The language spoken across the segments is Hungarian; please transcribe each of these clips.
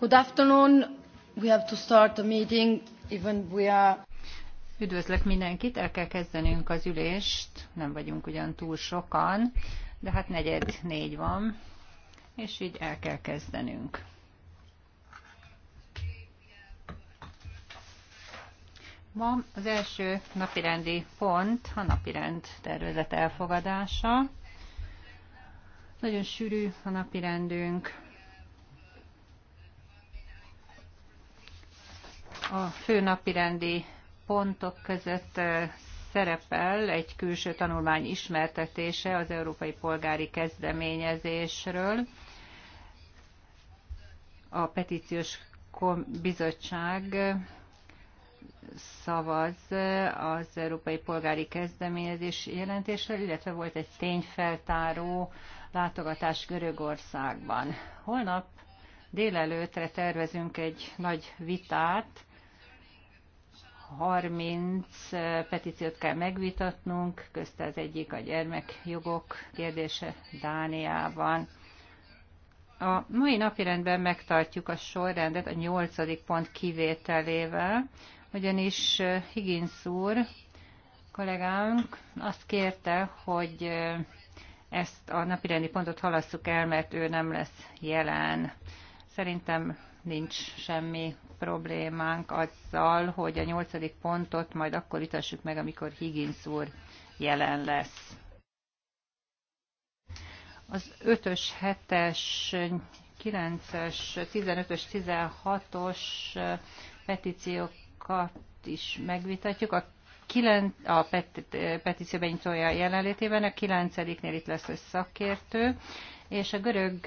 Good afternoon. We have to start meeting, even we are... Üdvözlök mindenkit, el kell kezdenünk az ülést, nem vagyunk ugyan túl sokan, de hát negyed négy van, és így el kell kezdenünk. Ma az első napirendi pont a napirend tervezet elfogadása. Nagyon sűrű a napirendünk, A fő napirendi pontok között szerepel egy külső tanulmány ismertetése az európai polgári kezdeményezésről. A petíciós bizottság szavaz az európai polgári kezdeményezés jelentésre, illetve volt egy tényfeltáró látogatás Görögországban. Holnap délelőtre tervezünk egy nagy vitát, 30 petíciót kell megvitatnunk, közt az egyik a gyermekjogok kérdése Dániában. A mai napirendben megtartjuk a sorrendet a nyolcadik pont kivételével, ugyanis Higgins úr, kollégánk azt kérte, hogy ezt a napirendi pontot halasszuk el, mert ő nem lesz jelen. Szerintem nincs semmi problémánk azzal, hogy a nyolcadik pontot majd akkor vitassuk meg, amikor Higgins úr jelen lesz. Az 5-ös, 7-es, 9-es, 15-ös, 16-os petíciókat is megvitatjuk. A, 9, a pet, petíció jelenlétében, a 9-nél itt lesz egy szakértő, és a görög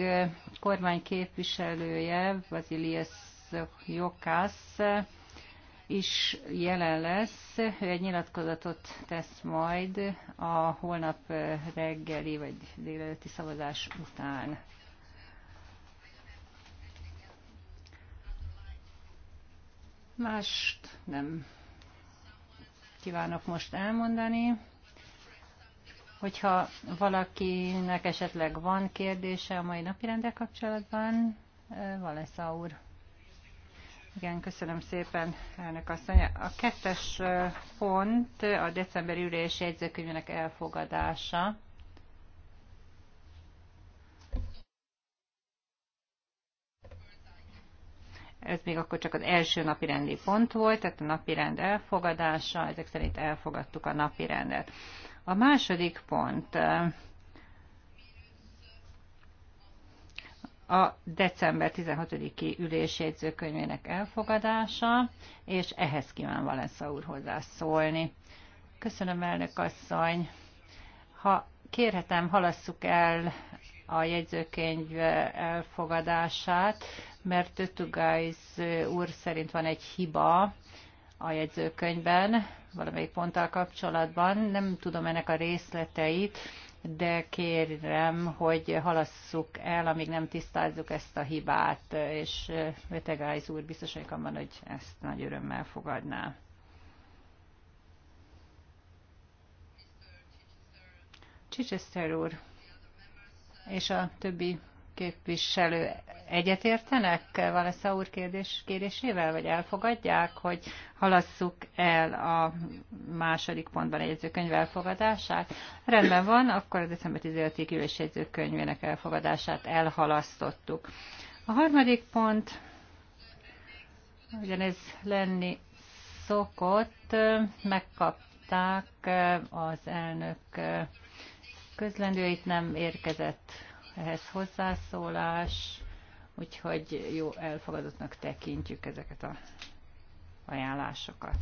kormány képviselője, Vasilias Jokász, is jelen lesz. Ő egy nyilatkozatot tesz majd a holnap reggeli vagy délelőtti szavazás után. Mást nem kívánok most elmondani. Hogyha valakinek esetleg van kérdése a mai napi rendel kapcsolatban, eh, Valesza úr. Igen, köszönöm szépen, elnök asszony. A kettes eh, pont a decemberi ülés jegyzőkönyvének elfogadása. ez még akkor csak az első napi rendi pont volt, tehát a napi rend elfogadása, ezek szerint elfogadtuk a napi rendet. A második pont a december 16-i ülés jegyzőkönyvének elfogadása, és ehhez kíván Valesza úr hozzászólni. Köszönöm, elnök asszony. Ha kérhetem, halasszuk el a jegyzőkönyv elfogadását, mert Tötugáiz úr szerint van egy hiba, a jegyzőkönyvben, valamelyik ponttal kapcsolatban. Nem tudom ennek a részleteit, de kérem, hogy halasszuk el, amíg nem tisztázzuk ezt a hibát, és Vetegáiz úr biztos hogy van, hogy ezt nagy örömmel fogadná. Chichester úr és a többi képviselő egyetértenek Valesza úr kérdés, kérésével, vagy elfogadják, hogy halasszuk el a második pontban jegyzőkönyv elfogadását? Rendben van, akkor a december 15-ig ülés jegyzőkönyvének elfogadását elhalasztottuk. A harmadik pont, ugyanez lenni szokott, megkapták az elnök közlendőit, nem érkezett ehhez hozzászólás, úgyhogy jó elfogadottnak tekintjük ezeket a ajánlásokat.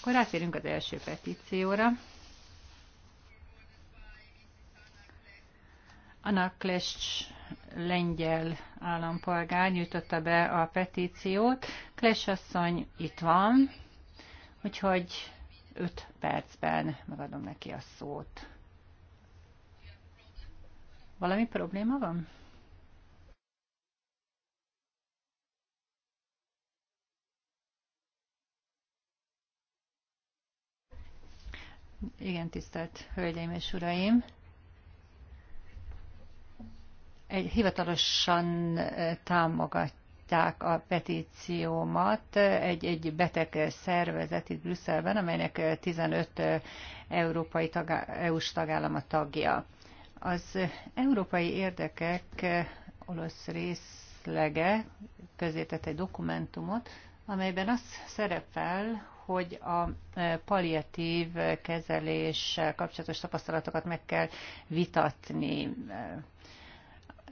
Akkor rátérünk az első petícióra. Anna Klescs lengyel állampolgár nyújtotta be a petíciót. Kles asszony itt van, úgyhogy 5 percben megadom neki a szót. Valami probléma van? Igen, tisztelt Hölgyeim és Uraim! Egy hivatalosan eh, támogat benyújtották a petíciómat egy, egy beteg szervezet itt Brüsszelben, amelynek 15 európai tagá, EU-s tagállama tagja. Az európai érdekek olasz részlege közétett egy dokumentumot, amelyben az szerepel, hogy a palliatív kezelés kapcsolatos tapasztalatokat meg kell vitatni,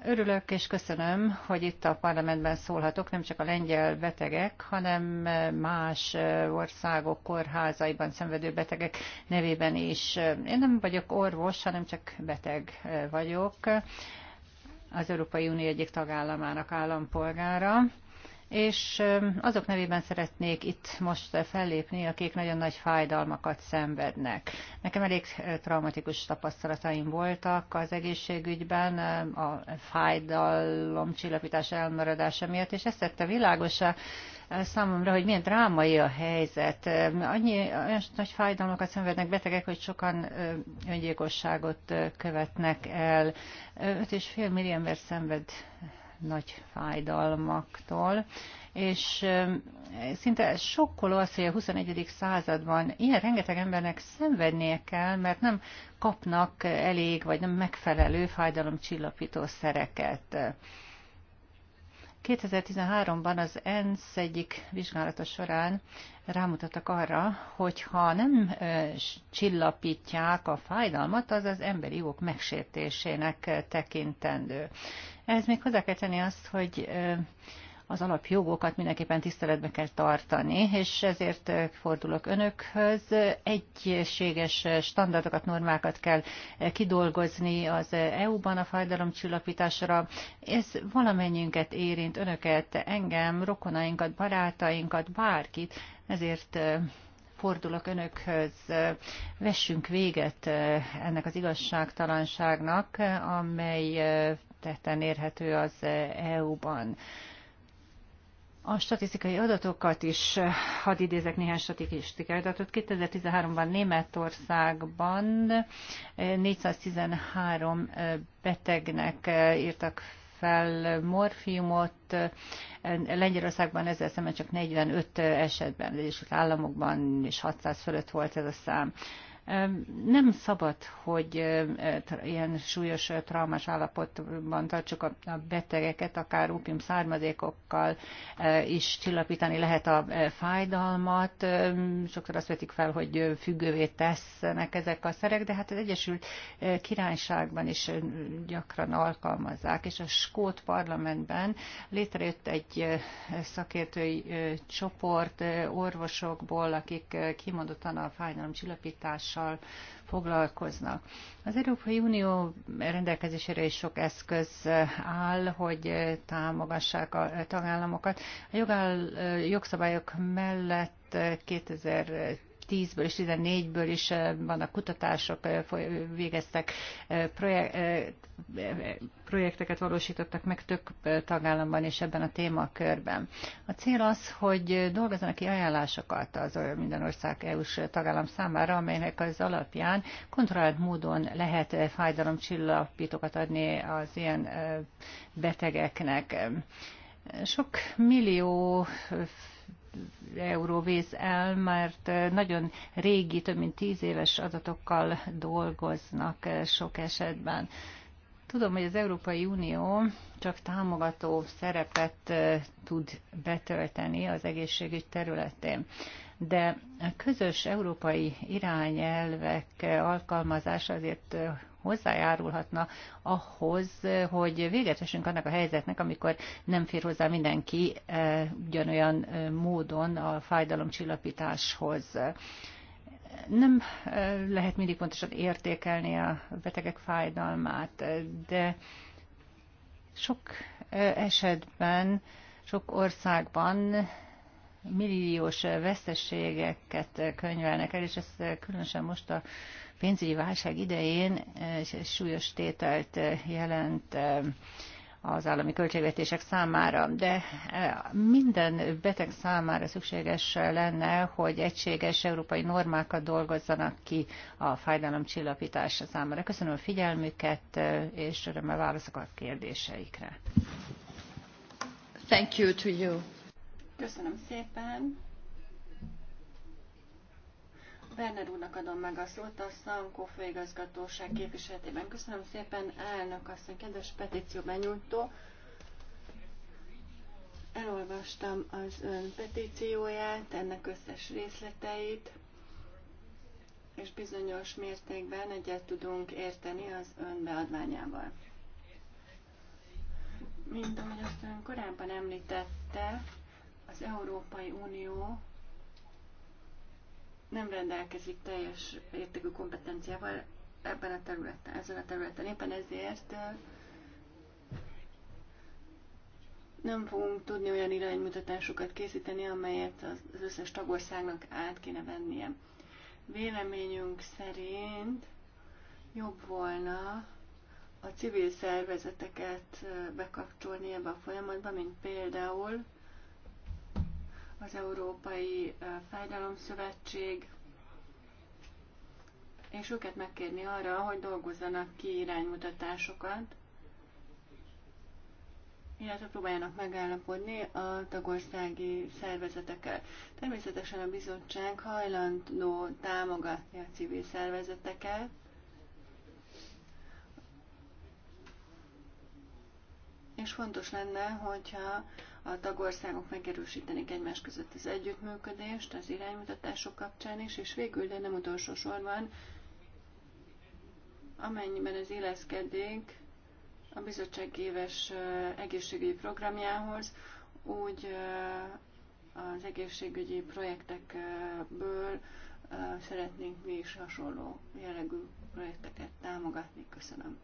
Örülök és köszönöm, hogy itt a parlamentben szólhatok, nem csak a lengyel betegek, hanem más országok kórházaiban szenvedő betegek nevében is. Én nem vagyok orvos, hanem csak beteg vagyok az Európai Unió egyik tagállamának állampolgára és azok nevében szeretnék itt most fellépni, akik nagyon nagy fájdalmakat szenvednek. Nekem elég traumatikus tapasztalataim voltak az egészségügyben a fájdalom csillapítás elmaradása miatt, és ezt tette világosa számomra, hogy milyen drámai a helyzet. Annyi olyan nagy fájdalmakat szenvednek betegek, hogy sokan öngyilkosságot követnek el. 5,5 millió ember szenved nagy fájdalmaktól, és szinte sokkoló az, hogy a 21. században ilyen rengeteg embernek szenvednie kell, mert nem kapnak elég vagy nem megfelelő fájdalomcsillapító szereket. 2013-ban az ENSZ egyik vizsgálata során rámutattak arra, hogy ha nem csillapítják a fájdalmat, az az emberi jogok megsértésének tekintendő. Ehhez még hozzá kell tenni azt, hogy az alapjogokat mindenképpen tiszteletbe kell tartani, és ezért fordulok önökhöz. Egységes standardokat, normákat kell kidolgozni az EU-ban a fájdalomcsillapításra. Ez valamennyünket érint, önöket, engem, rokonainkat, barátainkat, bárkit, ezért fordulok önökhöz, vessünk véget ennek az igazságtalanságnak, amely tetten érhető az EU-ban. A statisztikai adatokat is, hadd idézek néhány statisztikai adatot. 2013-ban Németországban 413 betegnek írtak fel morfiumot, Lengyelországban ezzel szemben csak 45 esetben, az Egyesült Államokban is 600 fölött volt ez a szám. Nem szabad, hogy ilyen súlyos traumás állapotban tartsuk a betegeket, akár opium származékokkal e, is csillapítani lehet a e, fájdalmat. Sokszor azt vetik fel, hogy függővé tesznek ezek a szerek, de hát az Egyesült e, Királyságban is gyakran alkalmazzák, és a Skót parlamentben létrejött egy szakértői csoport orvosokból, akik kimondottan a fájdalomcsillapítás kihívással foglalkoznak. Az Európai Unió rendelkezésére is sok eszköz áll, hogy támogassák a tagállamokat. A jogáll, jogszabályok mellett 2010 2010-ből és 2014-ből is vannak kutatások, végeztek projekt, projekteket valósítottak meg több tagállamban és ebben a témakörben. A cél az, hogy dolgozzanak ki ajánlásokat az minden ország EU-s tagállam számára, amelynek az alapján kontrollált módon lehet fájdalomcsillapítókat adni az ilyen betegeknek. Sok millió euró vész el, mert nagyon régi, több mint tíz éves adatokkal dolgoznak sok esetben. Tudom, hogy az Európai Unió csak támogató szerepet tud betölteni az egészségügy területén, de a közös európai irányelvek alkalmazása azért hozzájárulhatna ahhoz, hogy véget vessünk annak a helyzetnek, amikor nem fér hozzá mindenki eh, ugyanolyan eh, módon a fájdalomcsillapításhoz nem eh, lehet mindig pontosan értékelni a betegek fájdalmát, de sok esetben, sok országban milliós veszteségeket könyvelnek el, és ez különösen most a pénzügyi válság idején eh, súlyos tételt eh, jelent eh, az állami költségvetések számára, de minden beteg számára szükséges lenne, hogy egységes európai normákat dolgozzanak ki a fájdalom számára. Köszönöm a figyelmüket, és örömmel válaszok a kérdéseikre. Thank you to you. Köszönöm szépen. Berner úrnak adom meg a szót a Szankó főigazgatóság képviseletében. Köszönöm szépen, elnök asszony, kedves petíció benyújtó. Elolvastam az ön petícióját, ennek összes részleteit, és bizonyos mértékben egyet tudunk érteni az ön beadványával. Mint ahogy azt ön korábban említette, az Európai Unió nem rendelkezik teljes értékű kompetenciával ebben a területen, ezen a területen. Éppen ezért nem fogunk tudni olyan iránymutatásokat készíteni, amelyet az összes tagországnak át kéne vennie. Véleményünk szerint jobb volna a civil szervezeteket bekapcsolni ebbe a folyamatba, mint például az Európai Fájdalomszövetség, és őket megkérni arra, hogy dolgozzanak ki iránymutatásokat, illetve próbáljanak megállapodni a tagországi szervezetekkel. Természetesen a bizottság hajlandó támogatni a civil szervezeteket, és fontos lenne, hogyha a tagországok megerősítenék egymás között az együttműködést az iránymutatások kapcsán is, és végül, de nem utolsó sorban, amennyiben ez illeszkedik a bizottság éves egészségügyi programjához, úgy az egészségügyi projektekből szeretnénk mi is hasonló jellegű projekteket támogatni. Köszönöm.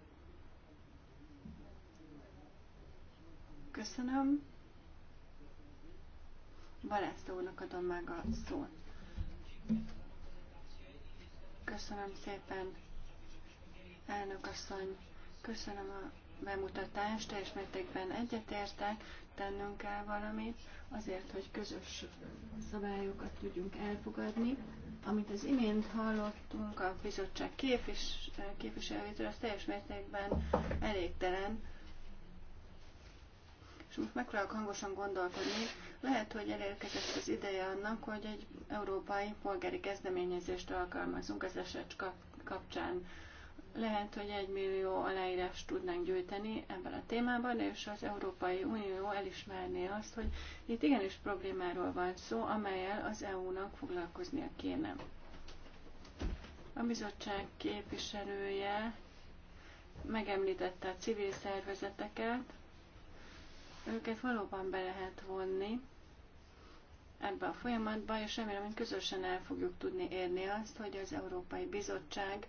Köszönöm úrnak adom meg a szót. Köszönöm szépen, elnök asszony. Köszönöm a bemutatást, teljes mértékben egyetértek, tennünk kell valamit, azért, hogy közös szabályokat tudjunk elfogadni. Amit az imént hallottunk a bizottság képvis, képviselőjétől, az teljes mértékben elégtelen és most megpróbálok hangosan gondolkodni, lehet, hogy elérkezett az ideje annak, hogy egy európai polgári kezdeményezést alkalmazunk az eset kapcsán. Lehet, hogy egy millió aláírást tudnánk gyűjteni ebben a témában, és az Európai Unió elismerné azt, hogy itt igenis problémáról van szó, amelyel az EU-nak foglalkoznia kéne. A bizottság képviselője megemlítette a civil szervezeteket, őket valóban be lehet vonni ebbe a folyamatba, és remélem, hogy közösen el fogjuk tudni érni azt, hogy az Európai Bizottság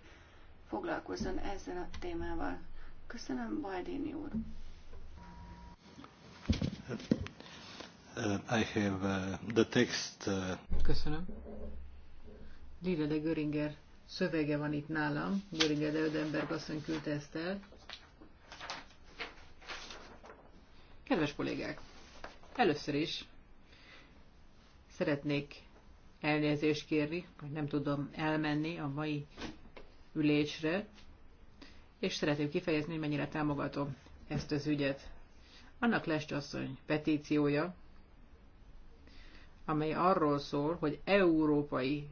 foglalkozzon ezzel a témával. Köszönöm, Baldini úr! Uh, I have uh, the text. Uh, Köszönöm. Lila de Göringer szövege van itt nálam, Göringer de Ödenberg asszony küldte ezt el. Kedves kollégák, először is szeretnék elnézést kérni, hogy nem tudom elmenni a mai ülésre, és szeretném kifejezni, hogy mennyire támogatom ezt az ügyet. Annak lesz asszony petíciója, amely arról szól, hogy európai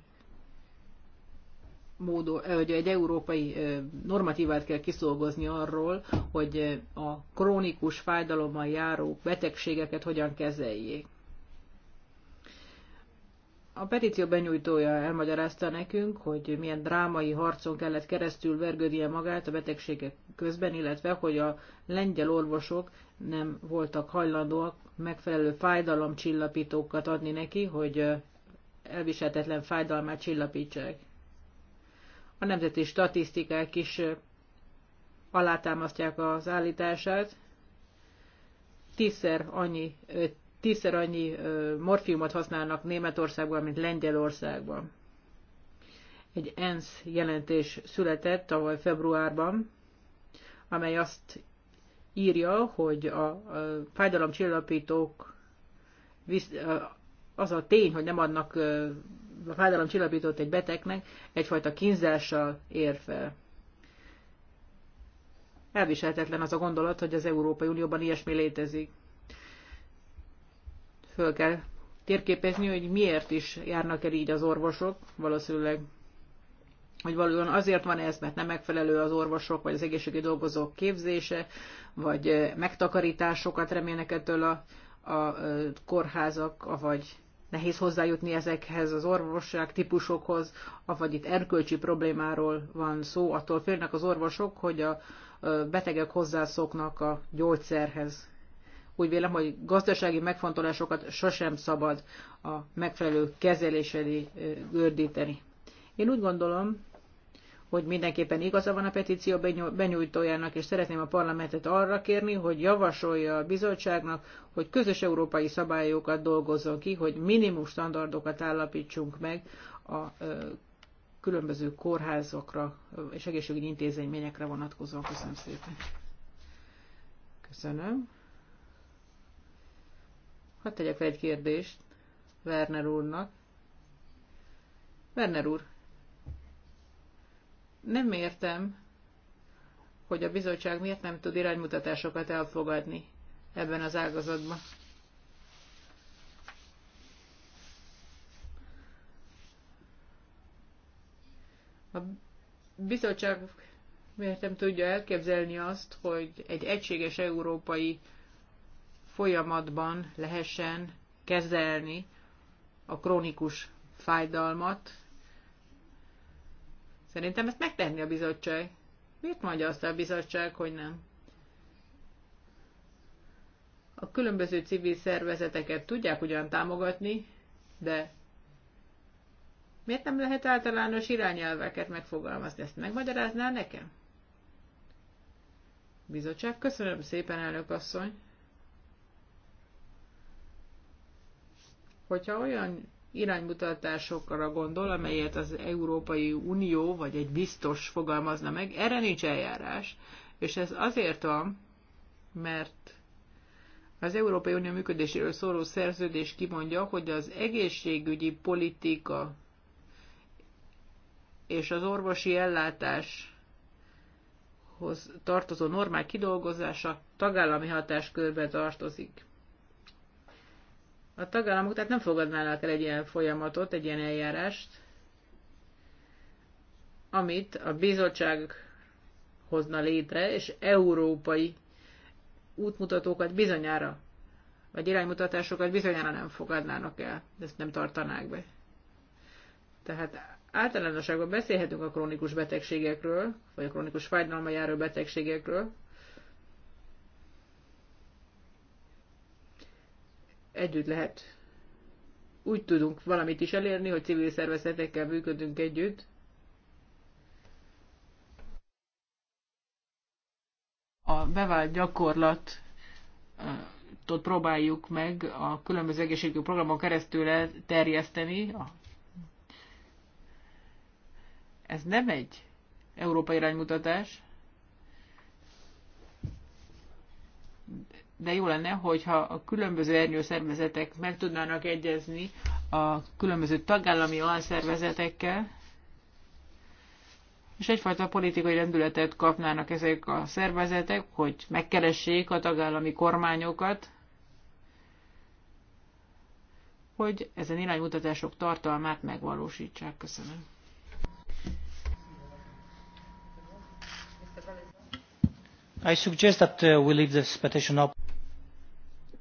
módon, hogy egy európai normatívát kell kiszolgozni arról, hogy a krónikus fájdalommal járó betegségeket hogyan kezeljék. A petíció benyújtója elmagyarázta nekünk, hogy milyen drámai harcon kellett keresztül vergődnie magát a betegségek közben, illetve hogy a lengyel orvosok nem voltak hajlandóak megfelelő fájdalomcsillapítókat adni neki, hogy elviselhetetlen fájdalmát csillapítsák. A nemzeti statisztikák is alátámasztják az állítását. Tízszer annyi, tízszer annyi morfiumot használnak Németországban, mint Lengyelországban. Egy ENSZ jelentés született tavaly februárban, amely azt írja, hogy a, a fájdalomcsillapítók az a tény, hogy nem adnak a fájdalom csillapított egy betegnek egyfajta kínzással ér fel. Elviselhetetlen az a gondolat, hogy az Európai Unióban ilyesmi létezik. Föl kell térképezni, hogy miért is járnak el így az orvosok, valószínűleg hogy valójában azért van ez, mert nem megfelelő az orvosok vagy az egészségügyi dolgozók képzése, vagy megtakarításokat remélnek ettől a, a kórházak, vagy nehéz hozzájutni ezekhez az orvosság típusokhoz, avagy itt erkölcsi problémáról van szó, attól félnek az orvosok, hogy a betegek hozzászoknak a gyógyszerhez. Úgy vélem, hogy gazdasági megfontolásokat sosem szabad a megfelelő kezeléseli gördíteni. Én úgy gondolom, hogy mindenképpen igaza van a petíció benyújtójának, és szeretném a parlamentet arra kérni, hogy javasolja a bizottságnak, hogy közös európai szabályokat dolgozzon ki, hogy minimum standardokat állapítsunk meg a különböző kórházakra és egészségügyi intézményekre vonatkozóan. Köszönöm szépen. Köszönöm. Hadd tegyek fel egy kérdést Werner úrnak. Werner úr, nem értem, hogy a bizottság miért nem tud iránymutatásokat elfogadni ebben az ágazatban. A bizottság miért nem tudja elképzelni azt, hogy egy egységes európai folyamatban lehessen kezelni a krónikus fájdalmat, Szerintem ezt megtenni a bizottság. Miért mondja azt a bizottság, hogy nem? A különböző civil szervezeteket tudják ugyan támogatni, de miért nem lehet általános irányelveket megfogalmazni? Ezt megmagyaráznál nekem? Bizottság, köszönöm szépen, elnök asszony. Hogyha olyan iránymutatásokra gondol, amelyet az Európai Unió vagy egy biztos fogalmazna meg, erre nincs eljárás. És ez azért van, mert az Európai Unió működéséről szóló szerződés kimondja, hogy az egészségügyi politika és az orvosi ellátáshoz tartozó normák kidolgozása tagállami hatáskörbe tartozik. A tagállamok tehát nem fogadnának el egy ilyen folyamatot, egy ilyen eljárást, amit a bizottság hozna létre, és európai útmutatókat bizonyára, vagy iránymutatásokat bizonyára nem fogadnának el, ezt nem tartanák be. Tehát általánosságban beszélhetünk a krónikus betegségekről, vagy a krónikus fájdalma járó betegségekről, együtt lehet, úgy tudunk valamit is elérni, hogy civil szervezetekkel működünk együtt, a bevált gyakorlat próbáljuk meg a különböző egészségügyi programon keresztül terjeszteni. Ez nem egy európai iránymutatás. de jó lenne, hogyha a különböző ernyőszervezetek meg tudnának egyezni a különböző tagállami alszervezetekkel, és egyfajta politikai rendületet kapnának ezek a szervezetek, hogy megkeressék a tagállami kormányokat, hogy ezen iránymutatások tartalmát megvalósítsák. Köszönöm. I suggest that uh, we leave this petition up.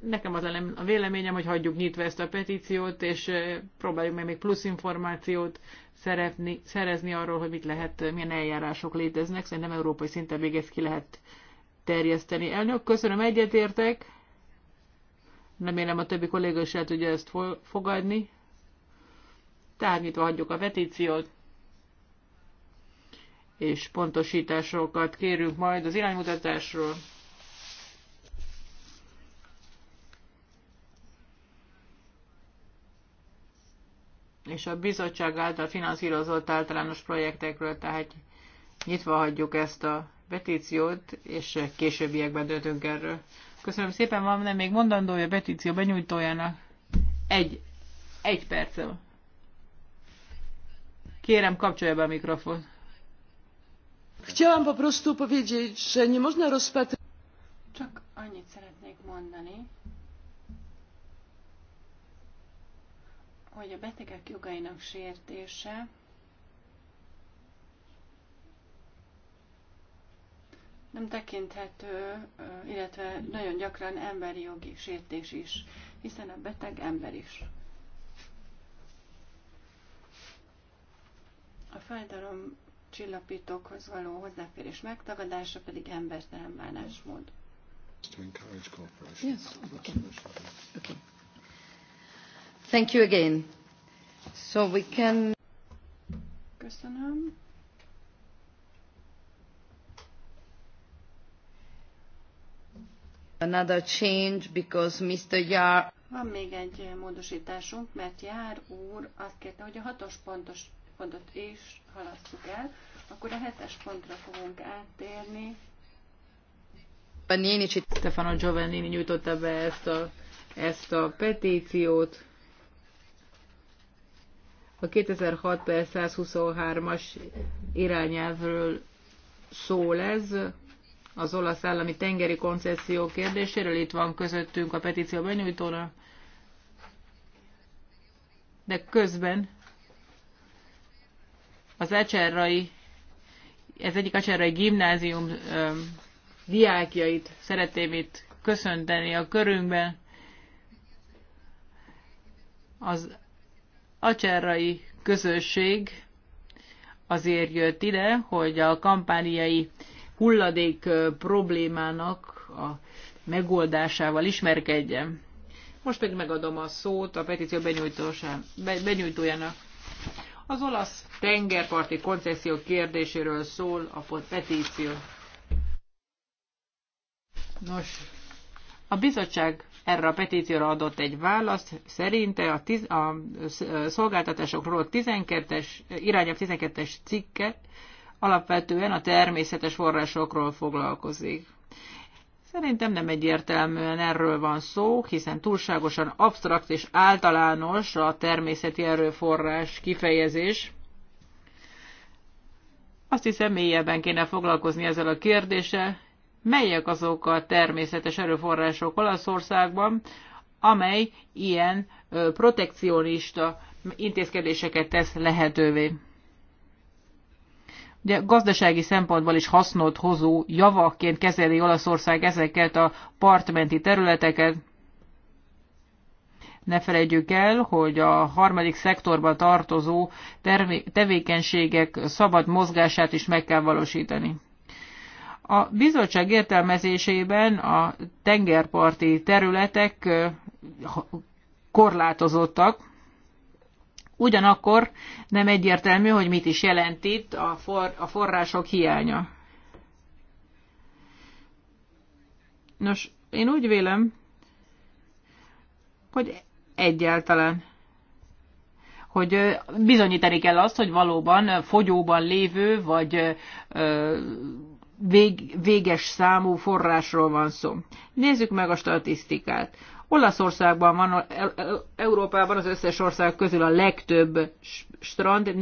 Nekem az a véleményem, hogy hagyjuk nyitva ezt a petíciót, és próbáljuk meg még plusz információt szerezni, szerezni arról, hogy mit lehet, milyen eljárások léteznek. Szerintem európai szinten még ezt ki lehet terjeszteni. Elnök, köszönöm, egyetértek. Remélem a többi kolléga is el tudja ezt fogadni. Tehát nyitva hagyjuk a petíciót, és pontosításokat kérünk majd az iránymutatásról. és a bizottság által finanszírozott általános projektekről, tehát nyitva hagyjuk ezt a petíciót, és későbbiekben döntünk erről. Köszönöm szépen, van nem még mondandója a petíció benyújtójának. Egy, egy perccel. Kérem, kapcsolja be a mikrofon. Chciałam po prostu powiedzieć, że nie można rozpatrywać... Csak annyit szeretnék mondani, hogy a betegek jogainak sértése nem tekinthető, illetve nagyon gyakran emberi jogi sértés is, hiszen a beteg ember is. A fájdalom csillapítókhoz való hozzáférés megtagadása pedig embertelen bánásmód. Yes, okay. Okay. Thank you again. So we can... Köszönöm. Another change because Mr. Yar... Van még egy módosításunk, mert Jár úr azt kérte, hogy a hatos pontos pontot is halasszuk el, akkor a hetes pontra fogunk áttérni. Stefano Giovannini nyújtotta be ezt a, ezt a petíciót. A 2006 per 123-as irányelvről szól ez, az olasz állami tengeri koncesszió kérdéséről. Itt van közöttünk a petíció benyújtóra. De közben az Ecserrai, ez egyik Ecserrai gimnázium ö, diákjait szeretném itt köszönteni a körünkben. Az acserrai közösség azért jött ide, hogy a kampániai hulladék problémának a megoldásával ismerkedjen. Most pedig megadom a szót a petíció benyújtójának. Az olasz tengerparti konceszió kérdéséről szól a petíció. Nos, a bizottság erre a petícióra adott egy választ, szerinte a, tiz, a szolgáltatásokról 12-es, irányabb 12-es cikke alapvetően a természetes forrásokról foglalkozik. Szerintem nem egyértelműen erről van szó, hiszen túlságosan absztrakt és általános a természeti erőforrás kifejezés. Azt hiszem, mélyebben kéne foglalkozni ezzel a kérdéssel, melyek azok a természetes erőforrások Olaszországban, amely ilyen protekcionista intézkedéseket tesz lehetővé. Ugye gazdasági szempontból is hasznot hozó javakként kezeli Olaszország ezeket a partmenti területeket. Ne felejtjük el, hogy a harmadik szektorba tartozó tevékenységek szabad mozgását is meg kell valósítani. A bizottság értelmezésében a tengerparti területek korlátozottak, ugyanakkor nem egyértelmű, hogy mit is jelent itt a, for, a források hiánya. Nos, én úgy vélem, hogy egyáltalán hogy bizonyítani kell azt, hogy valóban fogyóban lévő, vagy vég, véges számú forrásról van szó. Nézzük meg a statisztikát. Olaszországban van, e, e, Európában az összes ország közül a legtöbb strand,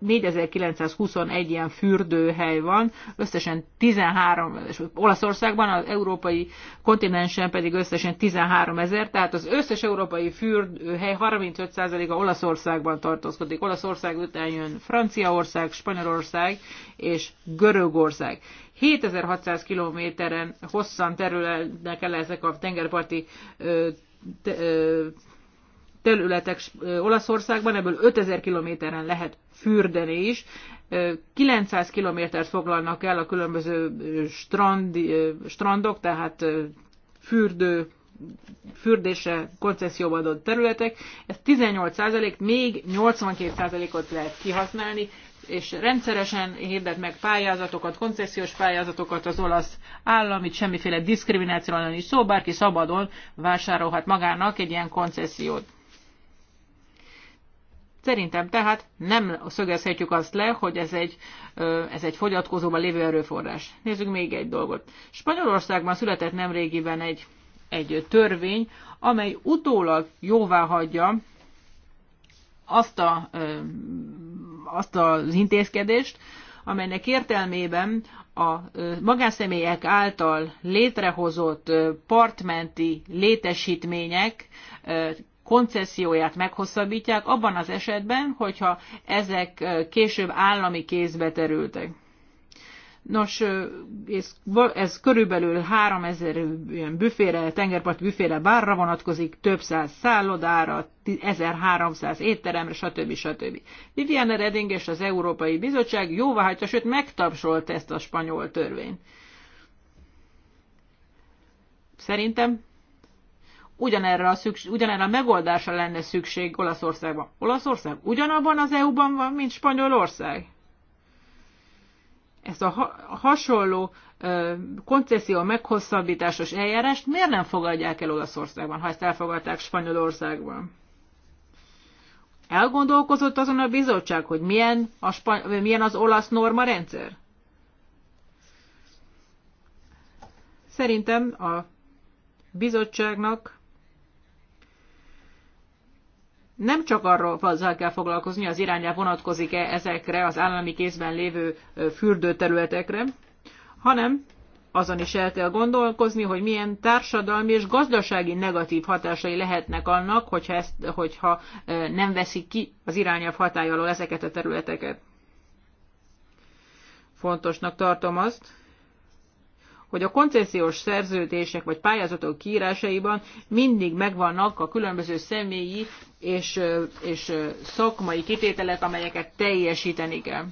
4921 ilyen fürdőhely van, összesen 13, Olaszországban, az európai kontinensen pedig összesen 13 ezer, tehát az összes európai fürdőhely 35%-a Olaszországban tartózkodik. Olaszország után jön Franciaország, Spanyolország és Görögország. 7600 kilométeren hosszan terülnek el ezek a tengerparti te, területek Olaszországban, ebből 5000 kilométeren lehet fürdeni is. 900 kilométert foglalnak el a különböző strand, strandok, tehát fürdő, fürdése koncesszióba adott területek. Ez 18 még 82 ot lehet kihasználni és rendszeresen hirdet meg pályázatokat, koncesziós pályázatokat az olasz állam, itt semmiféle diszkrimináció nem is szó, bárki szabadon vásárolhat magának egy ilyen koncesziót. Szerintem tehát nem szögezhetjük azt le, hogy ez egy, ez egy fogyatkozóban lévő erőforrás. Nézzük még egy dolgot. Spanyolországban született nemrégiben egy, egy törvény, amely utólag jóvá hagyja azt, a, azt az intézkedést, amelynek értelmében a magánszemélyek által létrehozott partmenti létesítmények konceszióját meghosszabbítják abban az esetben, hogyha ezek később állami kézbe terültek. Nos, ez, ez körülbelül 3000 ilyen büfére, tengerparti büfére bárra vonatkozik, több száz szállodára, 1300 étteremre, stb. stb. Viviana Reding és az Európai Bizottság jóváhagyta, sőt megtapsolt ezt a spanyol törvényt. Szerintem ugyanerre a, szükség, ugyanerre a megoldásra lenne szükség Olaszországban. Olaszország ugyanabban az EU-ban van, mint Spanyolország? ezt a hasonló koncesszió meghosszabbításos eljárást miért nem fogadják el Olaszországban, ha ezt elfogadták Spanyolországban? Elgondolkozott azon a bizottság, hogy milyen, a spany- milyen az olasz norma rendszer? Szerintem a bizottságnak nem csak arról azzal kell foglalkozni, az irányel vonatkozik-e ezekre az állami kézben lévő fürdőterületekre, hanem azon is el kell gondolkozni, hogy milyen társadalmi és gazdasági negatív hatásai lehetnek annak, hogyha, ezt, hogyha nem veszik ki az irányelv hatály alól ezeket a területeket. Fontosnak tartom azt, hogy a koncesziós szerződések vagy pályázatok kiírásaiban mindig megvannak a különböző személyi és, és szakmai kitételek, amelyeket teljesíteni kell.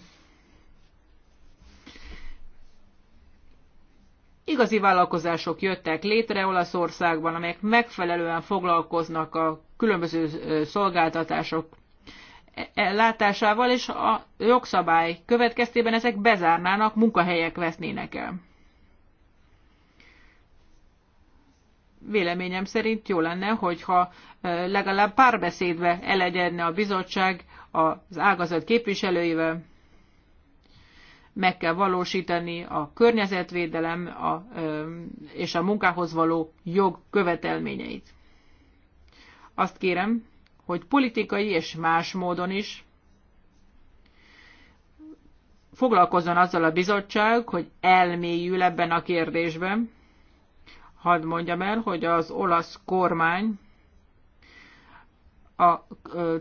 Igazi vállalkozások jöttek létre Olaszországban, amelyek megfelelően foglalkoznak a különböző szolgáltatások e, e, látásával, és a jogszabály következtében ezek bezárnának, munkahelyek vesznének el. véleményem szerint jó lenne, hogyha legalább párbeszédbe elegyedne a bizottság az ágazat képviselőivel, meg kell valósítani a környezetvédelem a, és a munkához való jog követelményeit. Azt kérem, hogy politikai és más módon is foglalkozzon azzal a bizottság, hogy elmélyül ebben a kérdésben, Hadd mondjam el, hogy az olasz kormány a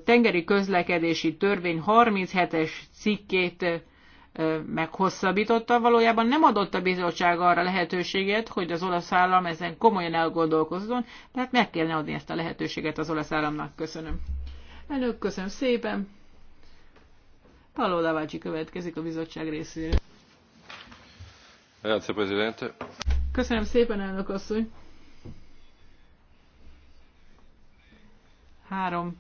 tengeri közlekedési törvény 37-es cikkét meghosszabbította, valójában nem adott a bizottság arra lehetőséget, hogy az olasz állam ezen komolyan elgondolkozzon, tehát meg kellene adni ezt a lehetőséget az olasz államnak. Köszönöm. Elnök, köszönöm szépen. Paló Davácsi következik a bizottság részéről. Grazie, Presidente. Köszönöm szépen, elnök asszony. Három.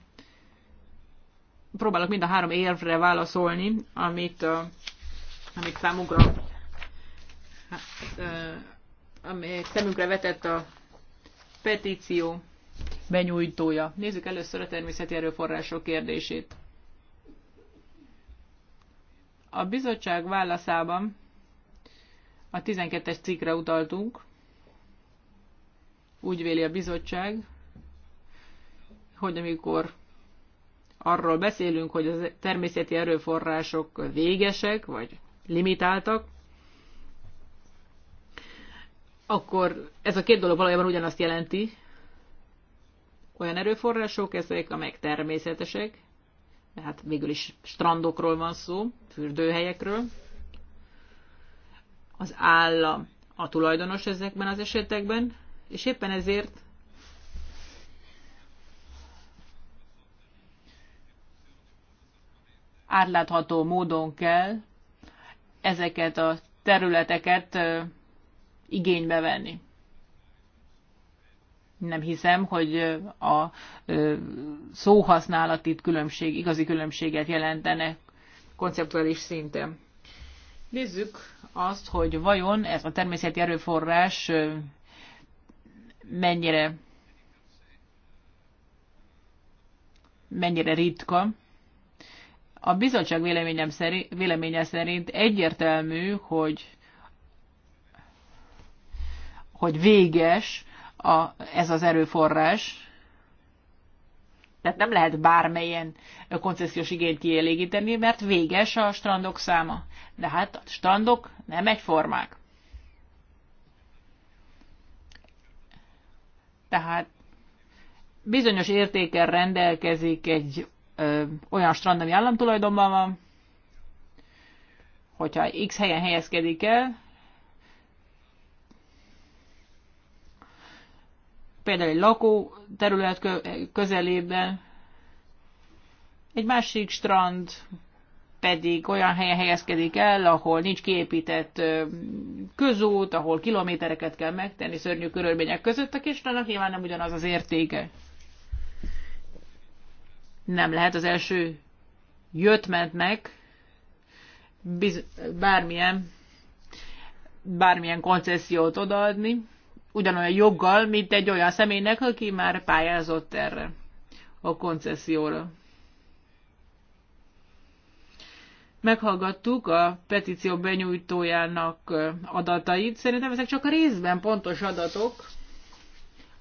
Próbálok mind a három érvre válaszolni, amit, uh, amit számunkra uh, hát, amit szemünkre vetett a petíció benyújtója. Nézzük először a természeti erőforrások kérdését. A bizottság válaszában a 12-es cikkre utaltunk. Úgy véli a bizottság, hogy amikor arról beszélünk, hogy a természeti erőforrások végesek, vagy limitáltak, akkor ez a két dolog valójában ugyanazt jelenti. Olyan erőforrások ezek, amelyek természetesek, tehát végül is strandokról van szó, fürdőhelyekről, az állam a tulajdonos ezekben az esetekben, és éppen ezért átlátható módon kell ezeket a területeket igénybe venni. Nem hiszem, hogy a szóhasználati különbség, igazi különbséget jelentene konceptuális szinten. Nézzük azt, hogy vajon ez a természeti erőforrás mennyire mennyire ritka. A bizottság véleményem szerint, véleménye szerint egyértelmű, hogy, hogy véges a, ez az erőforrás, tehát nem lehet bármelyen koncesziós igényt kielégíteni, mert véges a strandok száma. De hát a strandok nem egyformák. Tehát bizonyos értéken rendelkezik egy ö, olyan strand, ami államtulajdonban van, hogyha X helyen helyezkedik el, például egy lakó terület közelében, egy másik strand pedig olyan helyen helyezkedik el, ahol nincs kiépített közút, ahol kilométereket kell megtenni szörnyű körülmények között, a kisnának nyilván nem ugyanaz az értéke. Nem lehet az első jöttmentnek bármilyen, bármilyen koncesziót odaadni, ugyanolyan joggal, mint egy olyan személynek, aki már pályázott erre a koncesszióra. Meghallgattuk a petíció benyújtójának adatait. Szerintem ezek csak a részben pontos adatok.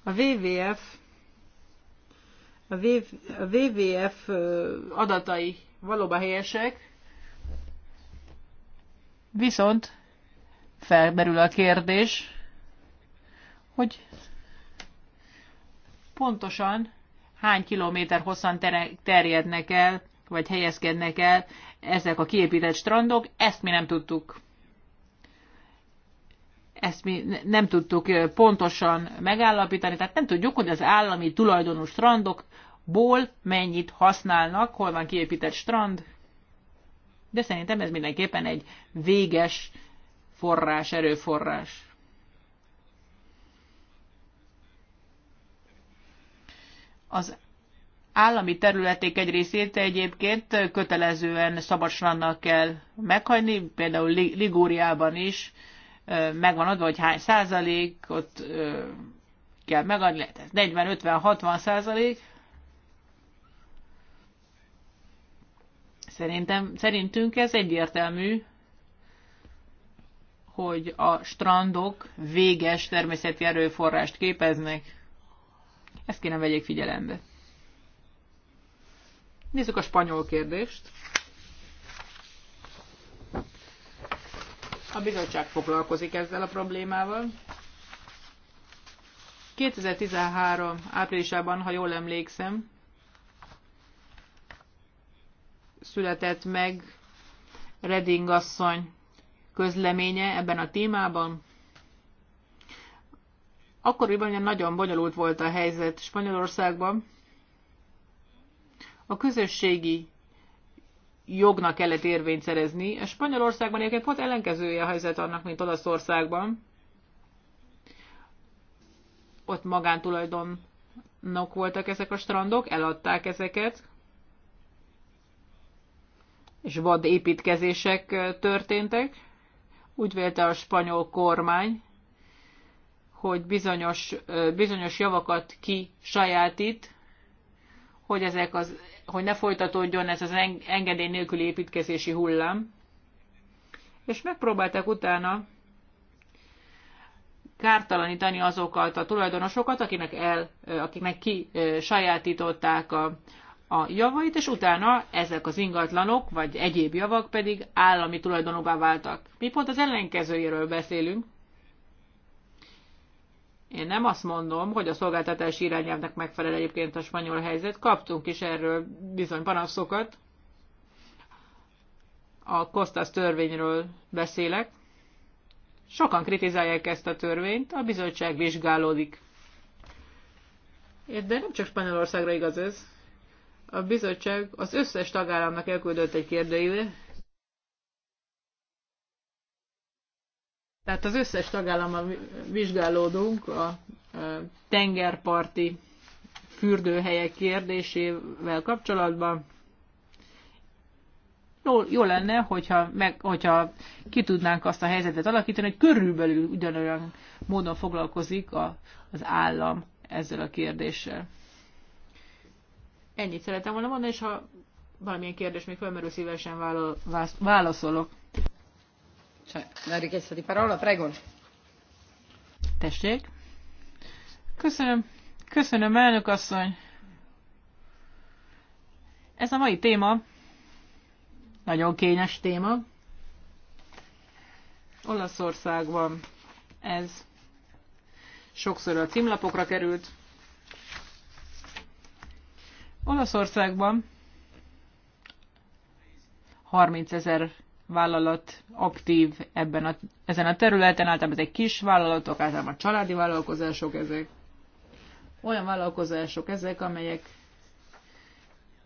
A WWF a WWF adatai valóban helyesek, viszont felmerül a kérdés, hogy pontosan hány kilométer hosszan terjednek el, vagy helyezkednek el ezek a kiépített strandok, ezt mi nem tudtuk. Ezt mi nem tudtuk eh, pontosan megállapítani, tehát nem tudjuk, hogy az állami tulajdonú strandokból mennyit használnak, hol van kiépített strand, de szerintem ez mindenképpen egy véges forrás, erőforrás. Az állami területek egy részét egyébként kötelezően szabadsrannak kell meghagyni, például Ligúriában is megvan adva, hogy hány százalékot kell megadni, lehet 40, 50, 60 százalék. Szerintem, szerintünk ez egyértelmű, hogy a strandok véges természeti erőforrást képeznek. Ezt kéne vegyék figyelembe. Nézzük a spanyol kérdést. A bizottság foglalkozik ezzel a problémával. 2013 áprilisában, ha jól emlékszem, született meg Reding asszony közleménye ebben a témában. Akkoriban ugye nagyon bonyolult volt a helyzet Spanyolországban. A közösségi jognak kellett érvényt szerezni. A Spanyolországban egyébként volt ellenkezője a helyzet annak, mint Olaszországban. Ott magántulajdonok voltak ezek a strandok, eladták ezeket, és vad építkezések történtek. Úgy vélte a spanyol kormány, hogy bizonyos, bizonyos javakat ki sajátít, hogy, ezek az, hogy ne folytatódjon ez az engedély nélküli építkezési hullám. És megpróbálták utána kártalanítani azokat a tulajdonosokat, akinek, el, akiknek ki sajátították a, a javait, és utána ezek az ingatlanok, vagy egyéb javak pedig állami tulajdonúvá váltak. Mi pont az ellenkezőjéről beszélünk, én nem azt mondom, hogy a szolgáltatási irányelvnek megfelel egyébként a spanyol helyzet. Kaptunk is erről bizony panaszokat. A Kostas törvényről beszélek. Sokan kritizálják ezt a törvényt, a bizottság vizsgálódik. De nem csak Spanyolországra igaz ez. A bizottság az összes tagállamnak elküldött egy kérdőjévet, Tehát az összes tagállammal vizsgálódunk a tengerparti fürdőhelyek kérdésével kapcsolatban. Jó, jó lenne, hogyha, meg, hogyha ki tudnánk azt a helyzetet alakítani, hogy körülbelül ugyanolyan módon foglalkozik a, az állam ezzel a kérdéssel. Ennyit szeretem volna mondani, és ha valamilyen kérdés még felmerül, szívesen válaszolok. Tessék. Köszönöm. Köszönöm, elnök asszony. Ez a mai téma nagyon kényes téma. Olaszországban ez sokszor a címlapokra került. Olaszországban 30 ezer vállalat aktív ebben a, ezen a területen, általában ezek kis vállalatok, általában családi vállalkozások ezek. Olyan vállalkozások ezek, amelyek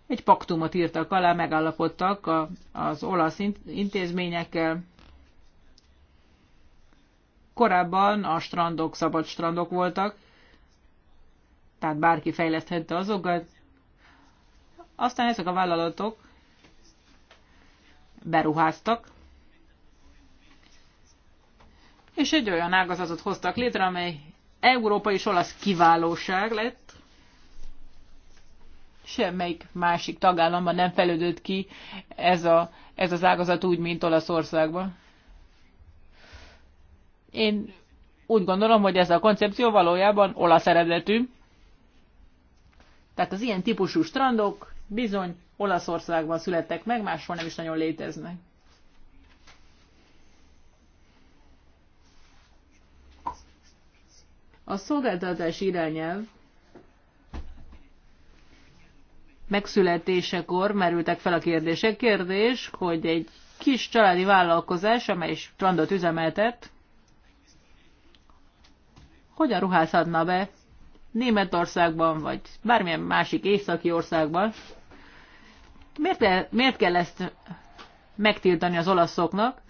egy paktumot írtak alá, megállapodtak a, az olasz intézményekkel. Korábban a strandok szabad strandok voltak, tehát bárki fejleszthette azokat. Aztán ezek a vállalatok beruháztak, és egy olyan ágazatot hoztak létre, amely európai és olasz kiválóság lett, semmelyik másik tagállamban nem felődött ki ez, a, ez az ágazat úgy, mint Olaszországban. Én úgy gondolom, hogy ez a koncepció valójában olasz eredetű. Tehát az ilyen típusú strandok bizony Olaszországban születtek meg, máshol nem is nagyon léteznek. A szolgáltatás irányelv megszületésekor merültek fel a kérdések. Kérdés, hogy egy kis családi vállalkozás, amely strandot üzemeltet, hogyan ruházhatna be Németországban, vagy bármilyen másik északi országban Miért, le, miért kell ezt megtiltani az olaszoknak,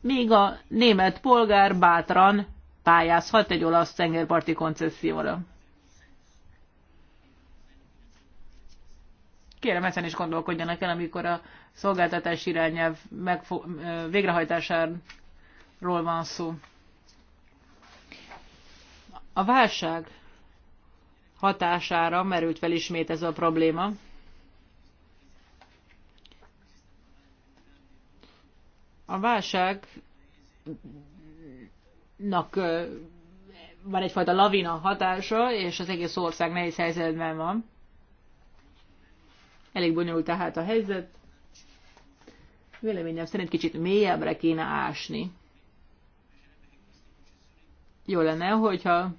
míg a német polgár bátran pályázhat egy olasz tengerparti koncesszióra? Kérem, ezen is gondolkodjanak el, amikor a szolgáltatás irányelv végrehajtásáról van szó. A válság hatására merült fel ismét ez a probléma. A válságnak van egyfajta lavina hatása, és az egész ország nehéz helyzetben van. Elég bonyolult tehát a helyzet. Véleményem szerint kicsit mélyebbre kéne ásni. Jó lenne, hogyha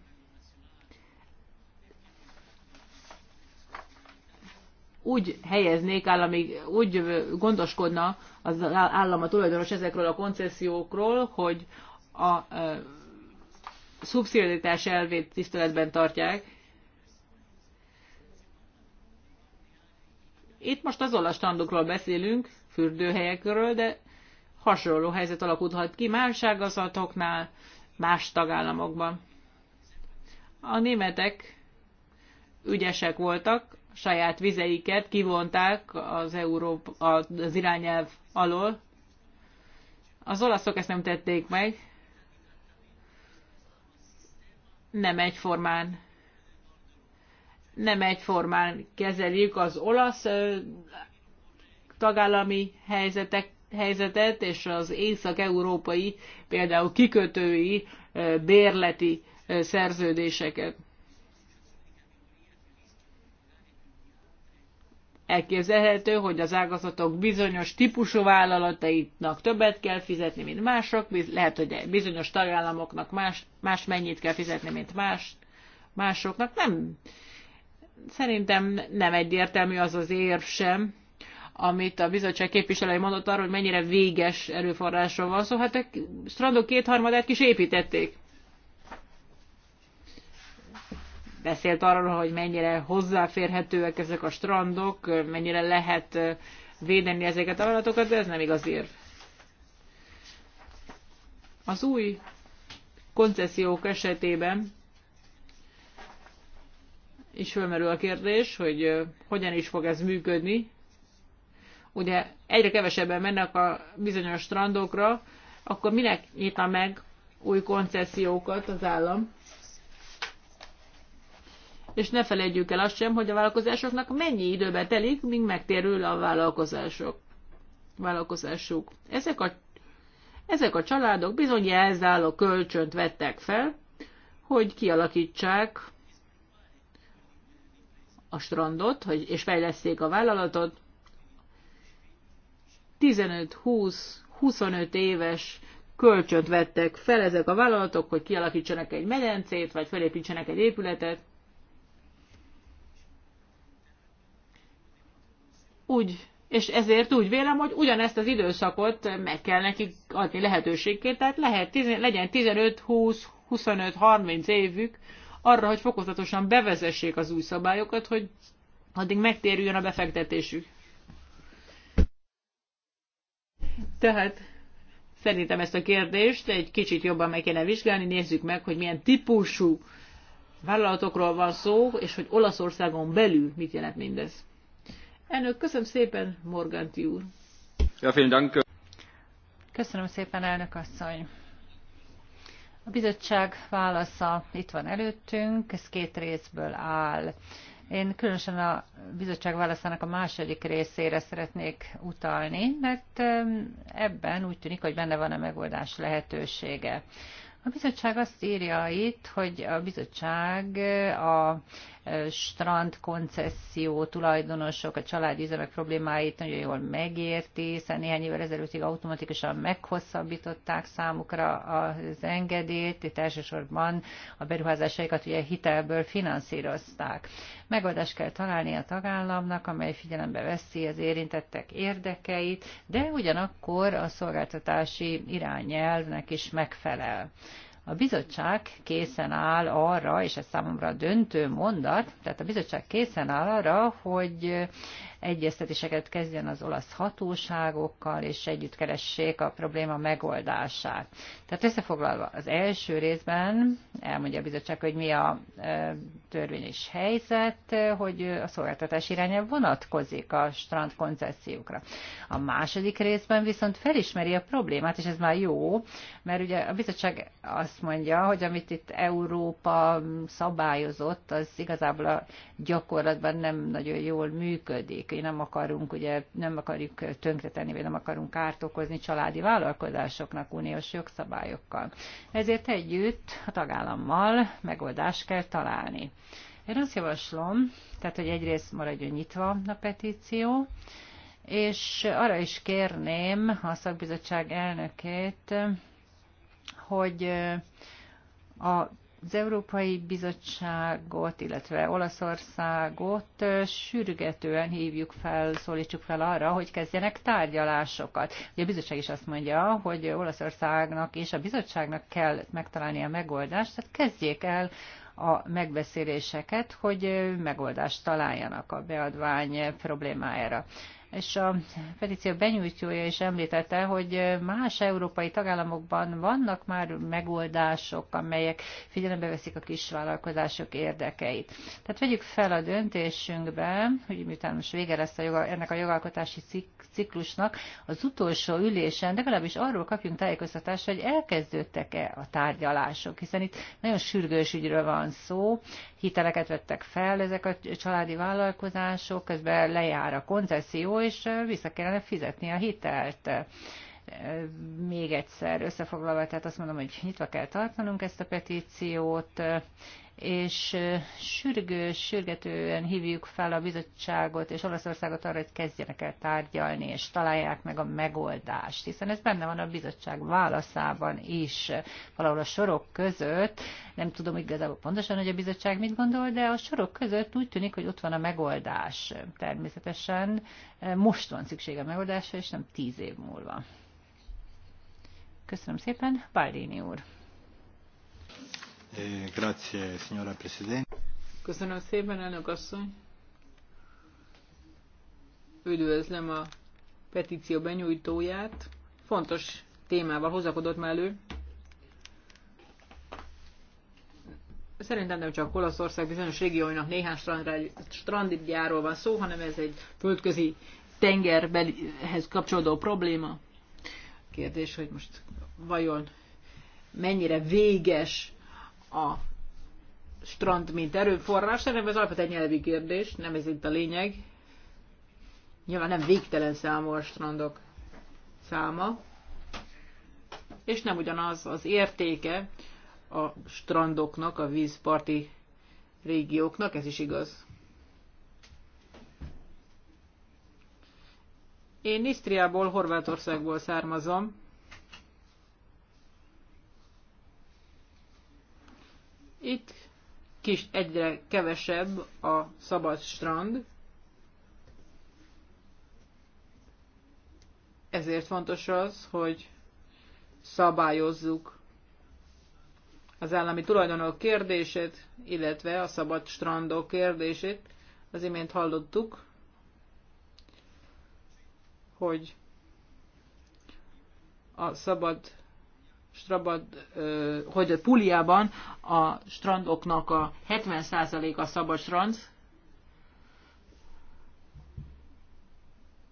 úgy helyeznék állami, úgy gondoskodna az állam a tulajdonos ezekről a koncesziókról, hogy a e, szubszidiaritás elvét tiszteletben tartják. Itt most az olastandokról beszélünk, fürdőhelyekről, de hasonló helyzet alakulhat ki más ágazatoknál, más tagállamokban. A németek ügyesek voltak, saját vizeiket kivonták az, Európa, az irányelv alól. Az olaszok ezt nem tették meg. Nem egyformán nem egyformán kezeljük az olasz tagállami helyzetek, helyzetet és az észak-európai, például kikötői, bérleti szerződéseket. Elképzelhető, hogy az ágazatok bizonyos típusú vállalatainak többet kell fizetni, mint mások, lehet, hogy bizonyos tagállamoknak más, más mennyit kell fizetni, mint más, másoknak. Nem, szerintem nem egyértelmű az az érv sem, amit a bizottság képviselői mondott arról, hogy mennyire véges erőforrásról van szó. Szóval, hát a strandok kétharmadát kis építették. beszélt arról, hogy mennyire hozzáférhetőek ezek a strandok, mennyire lehet védeni ezeket a vállalatokat, de ez nem igaz érv. Az új koncesziók esetében is fölmerül a kérdés, hogy hogyan is fog ez működni. Ugye egyre kevesebben mennek a bizonyos strandokra, akkor minek nyitna meg új koncesziókat az állam? és ne felejtjük el azt sem, hogy a vállalkozásoknak mennyi időbe telik, míg megtérül a vállalkozások. vállalkozásuk. Ezek a, ezek a családok bizony jelzálló kölcsönt vettek fel, hogy kialakítsák a strandot, hogy, és fejleszték a vállalatot. 15-20-25 éves kölcsönt vettek fel ezek a vállalatok, hogy kialakítsanak egy medencét, vagy felépítsenek egy épületet. úgy, és ezért úgy vélem, hogy ugyanezt az időszakot meg kell nekik adni lehetőségként, tehát lehet, legyen 15, 20, 25, 30 évük arra, hogy fokozatosan bevezessék az új szabályokat, hogy addig megtérüljön a befektetésük. Tehát szerintem ezt a kérdést egy kicsit jobban meg kéne vizsgálni, nézzük meg, hogy milyen típusú vállalatokról van szó, és hogy Olaszországon belül mit jelent mindez. Elnök, köszönöm szépen, Morganti úr. Ja, vielen Dank. Köszönöm szépen, elnök asszony. A bizottság válasza itt van előttünk, ez két részből áll. Én különösen a bizottság válaszának a második részére szeretnék utalni, mert ebben úgy tűnik, hogy benne van a megoldás lehetősége. A bizottság azt írja itt, hogy a bizottság a strand koncesszió tulajdonosok a családi üzemek problémáit nagyon jól megérti, hiszen néhány évvel ezelőttig automatikusan meghosszabbították számukra az engedélyt, itt elsősorban a beruházásaikat ugye hitelből finanszírozták. Megoldást kell találni a tagállamnak, amely figyelembe veszi az érintettek érdekeit, de ugyanakkor a szolgáltatási irányelvnek is megfelel. A bizottság készen áll arra, és ez számomra a döntő mondat, tehát a bizottság készen áll arra, hogy egyeztetéseket kezdjen az olasz hatóságokkal, és együtt keressék a probléma megoldását. Tehát összefoglalva, az első részben elmondja a bizottság, hogy mi a e, és helyzet, e, hogy a szolgáltatás irányel vonatkozik a strand koncesziókra. A második részben viszont felismeri a problémát, és ez már jó, mert ugye a bizottság azt mondja, hogy amit itt Európa szabályozott, az igazából a gyakorlatban nem nagyon jól működik működik, nem akarunk, ugye nem akarjuk tönkretenni, vagy nem akarunk kárt okozni családi vállalkozásoknak uniós jogszabályokkal. Ezért együtt a tagállammal megoldást kell találni. Én azt javaslom, tehát, hogy egyrészt maradjon nyitva a petíció, és arra is kérném a szakbizottság elnökét, hogy a az Európai Bizottságot, illetve Olaszországot sürgetően hívjuk fel, szólítsuk fel arra, hogy kezdjenek tárgyalásokat. Ugye a bizottság is azt mondja, hogy Olaszországnak és a bizottságnak kell megtalálni a megoldást, tehát kezdjék el a megbeszéléseket, hogy megoldást találjanak a beadvány problémájára és a petíció benyújtója is említette, hogy más európai tagállamokban vannak már megoldások, amelyek figyelembe veszik a kisvállalkozások érdekeit. Tehát vegyük fel a döntésünkbe, hogy miután most vége lesz a joga, ennek a jogalkotási ciklusnak, az utolsó ülésen legalábbis arról kapjunk tájékoztatást, hogy elkezdődtek-e a tárgyalások, hiszen itt nagyon sürgős ügyről van szó, hiteleket vettek fel ezek a családi vállalkozások, közben lejár a koncesszió, és vissza kellene fizetni a hitelt. Még egyszer összefoglalva, tehát azt mondom, hogy nyitva kell tartanunk ezt a petíciót, és sürgős, sürgetően hívjuk fel a bizottságot és Olaszországot arra, hogy kezdjenek el tárgyalni, és találják meg a megoldást, hiszen ez benne van a bizottság válaszában is, valahol a sorok között, nem tudom igazából pontosan, hogy a bizottság mit gondol, de a sorok között úgy tűnik, hogy ott van a megoldás. Természetesen most van szüksége a megoldásra, és nem tíz év múlva. Köszönöm szépen, Baldini úr! Eh, grazie, signora Presidente. Köszönöm szépen, elnök asszony. Üdvözlöm a petíció benyújtóját. Fontos témával hozakodott már elő. Szerintem nem csak Olaszország bizonyos régióinak néhány strandgyáról van szó, hanem ez egy földközi tengerbelihez kapcsolódó probléma. Kérdés, hogy most vajon mennyire véges a strand, mint erőforrás, hanem ez alapvetően nyelvi kérdés, nem ez itt a lényeg. Nyilván nem végtelen számú a strandok száma, és nem ugyanaz az értéke a strandoknak, a vízparti régióknak, ez is igaz. Én Isztriából, Horvátországból származom, Itt kis, egyre kevesebb a szabad strand, ezért fontos az, hogy szabályozzuk az állami tulajdonok kérdését, illetve a szabad strandok kérdését. Az imént hallottuk, hogy a szabad Strabad, hogy a Puliában a strandoknak a 70%-a szabad strand.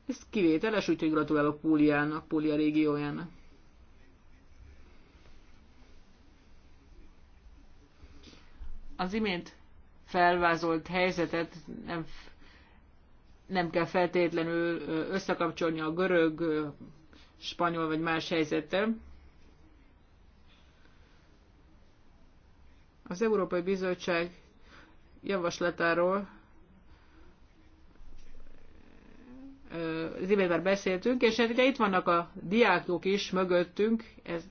Ez kivételes, úgyhogy gratulálok Púliának, Púlia régiójának. Az imént felvázolt helyzetet nem, nem kell feltétlenül összekapcsolni a görög, spanyol vagy más helyzettel. Az Európai Bizottság javaslatáról az imént már beszéltünk, és hát ugye itt vannak a diákok is mögöttünk, ez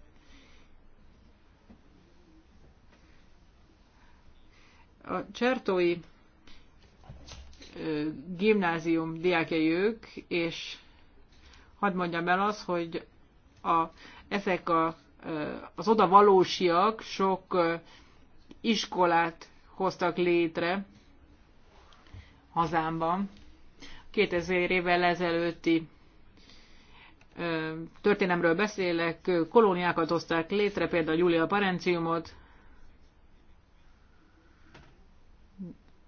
a csertói gimnázium diákjai ők, és hadd mondjam el az, hogy a, ezek a, az odavalósiak sok iskolát hoztak létre hazámban. 2000 évvel ezelőtti történemről beszélek, kolóniákat hozták létre, például Julia Parenciumot,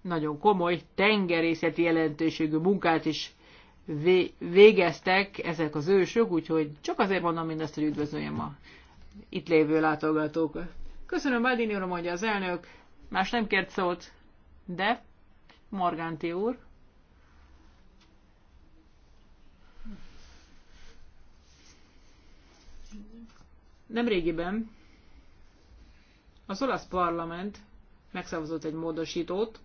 nagyon komoly tengerészeti jelentőségű munkát is végeztek ezek az ősök, úgyhogy csak azért mondom mindezt, hogy üdvözöljem a itt lévő látogatókat. Köszönöm, Baldini úr, mondja az elnök. Más nem kért szót, de Morganti úr. Nemrégiben az olasz parlament megszavazott egy módosítót,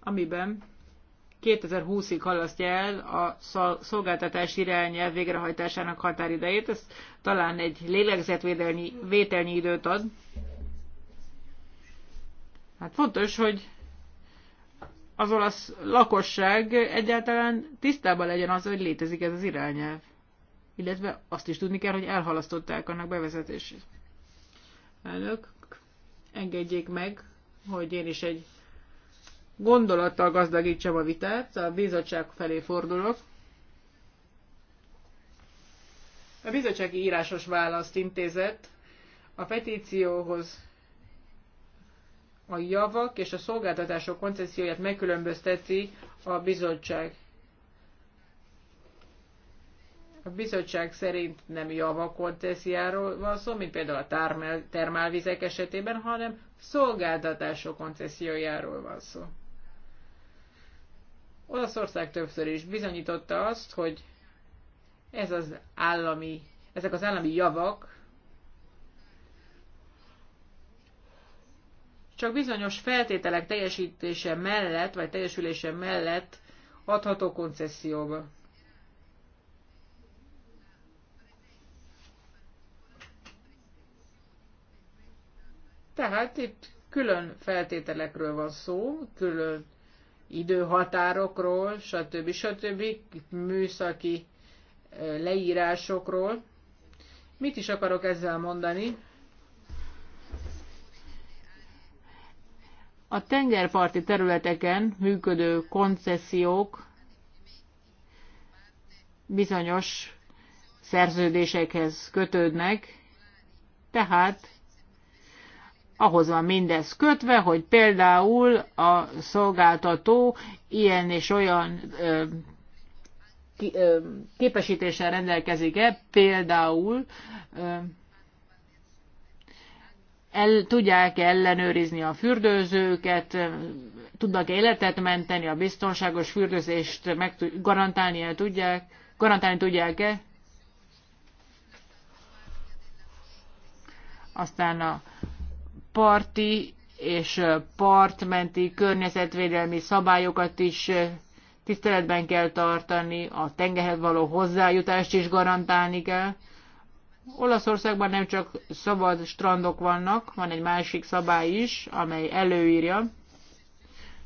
amiben 2020-ig halasztja el a szolgáltatás irányelv végrehajtásának határidejét. Ez talán egy lélegzetvételnyi vételnyi időt ad. Hát fontos, hogy az olasz lakosság egyáltalán tisztában legyen az, hogy létezik ez az irányelv. Illetve azt is tudni kell, hogy elhalasztották annak bevezetését. Elnök, engedjék meg, hogy én is egy gondolattal gazdagítsam a vitát, a bizottság felé fordulok. A bizottsági írásos választ intézett a petícióhoz a javak és a szolgáltatások konceszióját megkülönbözteti a bizottság. A bizottság szerint nem javak koncesziáról van szó, mint például a termálvizek esetében, hanem szolgáltatások koncesziójáról van szó. Olaszország többször is bizonyította azt, hogy ez az állami, ezek az állami javak csak bizonyos feltételek teljesítése mellett, vagy teljesülése mellett adható koncesszióba. Tehát itt külön feltételekről van szó, külön időhatárokról, stb. stb. műszaki leírásokról. Mit is akarok ezzel mondani? A tengerparti területeken működő koncesziók bizonyos szerződésekhez kötődnek, tehát ahhoz van mindez kötve, hogy például a szolgáltató ilyen és olyan ö, ki, ö, képesítéssel rendelkezik-e, például ö, el, tudják ellenőrizni a fürdőzőket, tudnak életet menteni, a biztonságos fürdőzést meg garantálni -e tudják, garantálni tudják-e. Aztán a parti és partmenti környezetvédelmi szabályokat is tiszteletben kell tartani, a tengerhez való hozzájutást is garantálni kell. Olaszországban nem csak szabad strandok vannak, van egy másik szabály is, amely előírja,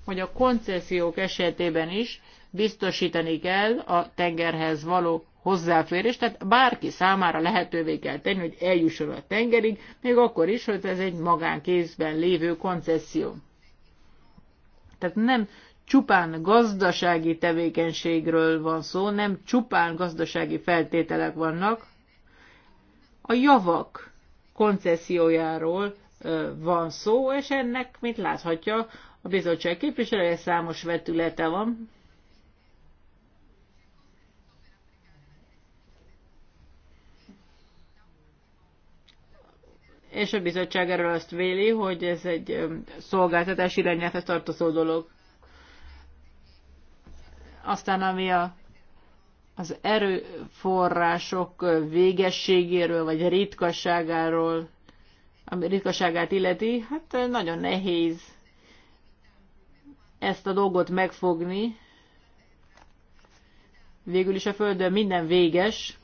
hogy a koncesziók esetében is biztosítani kell a tengerhez való hozzáférés, tehát bárki számára lehetővé kell tenni, hogy eljusson a tengerig, még akkor is, hogy ez egy magánkézben lévő koncesszió. Tehát nem csupán gazdasági tevékenységről van szó, nem csupán gazdasági feltételek vannak, a javak koncesziójáról van szó, és ennek, mint láthatja, a bizottság képviselője számos vetülete van. és a bizottság erről azt véli, hogy ez egy szolgáltatás irányelvhez tartozó dolog. Aztán ami a, az erőforrások végességéről, vagy ritkasságáról, ami ritkaságát illeti, hát nagyon nehéz ezt a dolgot megfogni. Végül is a Földön minden véges,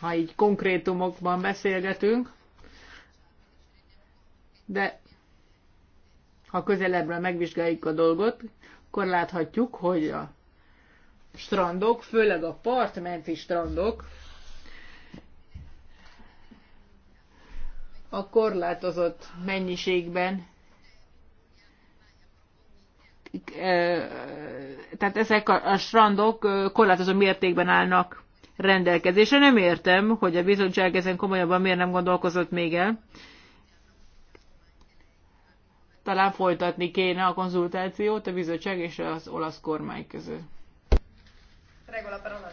ha így konkrétumokban beszélgetünk, de ha közelebbre megvizsgáljuk a dolgot, akkor láthatjuk, hogy a strandok, főleg a partmenti strandok, a korlátozott mennyiségben eh, tehát ezek a strandok eh, korlátozott mértékben állnak rendelkezésre. Nem értem, hogy a bizottság ezen komolyabban miért nem gondolkozott még el. Talán folytatni kéne a konzultációt a bizottság és az olasz kormány között. Regola parola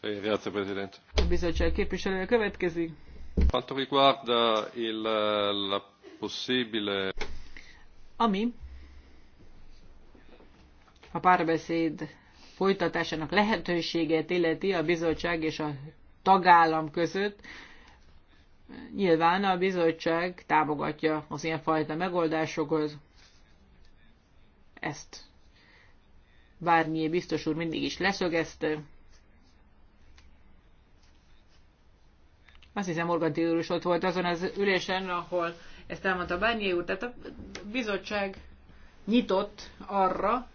Grazie Presidente. A bizottság képviselője következik. Quanto riguarda il, la possibile... Ami a párbeszéd folytatásának lehetőséget illeti a bizottság és a tagállam között. Nyilván a bizottság támogatja az ilyenfajta megoldásokhoz Ezt bármilyen biztos úr mindig is leszögezte. Azt hiszem, Morgan Tidor is ott volt azon az ülésen, ahol ezt elmondta Bárnyi úr. Tehát a bizottság nyitott arra,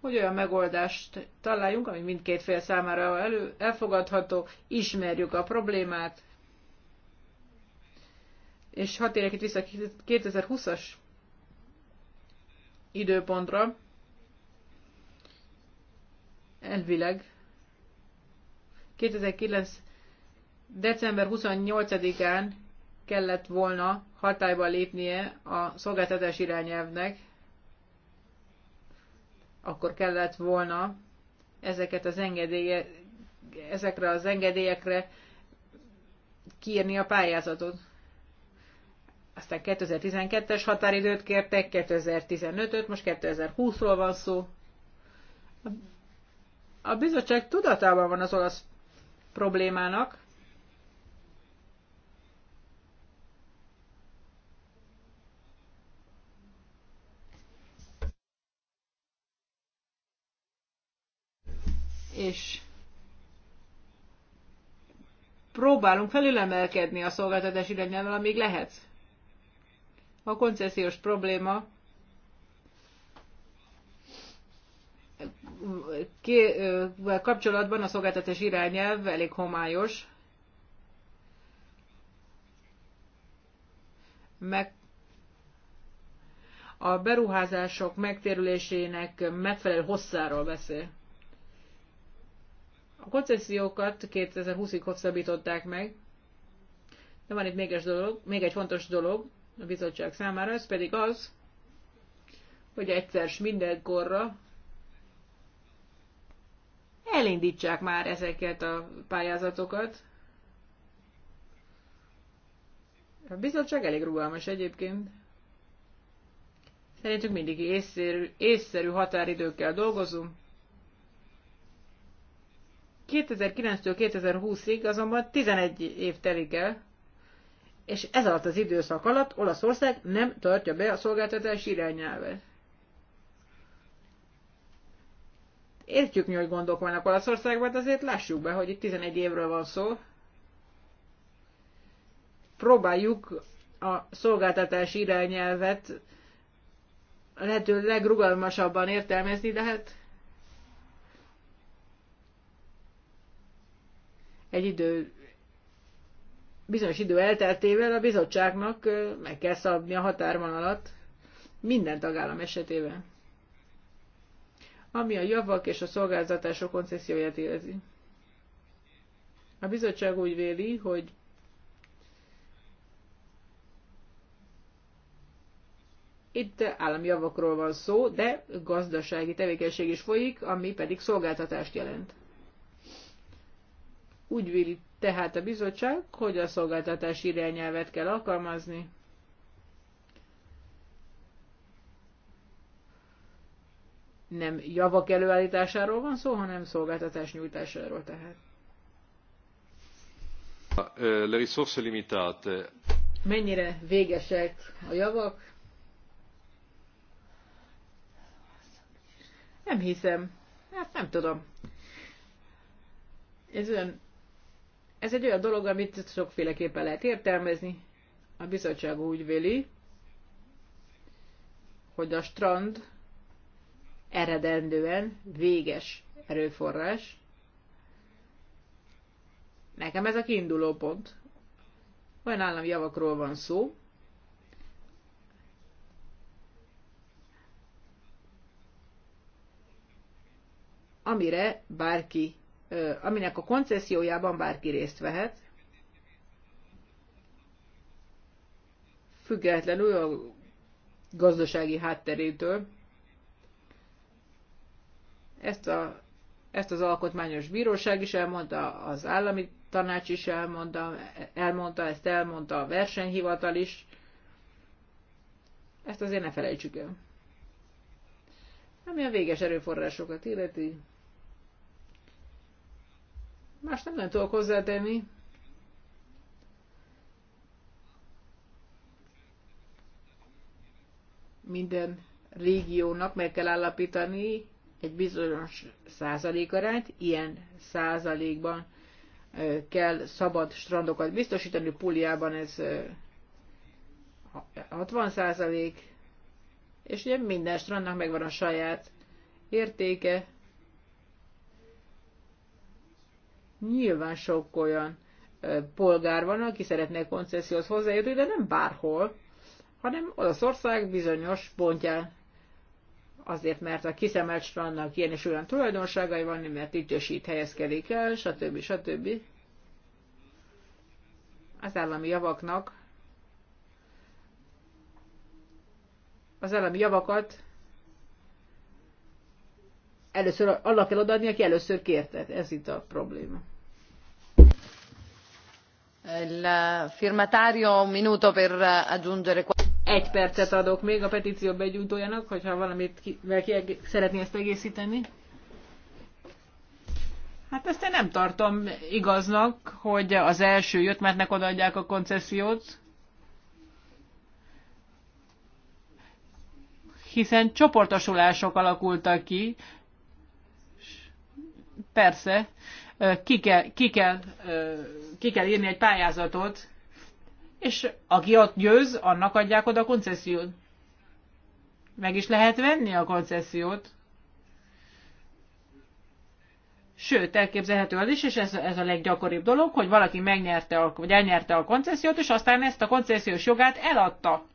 hogy olyan megoldást találjunk, ami mindkét fél számára elő, elfogadható, ismerjük a problémát, és ha térek itt vissza 2020-as időpontra, elvileg 2009. december 28-án kellett volna hatályba lépnie a szolgáltatás irányelvnek, akkor kellett volna ezeket az engedélye, ezekre az engedélyekre kiírni a pályázatot. Aztán 2012-es határidőt kértek, 2015-öt, most 2020-ról van szó. A bizottság tudatában van az olasz problémának, és próbálunk felülemelkedni a szolgáltatás irányával, amíg lehet. A koncesziós probléma kapcsolatban a szolgáltatás irányelv elég homályos. Meg a beruházások megtérülésének megfelelő hosszáról beszél. A koncesziókat 2020-ig hosszabbították meg, de van itt még egy, dolog, még egy fontos dolog a bizottság számára, ez pedig az, hogy egyszer s mindenkorra elindítsák már ezeket a pályázatokat. A bizottság elég rugalmas egyébként. Szerintünk mindig észszerű, észszerű határidőkkel dolgozunk. 2009-től 2020-ig azonban 11 év telik el, és ez alatt az időszak alatt Olaszország nem tartja be a szolgáltatás irányelvet. Értjük mi, hogy gondok vannak Olaszországban, de azért lássuk be, hogy itt 11 évről van szó. Próbáljuk a szolgáltatás irányelvet lehető legrugalmasabban értelmezni, de hát egy idő, bizonyos idő elteltével a bizottságnak meg kell szabni a határvonalat minden tagállam esetében, ami a javak és a szolgáltatások koncesszióját illeti. A bizottság úgy véli, hogy Itt állami javakról van szó, de gazdasági tevékenység is folyik, ami pedig szolgáltatást jelent. Úgy véli tehát a bizottság, hogy a szolgáltatás irányelvet kell alkalmazni. Nem javak előállításáról van szó, hanem szolgáltatás nyújtásáról tehát. Ah, euh, Le risorse limitate. Mennyire végesek a javak? Nem hiszem. Hát nem tudom. Ez olyan ez egy olyan dolog, amit sokféleképpen lehet értelmezni. A bizottság úgy véli, hogy a strand eredendően véges erőforrás. Nekem ez a kiinduló pont. Olyan állami javakról van szó, amire bárki aminek a koncesziójában bárki részt vehet, függetlenül a gazdasági hátterétől. Ezt, a, ezt az alkotmányos bíróság is elmondta, az állami tanács is elmondta, elmondta, ezt elmondta a versenyhivatal is. Ezt azért ne felejtsük el. Ami a véges erőforrásokat illeti, Más nem nagyon tudok hozzátenni. Minden régiónak meg kell állapítani egy bizonyos százalékarányt, ilyen százalékban kell szabad strandokat biztosítani, Puliában ez 60 százalék, és ugye minden strandnak megvan a saját értéke, Nyilván sok olyan polgár van, aki szeretne koncesszióhoz hozzájutni, de nem bárhol, hanem az ország bizonyos pontján azért, mert a kiszemelt strandnak ilyen és olyan tulajdonságai van, mert itt és itt helyezkedik el, stb. stb. Az állami javaknak az állami javakat először alak kell odaadni, aki először kérte. Ez itt a probléma. Egy percet adok még a petíció begyújtójának, hogyha valamit szeretné ezt egészíteni. Hát ezt én nem tartom igaznak, hogy az első jöttmetnek odaadják a koncesziót, hiszen csoportosulások alakultak ki. Persze, ki kell, ki kell, ki kell írni egy pályázatot, és aki ott győz, annak adják oda a koncesziót. Meg is lehet venni a koncesziót. Sőt, elképzelhető az is, és ez, ez a leggyakoribb dolog, hogy valaki megnyerte, a, vagy elnyerte a koncesziót, és aztán ezt a koncesziós jogát eladta.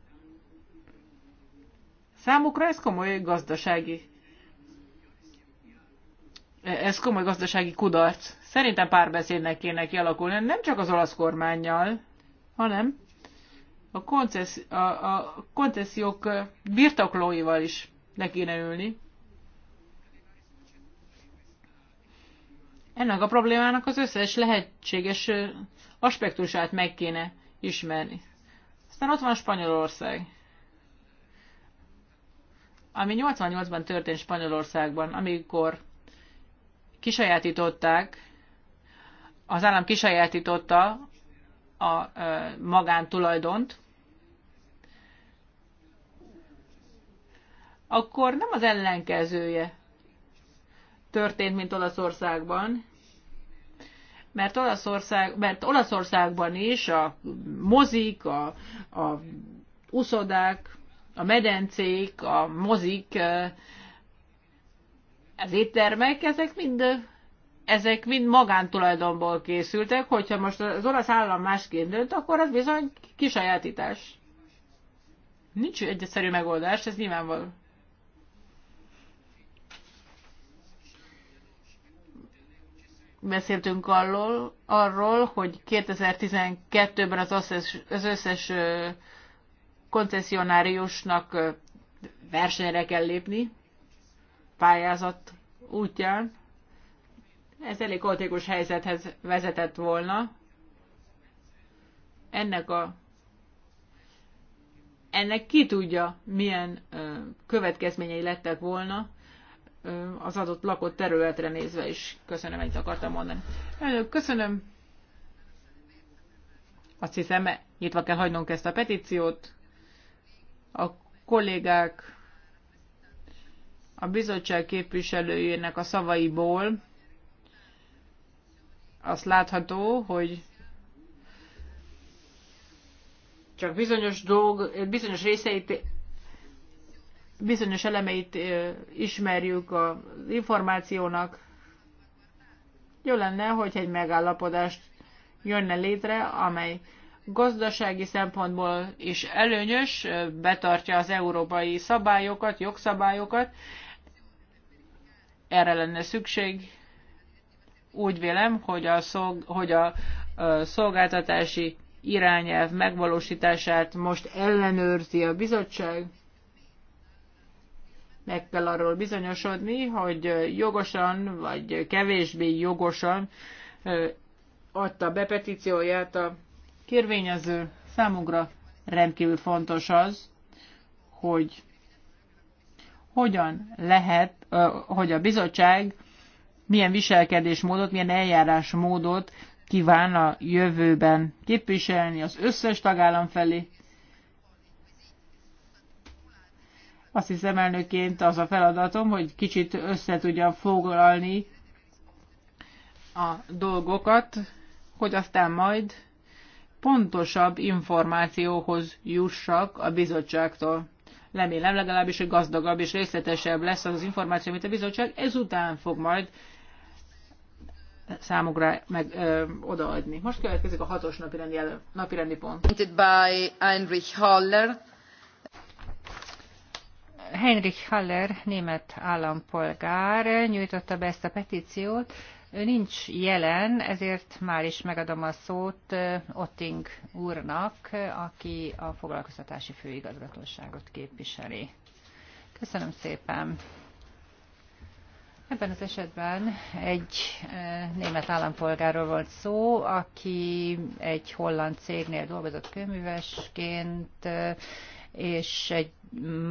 Számukra ez komoly gazdasági ez komoly gazdasági kudarc. Szerintem párbeszédnek kéne kialakulni, nem csak az olasz kormányjal, hanem a, koncesz, a, a koncesziók birtoklóival is le kéne ülni. Ennek a problémának az összes lehetséges aspektusát meg kéne ismerni. Aztán ott van Spanyolország. Ami 88-ban történt Spanyolországban, amikor kisajátították, az állam kisajátította a magántulajdont, akkor nem az ellenkezője történt, mint Olaszországban, mert, Olaszország, mert Olaszországban is a mozik, a, a uszodák, a medencék, a mozik az éttermek, ezek mind, ezek mind magántulajdonból készültek, hogyha most az orosz állam másként dönt, akkor ez bizony kisajátítás. Nincs egy egyszerű megoldás, ez nyilvánvaló. Beszéltünk arról, arról hogy 2012-ben az összes, az összes koncessionáriusnak versenyre kell lépni, pályázat útján. Ez elég kaotikus helyzethez vezetett volna. Ennek a ennek ki tudja, milyen ö, következményei lettek volna ö, az adott lakott területre nézve is. Köszönöm, ennyit akartam mondani. Elnök, köszönöm. Azt hiszem, nyitva kell hagynunk ezt a petíciót. A kollégák a bizottság képviselőjének a szavaiból azt látható, hogy csak bizonyos, dolg, bizonyos részeit, bizonyos elemeit ismerjük az információnak. Jó lenne, hogy egy megállapodást jönne létre, amely gazdasági szempontból is előnyös, betartja az európai szabályokat, jogszabályokat, erre lenne szükség. Úgy vélem, hogy a, szolg, hogy a, a szolgáltatási irányelv megvalósítását most ellenőrzi a bizottság. Meg kell arról bizonyosodni, hogy jogosan vagy kevésbé jogosan adta be petícióját a kérvényező. Számunkra rendkívül fontos az, hogy hogyan lehet hogy a bizottság milyen viselkedésmódot, milyen eljárásmódot kíván a jövőben képviselni az összes tagállam felé. Azt hiszem elnőként az a feladatom, hogy kicsit össze tudja foglalni a dolgokat, hogy aztán majd pontosabb információhoz jussak a bizottságtól. Remélem legalábbis, hogy gazdagabb és részletesebb lesz az, az információ, amit a bizottság ezután fog majd számukra meg ö, odaadni. Most következik a hatos napirendi, elő, napirendi pont. By Heinrich Haller. Heinrich Haller, német állampolgár, nyújtotta be ezt a petíciót, nincs jelen, ezért már is megadom a szót Otting úrnak, aki a foglalkoztatási főigazgatóságot képviseli. Köszönöm szépen! Ebben az esetben egy német állampolgárról volt szó, aki egy holland cégnél dolgozott kőművesként, és egy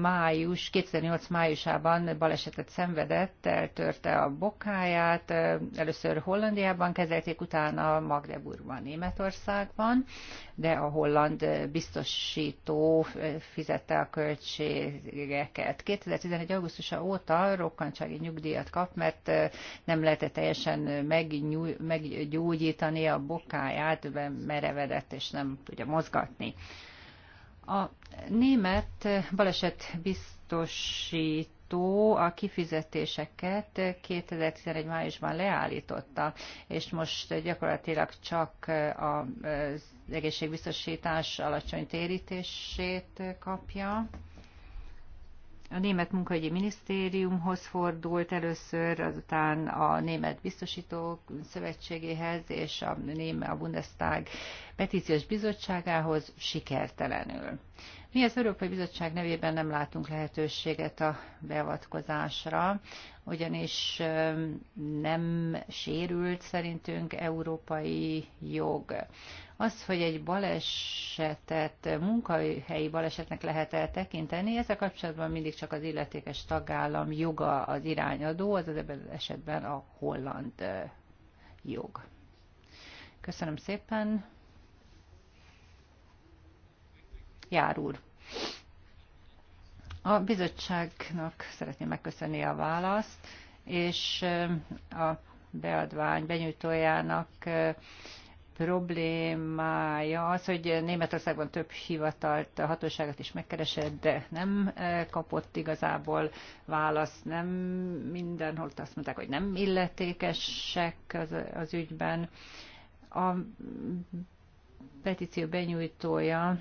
május, 2008 májusában balesetet szenvedett, eltörte a bokáját, először Hollandiában kezelték, utána Magdeburgban, Németországban, de a holland biztosító fizette a költségeket. 2011. augusztusa óta rokkantsági nyugdíjat kap, mert nem lehetett teljesen meggyógyítani a bokáját, merevedett és nem tudja mozgatni. A német balesetbiztosító a kifizetéseket 2011 májusban leállította, és most gyakorlatilag csak az egészségbiztosítás alacsony térítését kapja. A német munkahogyi minisztériumhoz fordult először, azután a német biztosítók szövetségéhez és a, német, a Bundestag petíciós bizottságához sikertelenül. Mi az Európai Bizottság nevében nem látunk lehetőséget a beavatkozásra, ugyanis nem sérült szerintünk európai jog. Az, hogy egy balesetet munkahelyi balesetnek lehet eltekinteni, ezzel kapcsolatban mindig csak az illetékes tagállam joga az irányadó, az ebben esetben a holland jog. Köszönöm szépen! Jár A bizottságnak szeretném megköszönni a választ, és a beadvány benyújtójának problémája az, hogy Németországban több hivatalt, a hatóságot is megkeresett, de nem kapott igazából választ, nem mindenhol azt mondták, hogy nem illetékesek az, az ügyben. A petíció benyújtója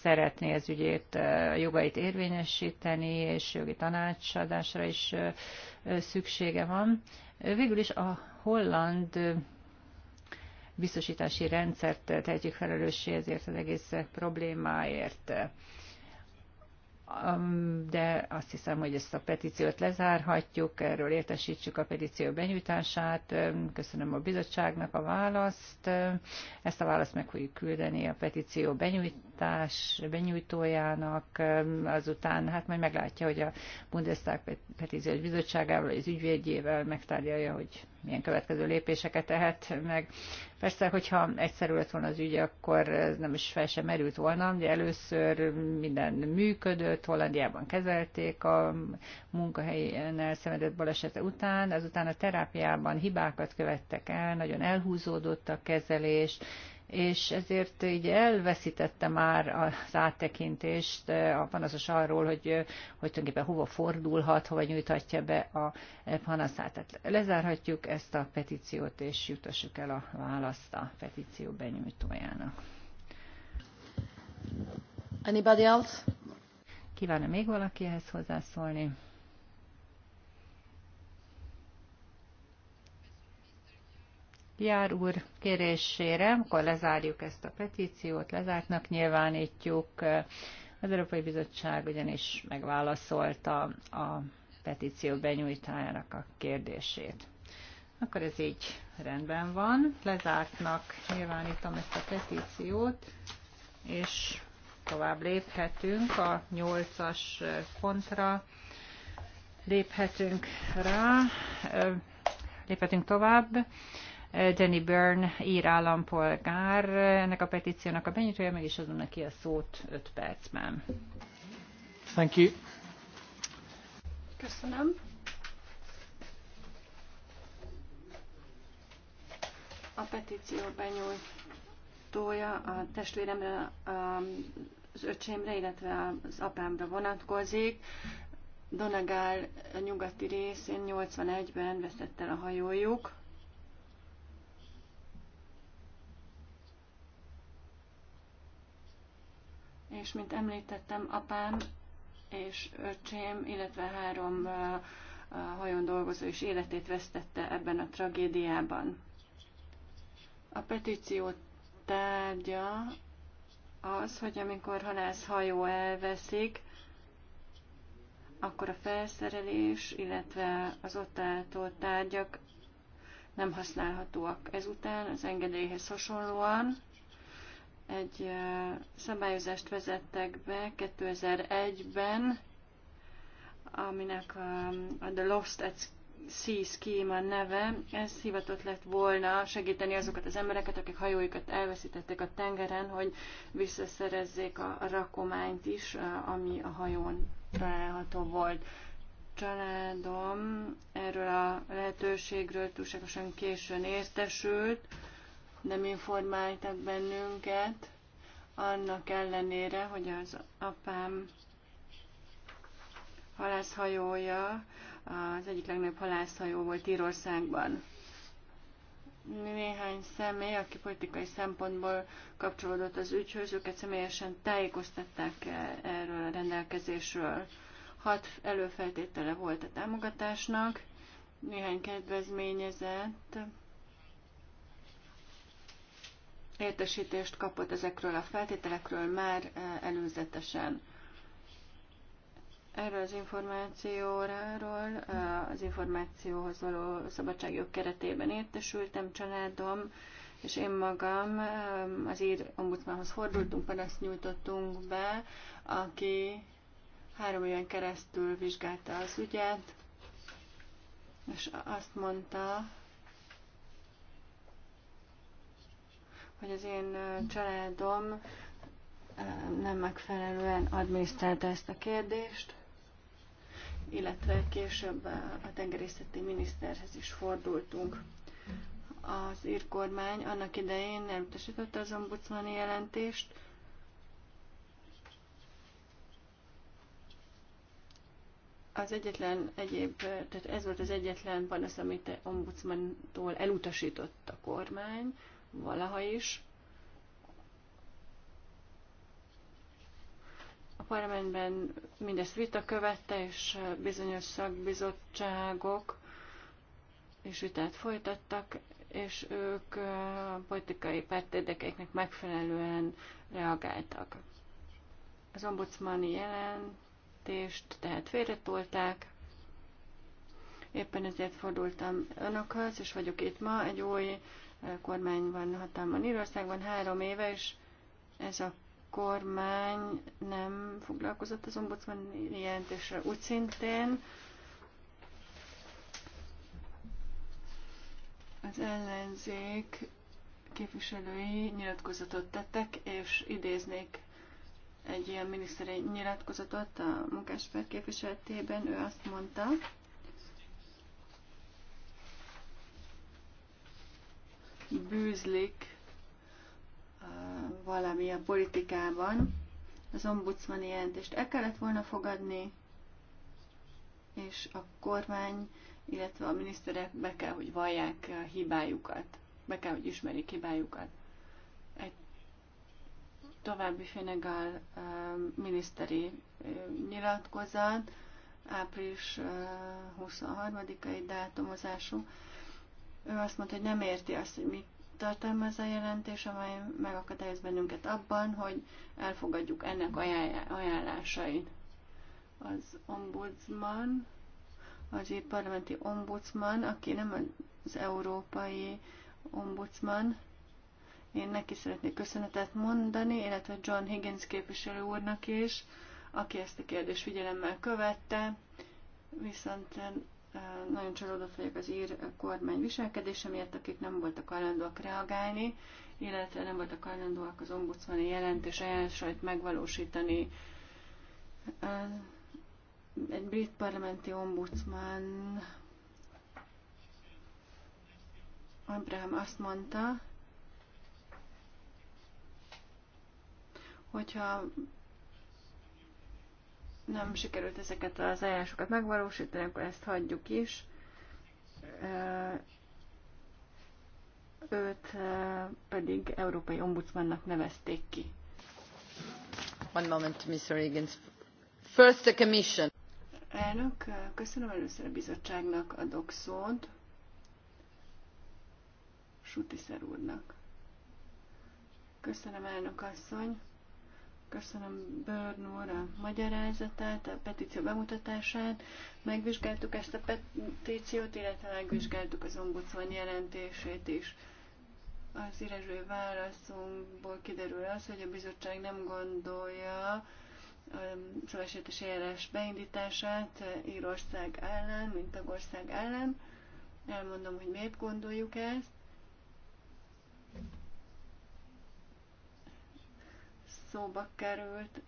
szeretné az ügyét, jogait érvényesíteni, és jogi tanácsadásra is szüksége van. Végül is a holland biztosítási rendszert tehetjük felelőssé ezért az egész problémáért de azt hiszem, hogy ezt a petíciót lezárhatjuk, erről értesítsük a petíció benyújtását. Köszönöm a bizottságnak a választ. Ezt a választ meg fogjuk küldeni a petíció benyújtás, benyújtójának. Azután hát majd meglátja, hogy a Bundestag petíciós bizottságával, az ügyvédjével megtárgyalja, hogy milyen következő lépéseket tehet meg. Persze, hogyha egyszerű lett volna az ügy, akkor ez nem is fel sem merült volna, de először minden működött, Hollandiában kezelték a munkahelyen elszenvedett balesete után, azután a terápiában hibákat követtek el, nagyon elhúzódott a kezelés, és ezért így elveszítette már az áttekintést eh, a panaszos arról, hogy, eh, hogy tulajdonképpen hova fordulhat, hova nyújthatja be a eh, panaszát. Tehát lezárhatjuk ezt a petíciót, és jutassuk el a választ a petíció benyújtójának. Anybody else? Kívánom még valaki ehhez hozzászólni? Jár úr kérésére, akkor lezárjuk ezt a petíciót, lezártnak nyilvánítjuk. Az Európai Bizottság ugyanis megválaszolta a petíció benyújtájának a kérdését. Akkor ez így rendben van. Lezártnak nyilvánítom ezt a petíciót, és tovább léphetünk a 8-as pontra. Léphetünk rá, léphetünk tovább. Jenny Byrne, ír állampolgár, ennek a petíciónak a benyújtója, meg is adom neki a szót 5 percben. Thank you. Köszönöm. A petíció benyújtója a testvéremre, az öcsémre, illetve az apámra vonatkozik. Donagál nyugati részén 81-ben veszett el a hajójuk. és mint említettem, apám és öcsém, illetve három hajón dolgozó is életét vesztette ebben a tragédiában. A petíció tárgya az, hogy amikor hajó elveszik, akkor a felszerelés, illetve az ott álltó tárgyak nem használhatóak. Ezután az engedélyhez hasonlóan egy szabályozást vezettek be 2001-ben, aminek a, a The Lost at Sea a neve. Ez hivatott lett volna segíteni azokat az embereket, akik hajóikat elveszítették a tengeren, hogy visszaszerezzék a rakományt is, ami a hajón található volt családom erről a lehetőségről túlságosan későn értesült, nem informáltak bennünket, annak ellenére, hogy az apám halászhajója az egyik legnagyobb halászhajó volt Írországban. Néhány személy, aki politikai szempontból kapcsolódott az ügyhöz, őket személyesen tájékoztatták e, erről a rendelkezésről. Hat előfeltétele volt a támogatásnak, néhány kedvezményezett, értesítést kapott ezekről a feltételekről már eh, előzetesen. Erről az információról, eh, az információhoz való szabadságjog keretében értesültem családom, és én magam eh, az ír ombudsmanhoz fordultunk, panaszt nyújtottunk be, aki három éven keresztül vizsgálta az ügyet, és azt mondta, hogy az én családom nem megfelelően adminisztrálta ezt a kérdést, illetve később a tengerészeti miniszterhez is fordultunk. Az ír kormány annak idején elutasította az ombudsmani jelentést, az egyetlen egyéb, tehát ez volt az egyetlen panasz, amit ombudsmantól elutasított a kormány, valaha is. A parlamentben mindezt vita követte, és bizonyos szakbizottságok és vitát folytattak, és ők a politikai pártérdekeiknek megfelelően reagáltak. Az ombudsmani jelentést tehát félretolták, éppen ezért fordultam önökhöz, és vagyok itt ma egy új kormány van hatalmon Írországban három éve, és ez a kormány nem foglalkozott az ombudsman jelentésre úgy szintén. Az ellenzék képviselői nyilatkozatot tettek, és idéznék egy ilyen miniszteri nyilatkozatot a munkáspárt képviseletében. Ő azt mondta, bűzlik valami a politikában. Az ombudsmani jelentést el kellett volna fogadni, és a kormány, illetve a miniszterek be kell, hogy vallják hibájukat, be kell, hogy ismerik hibájukat. Egy további Fenegal miniszteri nyilatkozat, április 23-ai dátumozású, ő azt mondta, hogy nem érti azt, hogy mit tartalmaz a jelentés, amely megakadályoz bennünket abban, hogy elfogadjuk ennek ajánlásait. Az ombudsman, az ír parlamenti ombudsman, aki nem az európai ombudsman, én neki szeretnék köszönetet mondani, illetve John Higgins képviselő úrnak is, aki ezt a kérdést figyelemmel követte, viszont nagyon csalódott vagyok az ír kormány viselkedése miatt, akik nem voltak hajlandóak reagálni, illetve nem voltak hajlandóak az ombudsmani jelentés ajánlásait megvalósítani. Egy brit parlamenti ombudsman Abraham azt mondta, hogyha nem sikerült ezeket az eljárásokat megvalósítani, akkor ezt hagyjuk is. Őt pedig Európai Ombudsmannak nevezték ki. One moment, Mr. Higgins. First the Commission. Elnök, köszönöm először a bizottságnak a dokszót. Sutiszer úrnak. Köszönöm, elnök asszony. Köszönöm Börnóra a magyarázatát, a petíció bemutatását. Megvizsgáltuk ezt a petíciót, illetve megvizsgáltuk az ombudsman jelentését is. Az írásbeli válaszunkból kiderül az, hogy a bizottság nem gondolja szavasítási eljárás beindítását Írország ellen, mint tagország ellen. Elmondom, hogy miért gondoljuk ezt szóba került,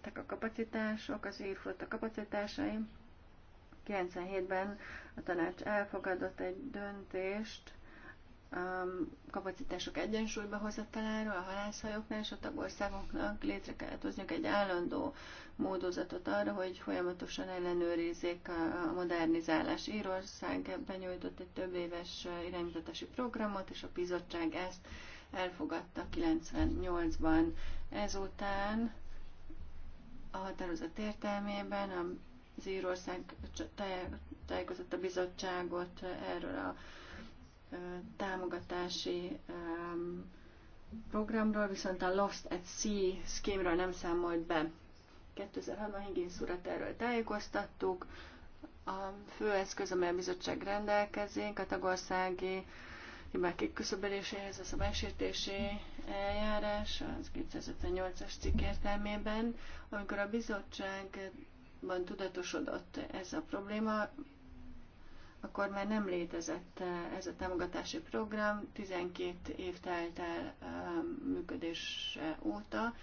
tek a kapacitások, az a kapacitásai. 97-ben a tanács elfogadott egy döntést kapacitások egyensúlyba hozataláról a halászhajóknál, és a tagországoknak létre kellett hozniuk egy állandó módozatot arra, hogy folyamatosan ellenőrizzék a modernizálás. Írország benyújtott egy több éves irányítatási programot, és a bizottság ezt elfogadta 98-ban. Ezután a határozat értelmében az Írország tájékozott a bizottságot erről a támogatási programról, viszont a Lost at Sea scheme nem számolt be. 2006-ban Higgins urat erről tájékoztattuk. A fő eszköz, amely a bizottság rendelkezik, a tagországi hibák kiküszöböléséhez a szabálysértési eljárás az 258-as cikk értelmében. Amikor a bizottságban tudatosodott ez a probléma, akkor már nem létezett eh, ez a támogatási program, 12 év telt el eh, működése óta,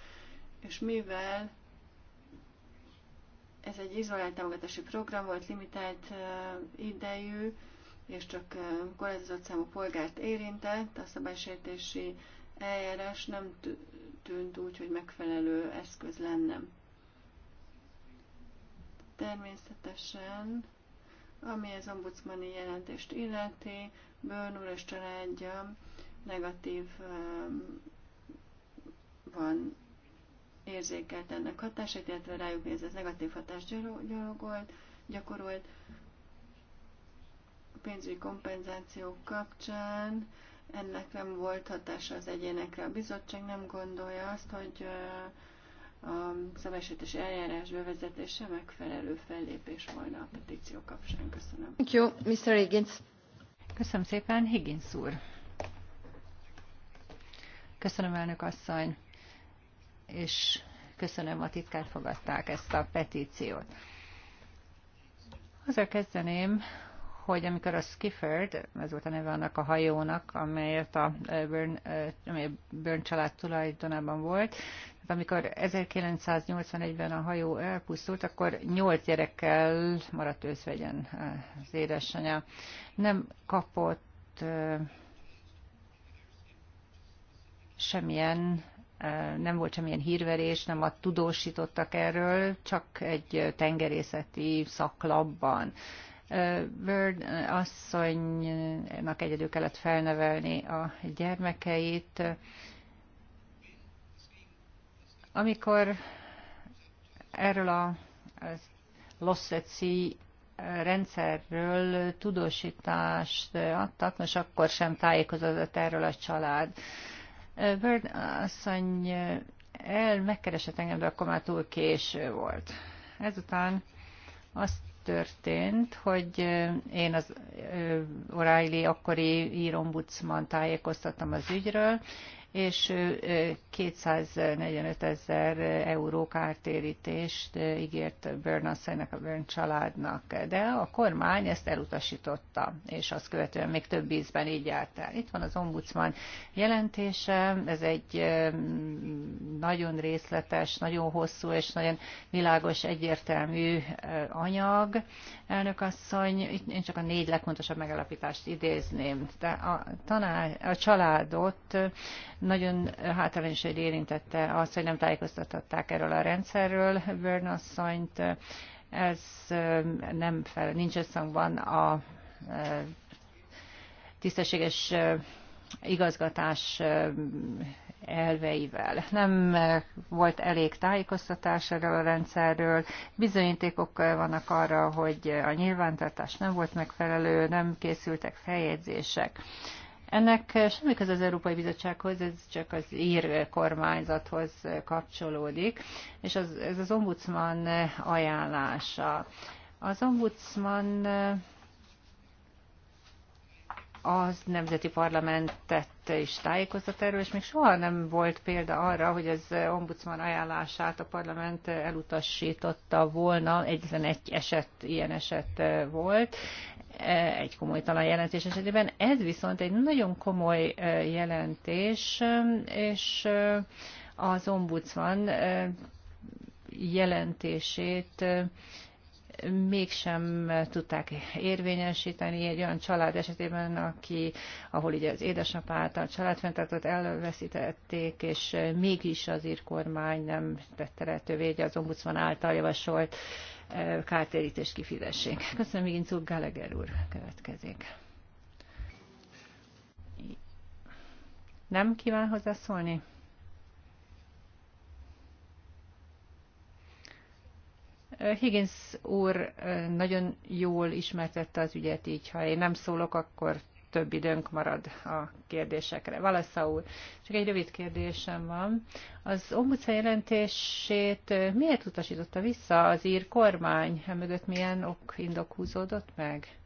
és mivel ez egy izolált támogatási program volt, limitált eh, idejű, és csak korlátozott számú polgárt érintett, a szabálysértési eljárás nem tűnt úgy, hogy megfelelő eszköz lenne. Természetesen, ami az ombudsmani jelentést illeti, Bőrn úr és családja negatív van érzékelt ennek hatását, illetve rájuk néz, ez negatív hatást gyalogolt, gyakorolt pénzügyi kompenzáció kapcsán ennek nem volt hatása az egyénekre. A bizottság nem gondolja azt, hogy a szabálysértési eljárás bevezetése megfelelő fellépés volna a petíció kapcsán. Köszönöm. Thank you, Mr. Higgins. Köszönöm szépen, Higgins úr. Köszönöm, elnök asszony, és köszönöm a titkát fogadták ezt a petíciót. Azzal kezdeném, hogy amikor a Skifford, ez volt a neve annak a hajónak, amelyet a Burn, amely a Burn család tulajdonában volt, amikor 1981-ben a hajó elpusztult, akkor nyolc gyerekkel maradt őszvegyen az édesanyja. Nem kapott semmilyen nem volt semmilyen hírverés, nem a tudósítottak erről, csak egy tengerészeti szaklapban. Bird asszonynak egyedül kellett felnevelni a gyermekeit. Amikor erről a Losszeci rendszerről tudósítást adtak, most akkor sem tájékozódott erről a család. Bird asszony el megkeresett engem, de akkor már túl késő volt. Ezután azt történt, hogy én az O'Reilly akkori írombudsman tájékoztattam az ügyről, és 245 ezer euró kártérítést ígért Bernasszájnak, a Bern családnak, de a kormány ezt elutasította, és azt követően még több ízben így járt el. Itt van az ombudsman jelentése, ez egy nagyon részletes, nagyon hosszú és nagyon világos, egyértelmű anyag. Elnök asszony, én csak a négy legfontosabb megalapítást idézném. De a, tanár, a családot nagyon hátrányosan érintette azt, hogy nem tájékoztatták erről a rendszerről Börn asszonyt. Ez nem fel, nincs összhangban a tisztességes igazgatás elveivel. Nem volt elég tájékoztatás erről a rendszerről, bizonyítékok vannak arra, hogy a nyilvántartás nem volt megfelelő, nem készültek feljegyzések. Ennek eh, semmi köze az Európai Bizottsághoz, ez csak az ír kormányzathoz kapcsolódik, és az, ez az ombudsman eh, ajánlása. Az ombudsman eh, az nemzeti parlamentet is tájékoztat erről, és még soha nem volt példa arra, hogy az ombudsman ajánlását a parlament elutasította volna, egyetlen egy eset, ilyen eset volt, egy talán jelentés esetében. Ez viszont egy nagyon komoly jelentés, és az ombudsman jelentését mégsem tudták érvényesíteni egy olyan család esetében, aki, ahol ugye az édesapát, a családfenntartót elveszítették, és mégis az írkormány nem tette lehetővé az ombudsman által javasolt uh, kártérítést kifizessék. Köszönöm, még Inzul Gallagher úr következik. Nem kíván hozzászólni? Higgins úr nagyon jól ismertette az ügyet, így ha én nem szólok, akkor több időnk marad a kérdésekre. Valasza úr, csak egy rövid kérdésem van. Az ombudsman jelentését miért utasította vissza az ír kormány? Mögött milyen ok indok húzódott meg?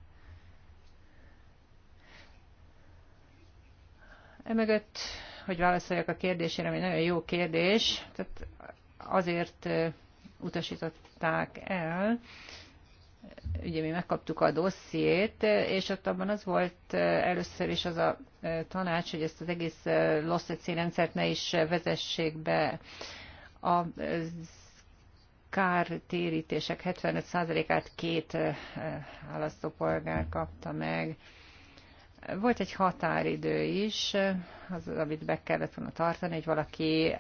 Emögött, hogy válaszoljak a kérdésére, ami nagyon jó kérdés, tehát azért utasították el, ugye mi megkaptuk a dossziét, és ott abban az volt eh, először is az a eh, tanács, hogy ezt az egész eh, losszetszé rendszert ne is vezessék be. A kártérítések 75%-át két választópolgár kapta meg. Volt egy határidő is, az, amit be kellett volna tartani, hogy valaki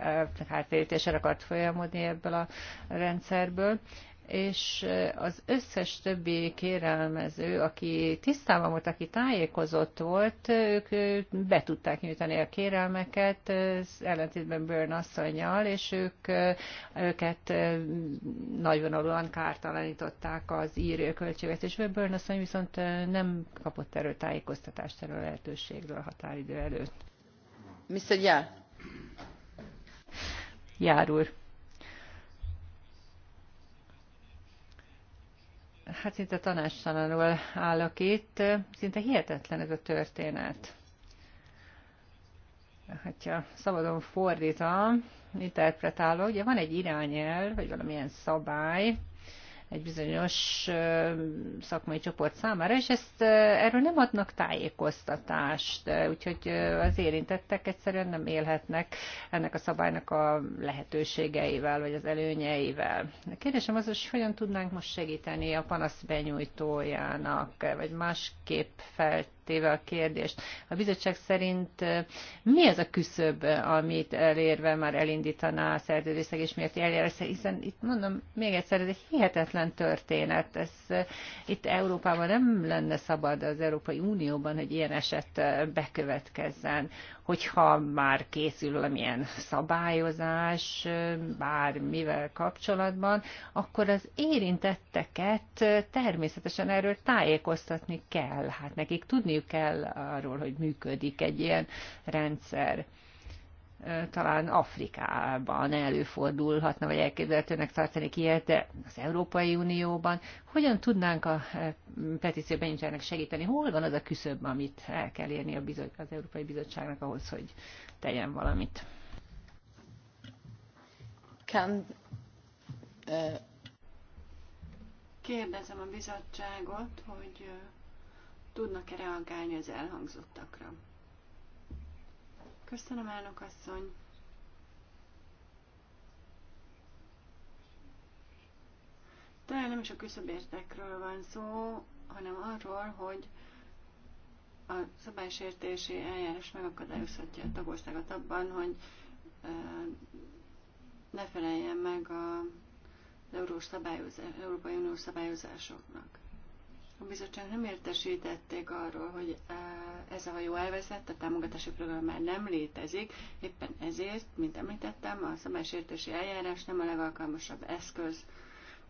kártérítésre akart folyamodni ebből a rendszerből és eh, az összes többi kérelmező, aki tisztában volt, aki tájékozott volt, ők eh, be tudták nyújtani a kérelmeket, eh, ellentétben Burn asszonyjal, és ők őket nagyvonalúan kártalanították az ír költségvetésből. Burn asszony viszont nem kapott erről tájékoztatást erről a lehetőségről a határidő előtt. Mr. Jár. Jár úr. hát szinte tanástalanul állok itt. Szinte hihetetlen ez a történet. Hát ha szabadon fordítom, interpretálok, ugye van egy irányel, vagy valamilyen szabály, egy bizonyos szakmai csoport számára, és ezt erről nem adnak tájékoztatást, úgyhogy az érintettek egyszerűen nem élhetnek ennek a szabálynak a lehetőségeivel, vagy az előnyeivel. A kérdésem az, hogy hogyan tudnánk most segíteni a panasz benyújtójának, vagy másképp felt téve a kérdést. A bizottság szerint mi az a küszöb, amit elérve már elindítaná a és miért eljárás, hiszen itt mondom még egyszer, ez egy hihetetlen történet. Ez, itt Európában nem lenne szabad az Európai Unióban, hogy ilyen eset bekövetkezzen hogyha már készül valamilyen szabályozás bármivel kapcsolatban, akkor az érintetteket természetesen erről tájékoztatni kell. Hát nekik tudniuk kell arról, hogy működik egy ilyen rendszer talán Afrikában előfordulhatna, vagy elképzelhetőnek tartanék ilyet, de az Európai Unióban hogyan tudnánk a eh, petíció benyújtásának segíteni? Hol van az a küszöb, amit el kell érni a bizot, az Európai Bizottságnak ahhoz, hogy tegyen valamit? Can, uh... Eh. Kérdezem a bizottságot, hogy eh, tudnak-e reagálni az elhangzottakra. Köszönöm, elnök asszony. Talán nem is a küszöbértekről van szó, hanem arról, hogy a szabálysértési eljárás megakadályozhatja a tagországot abban, hogy ne feleljen meg a Európai Unió szabályozásoknak. A bizottság nem értesítették arról, hogy e, ez a hajó elveszett, a támogatási program már nem létezik, éppen ezért, mint említettem, a szabálysértési eljárás nem a legalkalmasabb eszköz.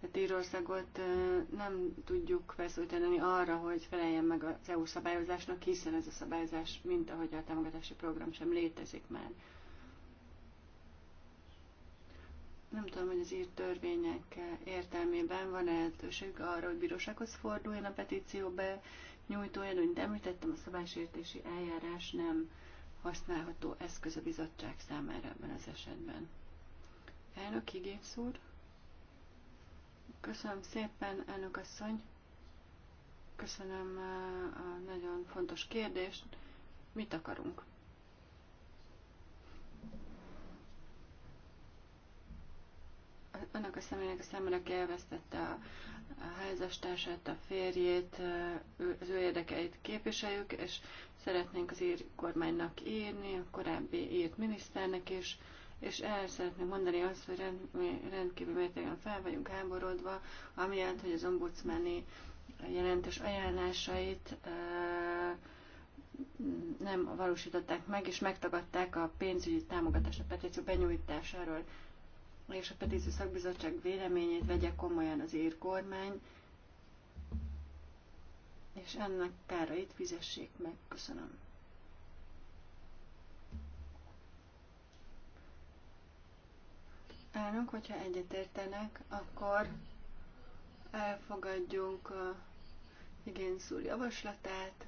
A Tírországot e, nem tudjuk feszülteni arra, hogy feleljen meg az EU szabályozásnak, hiszen ez a szabályozás, mint ahogy a támogatási program sem létezik már. Nem tudom, hogy az írt törvények értelmében van -e lehetőség arra, hogy bírósághoz forduljon a petíció be, nyújtóján, hogy említettem, a szabálysértési eljárás nem használható eszköz a bizottság számára ebben az esetben. Elnök Igész úr. Köszönöm szépen, elnök asszony. Köszönöm eh, a nagyon fontos kérdést. Mit akarunk? annak a személynek a számára, aki elvesztette a, a házastársát, a férjét, az ő érdekeit képviseljük, és szeretnénk az ír kormánynak írni, a korábbi írt miniszternek is, és el szeretném mondani azt, hogy rendkívül mértékben fel vagyunk háborodva, amiatt, hogy az ombudsmani jelentős ajánlásait nem valósították meg, és megtagadták a pénzügyi támogatás a petíció benyújtásáról és a petíció szakbizottság véleményét vegye komolyan az ír kormány, és ennek kárait fizessék meg. Köszönöm. Elnök, hogyha egyetértenek, akkor elfogadjunk a Higgins javaslatát,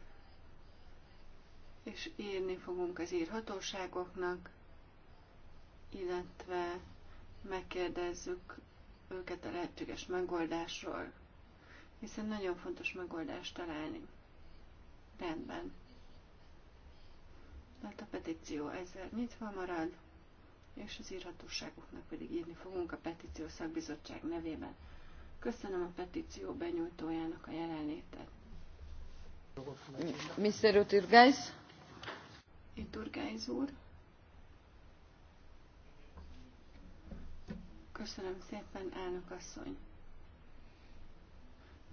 és írni fogunk az írhatóságoknak, illetve megkérdezzük őket a lehetséges megoldásról, hiszen nagyon fontos megoldást találni. Rendben. Tehát a petíció ezzel nyitva marad, és az írhatóságoknak pedig írni fogunk a petíció szakbizottság nevében. Köszönöm a petíció benyújtójának a jelenlétet. Mr. Uturgeis? Uturgeis úr. Köszönöm szépen, elnök asszony.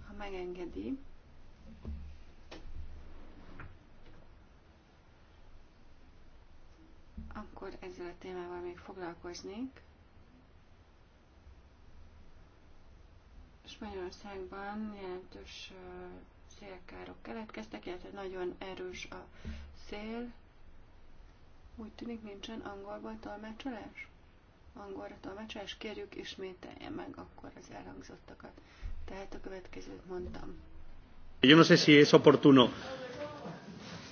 Ha megengedi, akkor ezzel a témával még foglalkoznék. Spanyolországban jelentős szélkárok keletkeztek, illetve nagyon erős a szél. Úgy tűnik, nincsen angolban tolmácsolás? angolra tolmácsol, és kérjük ismételje meg akkor az elhangzottakat. Tehát a következőt mondtam. Yo no sé si es oportuno.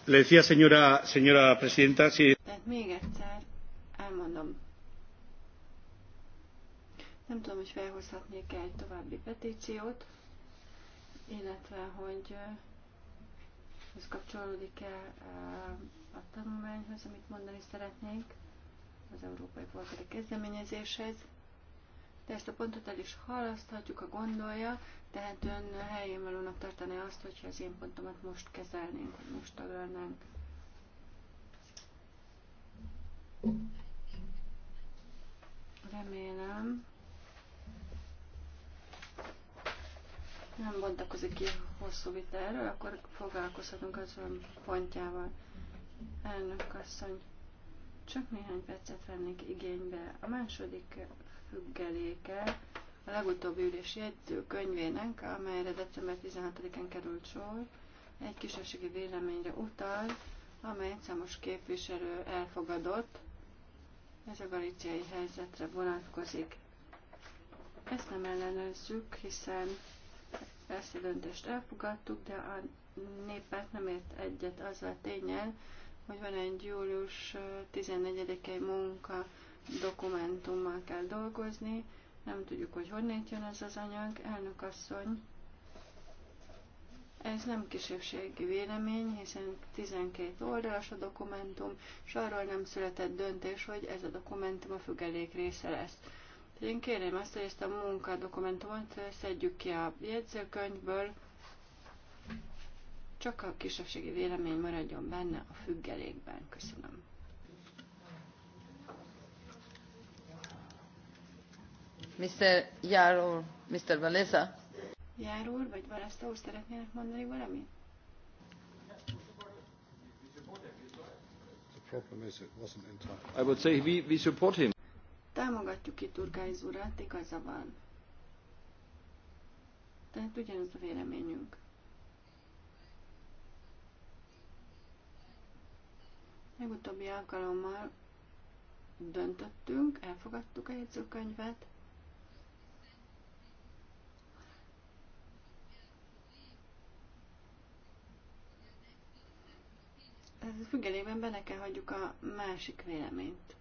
Le decía señora, señora presidenta, si... Tehát még egyszer elmondom. Nem tudom, hogy felhozhatnék egy további petíciót, illetve hogy ez kapcsolódik-e a tanulmányhoz, amit mondani szeretnék az európai polgári kezdeményezéshez, de ezt a pontot el is halaszthatjuk, a gondolja, tehát ön helyén valónak tartaná azt, hogyha az én pontomat most kezelnénk, vagy most taglalnánk. Remélem. Nem bontakozik ki hosszú vita erről, akkor foglalkozhatunk az ön pontjával. Elnök asszony. Csak néhány percet vennék igénybe. A második függeléke a legutóbbi ülési könyvének, amelyre december 16-án került sor, egy kisebbségi véleményre utal, amelyet számos képviselő elfogadott. Ez a galiciai helyzetre vonatkozik. Ezt nem ellenőrzzük, hiszen ezt a döntést elfogadtuk, de a népet nem ért egyet azzal a tényel, hogy van egy július 14-i munka dokumentummal kell dolgozni, nem tudjuk, hogy honnét jön ez az anyag, elnök asszony. Ez nem kisebbségi vélemény, hiszen 12 oldalas a dokumentum, és arról nem született döntés, hogy ez a dokumentum a függelék része lesz. Én kérném azt, hogy ezt a munkadokumentumot szedjük ki a jegyzőkönyvből, csak a kisebbségi vélemény maradjon benne a függelékben. Köszönöm. Mr. Járó, Mr. Valesa. Járó vagy Valesa úr szeretnének mondani valamit? I would say we, we support him. Támogatjuk itt Urkáiz urat, igaza van. Tehát ugyanaz a véleményünk. Legutóbbi alkalommal döntöttünk, elfogadtuk a jegyzőkönyvet, Ez függelében benne kell hagyjuk a másik véleményt.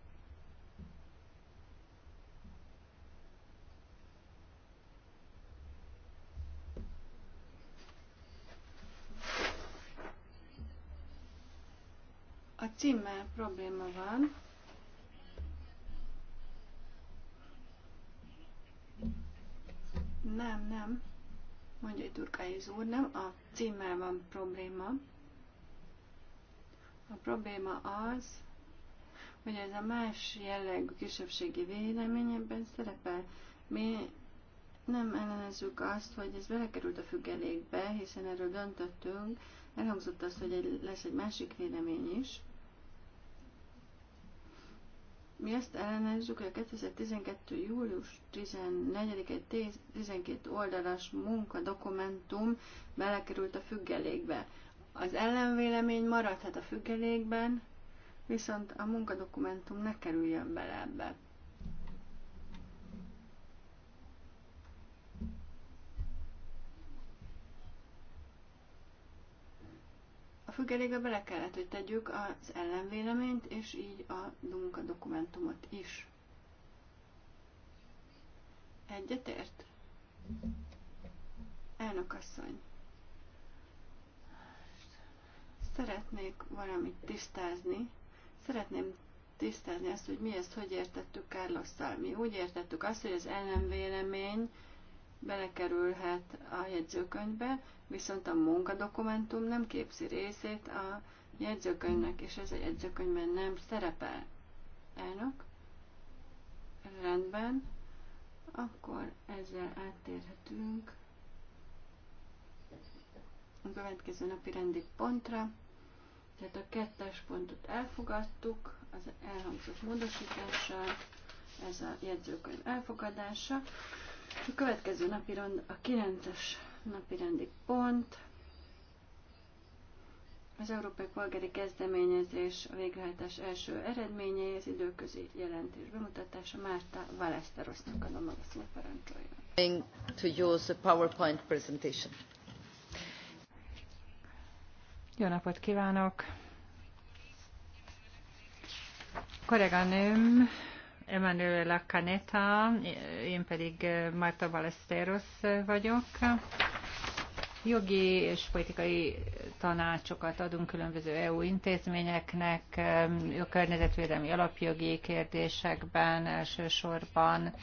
A címmel probléma van. Nem, nem, mondja egy turkai úr, nem, a címmel van probléma. A probléma az, hogy ez a más jellegű kisebbségi vélemény szerepel. Mi nem ellenezzük azt, hogy ez belekerült a függelékbe, hiszen erről döntöttünk. Elhangzott az, hogy egy, lesz egy másik vélemény is. Mi ezt ellenezzük, hogy a 2012. július 14-egy 12 oldalas munkadokumentum belekerült a függelékbe. Az ellenvélemény maradhat a függelékben, viszont a munkadokumentum ne kerüljön bele ebbe. A függelébe bele kellett, hogy tegyük az ellenvéleményt, és így a munka dokumentumot is. Egyetért? Elnök asszony. Szeretnék valamit tisztázni. Szeretném tisztázni azt, hogy mi ezt hogy értettük Kárlosszal. Mi úgy értettük azt, hogy az ellenvélemény belekerülhet a jegyzőkönyvbe, viszont a munkadokumentum nem képzi részét a jegyzőkönyvnek, és ez a jegyzőkönyvben nem szerepel. Elnök? Rendben. Akkor ezzel áttérhetünk a következő napi rendi pontra. Tehát a kettes pontot elfogadtuk az elhangzott módosítással, ez a jegyzőkönyv elfogadása. A következő napi rend, a 9-es napi rendi pont, az Európai Polgári Kezdeményezés a végrehajtás első eredményei, az időközi jelentés bemutatása Márta Valeszterosznak adom a szót parancsoljon. To use a PowerPoint presentation. Jó napot kívánok! Kolléganőm Emanuela Caneta, én pedig eh, Marta Balesteros vagyok. Jogi és politikai tanácsokat adunk különböző EU intézményeknek, eh, a környezetvédelmi alapjogi kérdésekben elsősorban,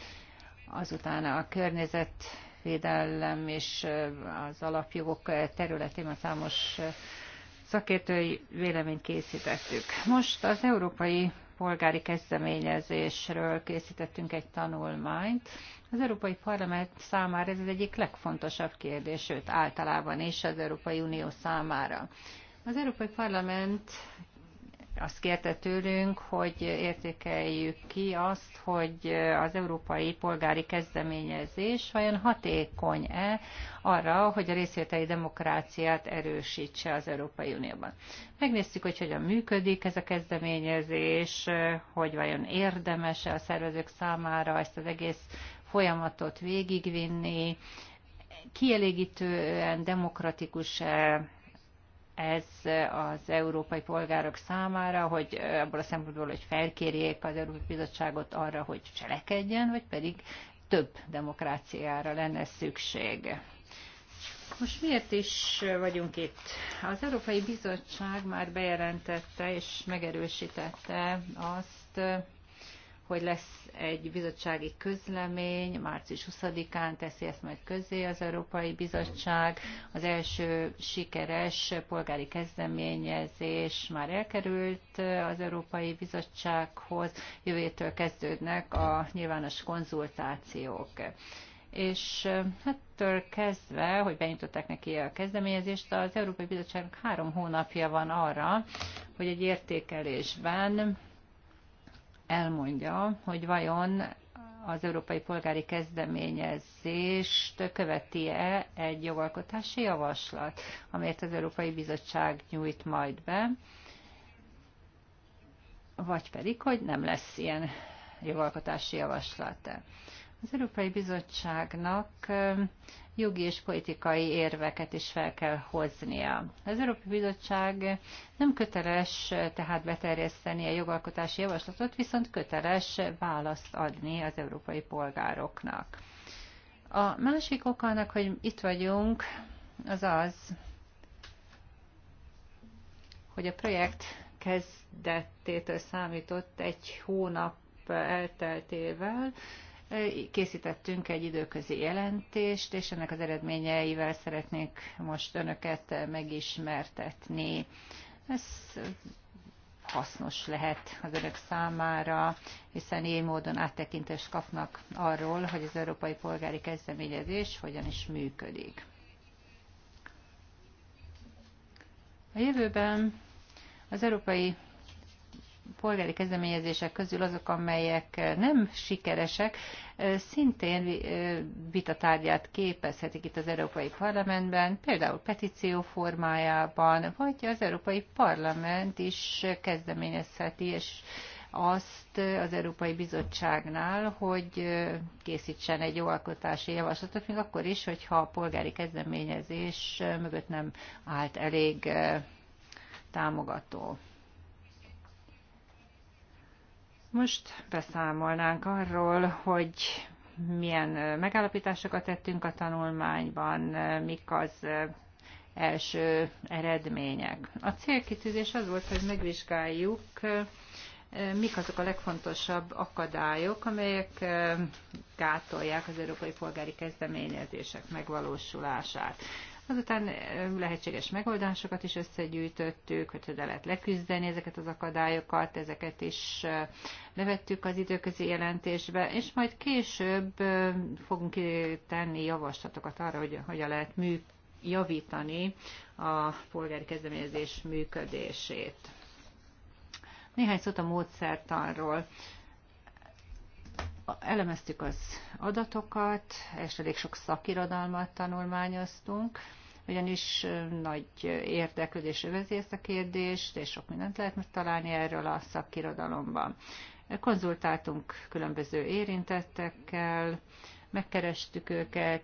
azután a környezetvédelem és eh, az alapjogok területén a számos szakértői véleményt készítettük. Most az Európai polgári kezdeményezésről készítettünk egy tanulmányt. Az Európai Parlament számára ez az egyik legfontosabb kérdés, sőt általában is az Európai Unió számára. Az Európai Parlament azt kérte tőlünk, hogy értékeljük ki azt, hogy az európai polgári kezdeményezés vajon hatékony-e arra, hogy a részvételi demokráciát erősítse az Európai Unióban. Megnéztük, hogy hogyan működik ez a kezdeményezés, hogy vajon érdemes-e a szervezők számára ezt az egész folyamatot végigvinni, kielégítően demokratikus -e ez az európai polgárok számára, hogy abból a szempontból, hogy felkérjék az Európai Bizottságot arra, hogy cselekedjen, vagy pedig több demokráciára lenne szükség. Most miért is vagyunk itt? Az Európai Bizottság már bejelentette és megerősítette azt, hogy lesz egy bizottsági közlemény, március 20-án teszi ezt majd közé az Európai Bizottság. Az első sikeres polgári kezdeményezés már elkerült az Európai Bizottsághoz, jövőtől kezdődnek a nyilvános konzultációk és hát, ettől kezdve, hogy benyitották neki a kezdeményezést, az Európai Bizottságnak három hónapja van arra, hogy egy értékelésben elmondja, hogy vajon az európai polgári kezdeményezést követi-e egy jogalkotási javaslat, amelyet az Európai Bizottság nyújt majd be, vagy pedig, hogy nem lesz ilyen jogalkotási javaslat. Az Európai Bizottságnak jogi és politikai érveket is fel kell hoznia. Az Európai Bizottság nem köteles tehát beterjeszteni a jogalkotási javaslatot, viszont köteles választ adni az európai polgároknak. A másik ok annak, hogy itt vagyunk, az az, hogy a projekt kezdettétől számított egy hónap elteltével Készítettünk egy időközi jelentést, és ennek az eredményeivel szeretnék most önöket megismertetni. Ez hasznos lehet az önök számára, hiszen ilyen módon áttekintést kapnak arról, hogy az európai polgári kezdeményezés hogyan is működik. A jövőben az európai polgári kezdeményezések közül azok, amelyek nem sikeresek, szintén vitatárgyát képezhetik itt az Európai Parlamentben, például petíció formájában, vagy az Európai Parlament is kezdeményezheti, és azt az Európai Bizottságnál, hogy készítsen egy jogalkotási javaslatot, még akkor is, hogyha a polgári kezdeményezés mögött nem állt elég támogató. Most beszámolnánk arról, hogy milyen megállapításokat tettünk a tanulmányban, mik az első eredmények. A célkitűzés az volt, hogy megvizsgáljuk, mik azok a legfontosabb akadályok, amelyek gátolják az európai polgári kezdeményezések megvalósulását. Azután lehetséges megoldásokat is összegyűjtöttük, hogy hogyan lehet leküzdeni ezeket az akadályokat, ezeket is bevettük az időközi jelentésbe, és majd később fogunk tenni javaslatokat arra, hogy hogyan lehet mű, javítani a polgári kezdeményezés működését. Néhány szót a módszertanról elemeztük az adatokat, és elég sok szakirodalmat tanulmányoztunk, ugyanis nagy érdeklődés övezi ezt a kérdést, és sok mindent lehet találni erről a szakirodalomban. Konzultáltunk különböző érintettekkel, megkerestük őket,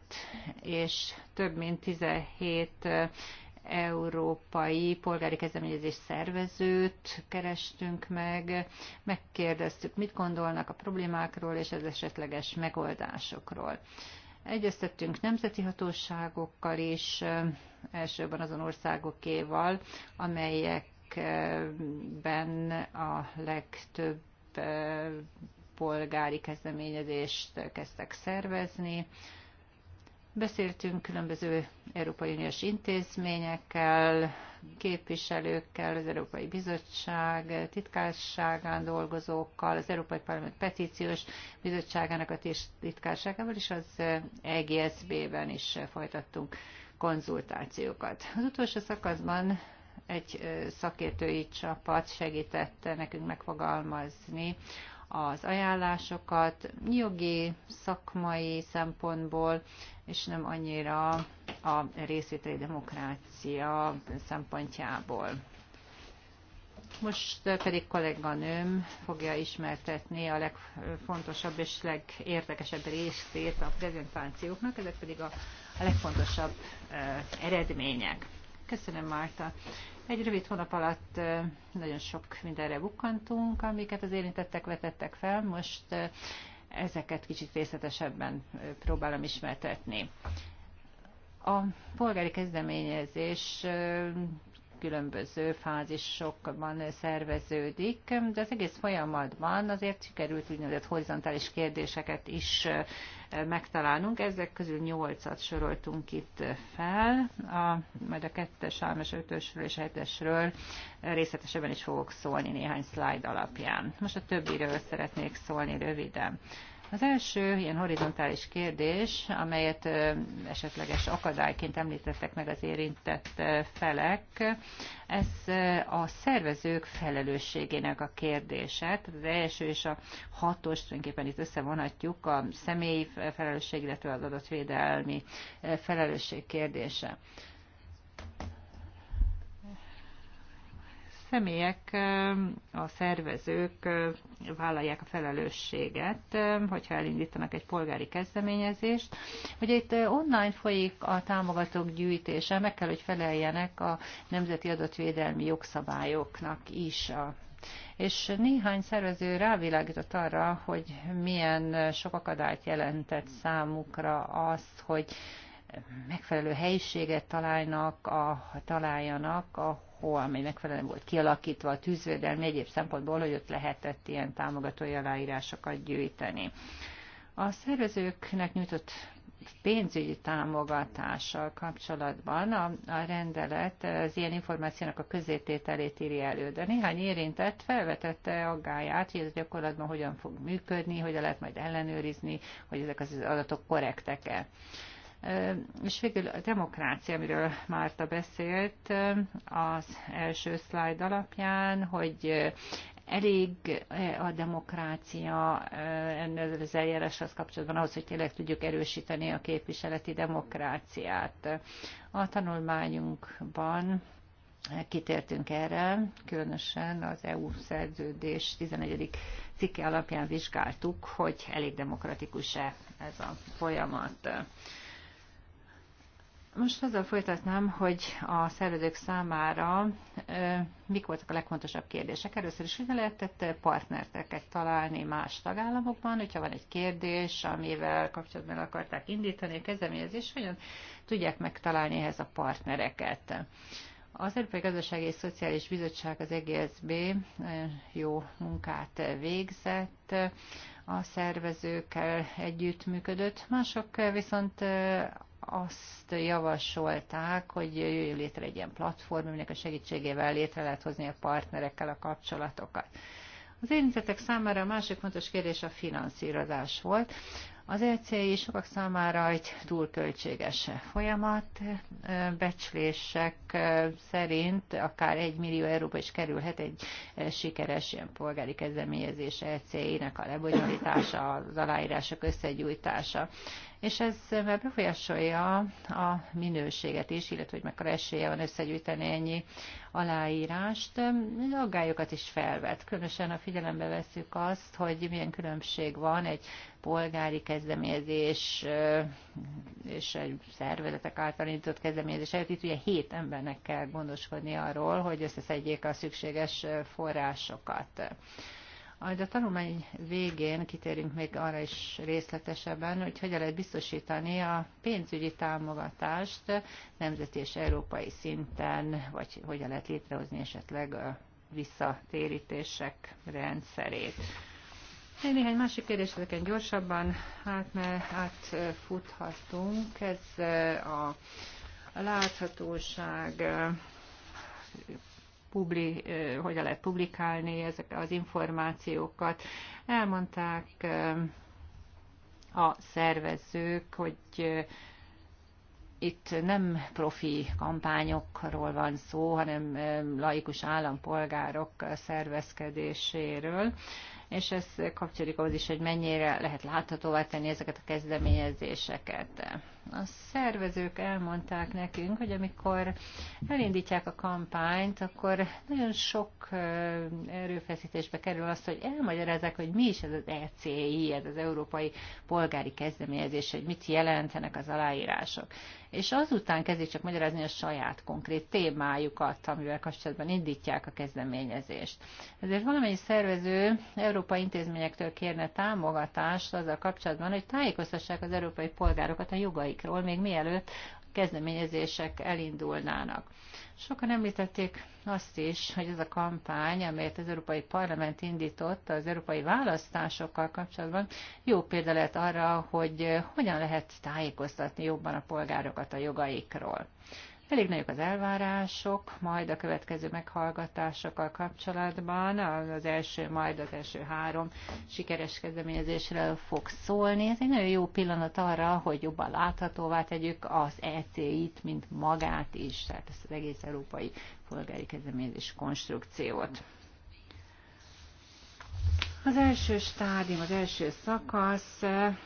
és több mint 17 európai polgári kezdeményezés szervezőt kerestünk meg, megkérdeztük, mit gondolnak a problémákról és az esetleges megoldásokról. Egyeztettünk nemzeti hatóságokkal is, elsőben azon országokéval, amelyekben a legtöbb eh, polgári kezdeményezést kezdtek szervezni, Beszéltünk különböző Európai Uniós intézményekkel, képviselőkkel, az Európai Bizottság titkárságán dolgozókkal, az Európai Parlament Petíciós Bizottságának a titkárságával, és az EGSB-ben is folytattunk konzultációkat. Az utolsó szakaszban egy szakértői csapat segítette nekünk megfogalmazni az ajánlásokat jogi, szakmai szempontból, és nem annyira a részvételi demokrácia szempontjából. Most pedig kolléganőm fogja ismertetni a legfontosabb és legérdekesebb részét a prezentációknak, ezek pedig a, a legfontosabb eredmények. Köszönöm, Márta. Egy rövid hónap alatt nagyon sok mindenre bukkantunk, amiket az érintettek vetettek fel, most ezeket kicsit részletesebben próbálom ismertetni. A polgári kezdeményezés különböző fázisokban szerveződik, de az egész folyamatban azért sikerült úgynevezett horizontális kérdéseket is megtalálnunk. Ezek közül nyolcat soroltunk itt fel, a, majd a kettes, hármas, ötösről és hetesről részletesebben is fogok szólni néhány szlájd alapján. Most a többiről szeretnék szólni röviden. Az első ilyen horizontális kérdés, amelyet esetleges akadályként említettek meg az érintett felek, ez a szervezők felelősségének a kérdése. Az első és a hatos, tulajdonképpen itt összevonhatjuk a személyi felelősség, illetve az adatvédelmi felelősség kérdése. személyek, a szervezők vállalják a felelősséget, hogyha elindítanak egy polgári kezdeményezést. hogy itt online folyik a támogatók gyűjtése, meg kell, hogy feleljenek a nemzeti adatvédelmi jogszabályoknak is a és néhány szervező rávilágított arra, hogy milyen sok akadályt jelentett számukra az, hogy megfelelő helyiséget találnak, a, találjanak, a WHO, amely megfelelően volt kialakítva a tűzvédelmi egyéb szempontból, hogy ott lehetett ilyen támogatói aláírásokat gyűjteni. A szervezőknek nyújtott pénzügyi támogatással kapcsolatban a, a rendelet az ilyen információnak a közétételét írja elő, de néhány érintett felvetette aggáját, hogy ez gyakorlatban hogyan fog működni, hogyan lehet majd ellenőrizni, hogy ezek az adatok korrektek-e. És végül a demokrácia, amiről Márta beszélt az első szlájd alapján, hogy elég a demokrácia ennél az eljáráshoz kapcsolatban ahhoz, hogy tényleg tudjuk erősíteni a képviseleti demokráciát. A tanulmányunkban kitértünk erre, különösen az EU szerződés 11. cikke alapján vizsgáltuk, hogy elég demokratikus-e ez a folyamat. Most azzal folytatnám, hogy a szervezők számára mik voltak a legfontosabb kérdések. Először is, hogy lehetett partnerteket találni más tagállamokban, hogyha van egy kérdés, amivel kapcsolatban akarták indítani a kezdeményezést, hogyan tudják megtalálni ehhez a partnereket. Az Európai Gazdasági és Szociális Bizottság, az EGSB jó munkát végzett, a szervezőkkel együttműködött, mások viszont azt javasolták, hogy jöjjön létre egy ilyen platform, aminek a segítségével létre lehet hozni a partnerekkel a kapcsolatokat. Az érintettek számára a másik fontos kérdés a finanszírozás volt. Az ECI sokak számára egy túlköltséges folyamat. Becslések szerint akár egy millió euróba is kerülhet egy sikeres ilyen polgári kezdeményezés ECI-nek a lebonyolítása, az aláírások összegyújtása és ez befolyásolja a minőséget is, illetve hogy mekkora esélye van összegyűjteni ennyi aláírást. Aggályokat is felvet, különösen a figyelembe veszük azt, hogy milyen különbség van egy polgári kezdeményezés és egy szervezetek által indított kezdeményezés előtt. Itt ugye hét embernek kell gondoskodni arról, hogy összeszedjék a szükséges forrásokat. Majd a tanulmány végén kitérünk még arra is részletesebben, hogy hogyan lehet biztosítani a pénzügyi támogatást nemzeti és európai szinten, vagy hogyan lehet létrehozni esetleg a visszatérítések rendszerét. Én néhány másik kérdés, ezeken gyorsabban hát, mert átfuthatunk. Ez eh, a láthatóság eh, publi, hogyan lehet publikálni ezek az információkat. Elmondták a szervezők, hogy itt nem profi kampányokról van szó, hanem laikus állampolgárok szervezkedéséről, és ez kapcsolódik ahhoz is, hogy mennyire lehet láthatóvá tenni ezeket a kezdeményezéseket. A szervezők elmondták nekünk, hogy amikor elindítják a kampányt, akkor nagyon sok erőfeszítésbe kerül azt, hogy elmagyarázzák, hogy mi is ez az ECI, ez az Európai Polgári Kezdeményezés, hogy mit jelentenek az aláírások. És azután kezdik csak magyarázni a saját konkrét témájukat, amivel kapcsolatban indítják a kezdeményezést. Ezért valamennyi szervező európai intézményektől kérne támogatást azzal kapcsolatban, hogy tájékoztassák az európai polgárokat a jogai munkáikról, még mielőtt a kezdeményezések elindulnának. Sokan említették azt is, hogy ez a kampány, amelyet az Európai Parlament indított az európai választásokkal kapcsolatban, jó példa lehet arra, hogy hogyan lehet tájékoztatni jobban a polgárokat a jogaikról. Elég nagyok az elvárások, majd a következő meghallgatásokkal kapcsolatban, az első, majd az első három sikeres kezdeményezésről fog szólni. Ez egy nagyon jó pillanat arra, hogy jobban láthatóvá tegyük az ec t mint magát is, tehát ezt az egész európai polgári kezdeményezés konstrukciót. Az első stádium, az első szakasz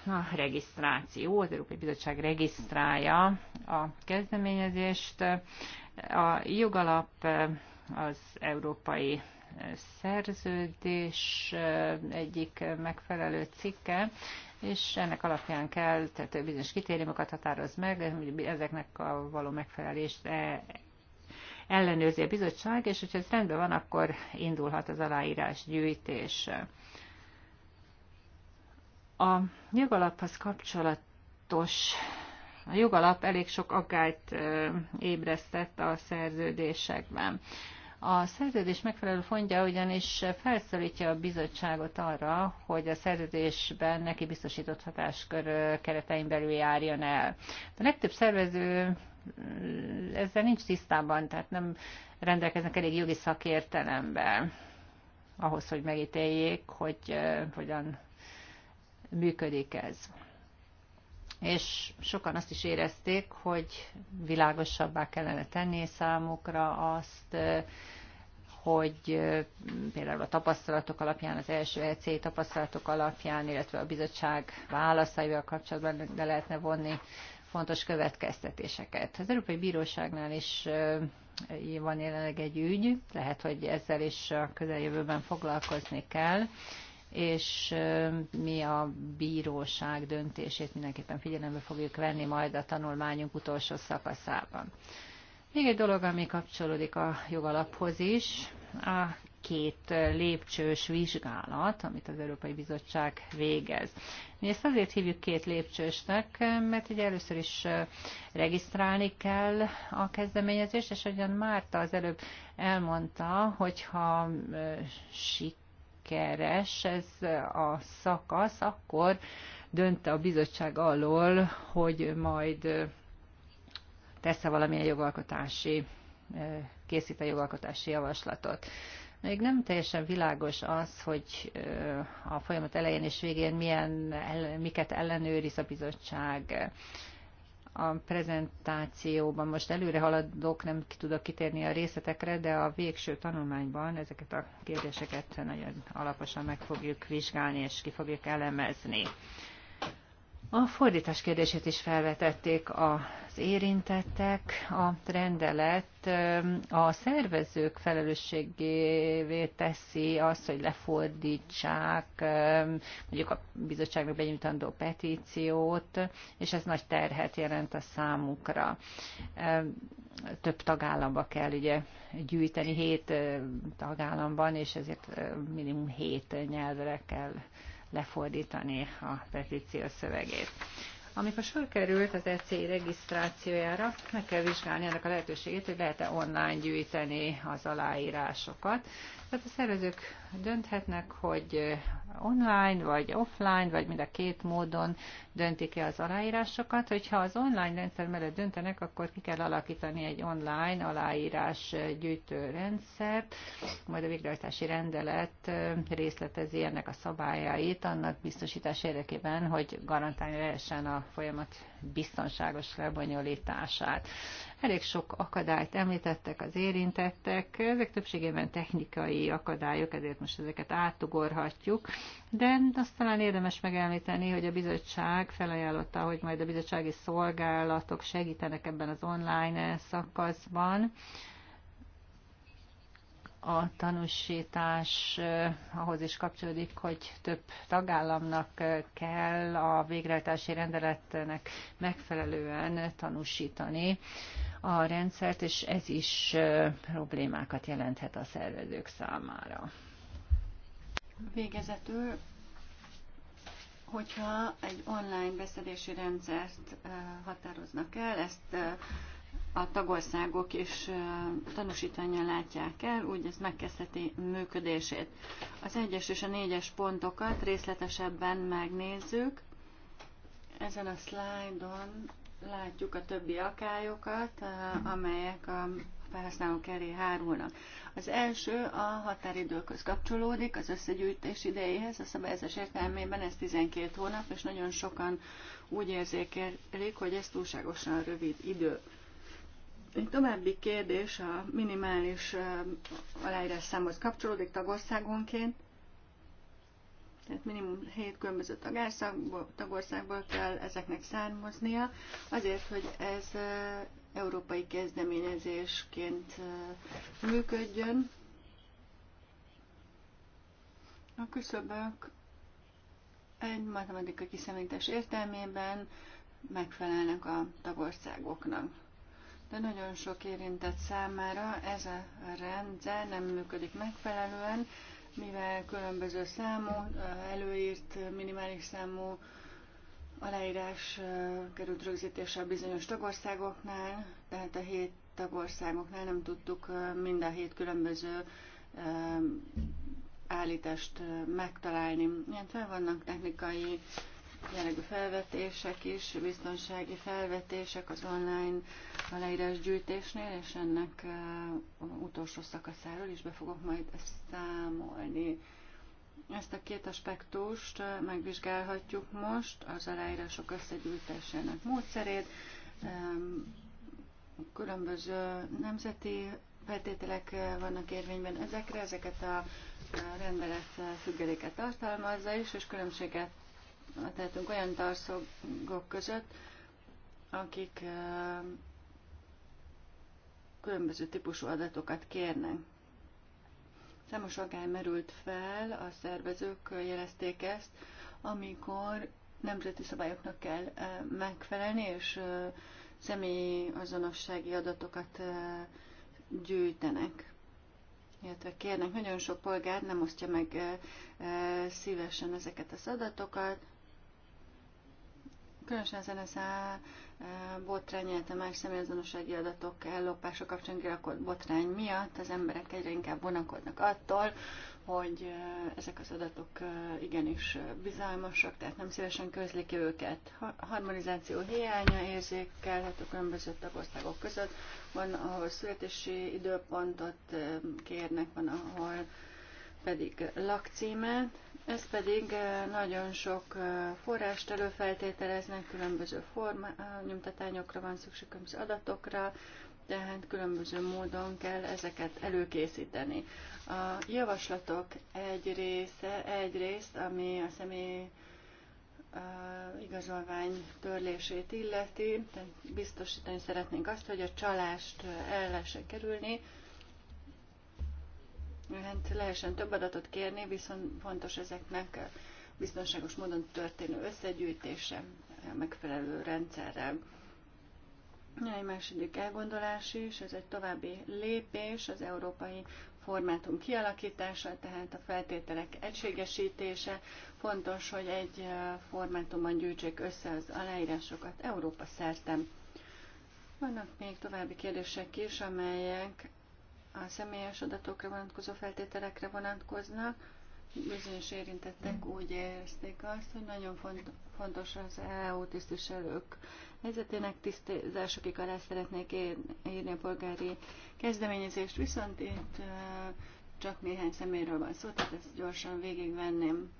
a regisztráció. Az Európai Bizottság regisztrálja a kezdeményezést. A jogalap az európai szerződés egyik megfelelő cikke, és ennek alapján kell, tehát bizonyos kritériumokat határoz meg, ezeknek a való megfelelést e- ellenőrzi a bizottság, és hogyha ez rendben van, akkor indulhat az aláírás gyűjtés. A jogalaphoz kapcsolatos a jogalap elég sok aggályt ébresztett a szerződésekben. A szerződés megfelelő fontja ugyanis felszólítja a bizottságot arra, hogy a szerződésben neki biztosított hatáskör keretein belül járjon el. A legtöbb szervező ezzel nincs tisztában, tehát nem rendelkeznek elég jogi szakértelemben ahhoz, hogy megítéljék, hogy hogyan működik ez. És sokan azt is érezték, hogy világosabbá kellene tenni számukra azt, hogy például a tapasztalatok alapján, az első EC tapasztalatok alapján, illetve a bizottság válaszaival kapcsolatban le lehetne vonni fontos következtetéseket. Az Európai Bíróságnál is van jelenleg egy ügy, lehet, hogy ezzel is a közeljövőben foglalkozni kell és mi a bíróság döntését mindenképpen figyelembe fogjuk venni majd a tanulmányunk utolsó szakaszában. Még egy dolog, ami kapcsolódik a jogalaphoz is, a két lépcsős vizsgálat, amit az Európai Bizottság végez. Mi ezt azért hívjuk két lépcsősnek, mert ugye először is regisztrálni kell a kezdeményezést, és ugyan Márta az előbb elmondta, hogyha sik sikeres ez a szakasz, akkor dönt a bizottság alól, hogy majd tesz-e valamilyen jogalkotási, készít a jogalkotási javaslatot. Még nem teljesen világos az, hogy a folyamat elején és végén milyen, miket ellenőriz a bizottság a prezentációban most előre haladok, nem tudok kitérni a részletekre, de a végső tanulmányban ezeket a kérdéseket nagyon alaposan meg fogjuk vizsgálni, és ki fogjuk elemezni. A fordítás kérdését is felvetették az érintettek. A rendelet a szervezők felelősségévé teszi azt, hogy lefordítsák mondjuk a bizottságnak benyújtandó petíciót, és ez nagy terhet jelent a számukra. Több tagállamba kell ugye gyűjteni, hét tagállamban, és ezért minimum hét nyelvre kell lefordítani a petíció szövegét. Amikor sor került az ECI regisztrációjára, meg kell vizsgálni annak a lehetőségét, hogy lehet-e online gyűjteni az aláírásokat, Hát a szervezők dönthetnek, hogy online, vagy offline, vagy mind a két módon döntik-e az aláírásokat. Hogyha az online rendszer mellett döntenek, akkor ki kell alakítani egy online aláírás gyűjtő rendszert, majd a végrehajtási rendelet részletezi ennek a szabályait, annak biztosítás érdekében, hogy garantálni lehessen a folyamat biztonságos lebonyolítását. Elég sok akadályt említettek az érintettek, ezek többségében technikai akadályok, ezért most ezeket átugorhatjuk, de azt talán érdemes megemlíteni, hogy a bizottság felajánlotta, hogy majd a bizottsági szolgálatok segítenek ebben az online szakaszban, a tanúsítás ahhoz is kapcsolódik, hogy több tagállamnak kell a végrehajtási rendeletnek megfelelően tanúsítani a rendszert, és ez is problémákat jelenthet a szervezők számára. Végezetül, hogyha egy online beszedési rendszert határoznak el, ezt a tagországok is tanúsítványon látják el, úgy ez megkezdheti működését. Az egyes és a négyes pontokat részletesebben megnézzük. Ezen a szlájdon látjuk a többi akályokat, amelyek a felhasználók elé hárulnak. Az első a határidőkhöz kapcsolódik, az összegyűjtés idejéhez, a szabályozás értelmében ez 12 hónap, és nagyon sokan úgy érzékelik, hogy ez túlságosan rövid idő. Egy további kérdés a minimális aláírás számhoz kapcsolódik tagországonként. Tehát minimum 7 különböző tagországból kell ezeknek származnia, azért, hogy ez európai kezdeményezésként működjön. A küszöbök egy matematikai kiszemlítés értelmében megfelelnek a tagországoknak de nagyon sok érintett számára ez a rendszer nem működik megfelelően, mivel különböző számú, előírt minimális számú aláírás került rögzítésre bizonyos tagországoknál, tehát a hét tagországoknál nem tudtuk mind a hét különböző állítást megtalálni. Ilyen fel vannak technikai jellegű felvetések is, biztonsági felvetések az online aláírás gyűjtésnél, és ennek eh, utolsó szakaszáról is be fogok majd számolni. Ezt a két aspektust eh, megvizsgálhatjuk most, az aláírások összegyűjtésének módszerét, különböző nemzeti feltételek eh, vannak érvényben ezekre, ezeket a rendelet függeléket tartalmazza is, és különbséget tehetünk olyan tarszogok között, akik különböző típusú adatokat kérnek. Számos agály merült fel, a szervezők jelezték ezt, amikor nemzeti szabályoknak kell megfelelni, és személyi azonossági adatokat gyűjtenek, illetve kérnek. Nagyon sok polgár nem osztja meg szívesen ezeket az adatokat, Különösen az NSA eh, botrány, illetve más személyazonossági adatok ellopása kapcsán kialakult botrány miatt az emberek egyre inkább vonakodnak attól, hogy eh, ezek az adatok eh, igenis bizalmasak, tehát nem szívesen közlik őket. Harmonizáció hiánya érzékelhető különböző tagországok között. Van, ahol születési időpontot kérnek, van, ahol pedig lakcímet, ez pedig eh, nagyon sok eh, forrást előfeltételeznek, különböző forma, eh, nyomtatányokra van szükség, különböző adatokra, tehát különböző módon kell ezeket előkészíteni. A javaslatok egy része, egy részt, ami a személy igazolvány törlését illeti, tehát biztosítani szeretnénk azt, hogy a csalást el lehessen kerülni, lehet lehessen több adatot kérni, viszont fontos ezeknek biztonságos módon történő összegyűjtése megfelelő rendszerrel. Egy második elgondolás is, ez egy további lépés az európai formátum kialakítása, tehát a feltételek egységesítése. Fontos, hogy egy formátumban gyűjtsék össze az aláírásokat Európa szerte. Vannak még további kérdések is, amelyek a személyes adatokra vonatkozó feltételekre vonatkoznak. Bizonyos érintettek úgy érezték azt, hogy nagyon fontos az EU tisztviselők helyzetének tisztázásokig alá szeretnék írni a polgári kezdeményezést, viszont itt csak néhány szeméről van szó, tehát ezt gyorsan végigvenném.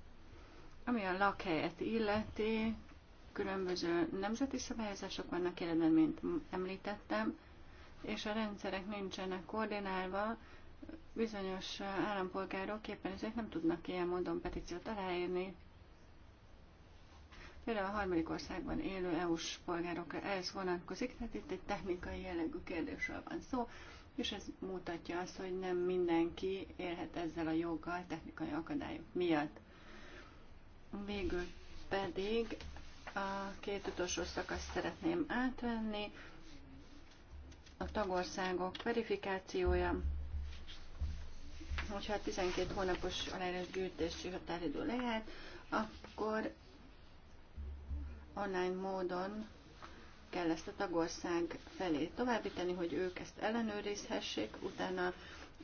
Ami a lakhelyet illeti, különböző nemzeti szabályozások vannak életben, mint említettem és a rendszerek nincsenek koordinálva, bizonyos állampolgárok éppen ezért nem tudnak ilyen módon petíciót aláírni. Például a harmadik országban élő EU-s polgárokra ez vonatkozik, tehát itt egy technikai jellegű kérdésről van szó, és ez mutatja azt, hogy nem mindenki élhet ezzel a joggal technikai akadályok miatt. Végül pedig a két utolsó szakaszt szeretném átvenni a tagországok verifikációja, hogyha 12 hónapos aláírás gyűjtési határidő lehet, akkor online módon kell ezt a tagország felé továbbítani, hogy ők ezt ellenőrizhessék, utána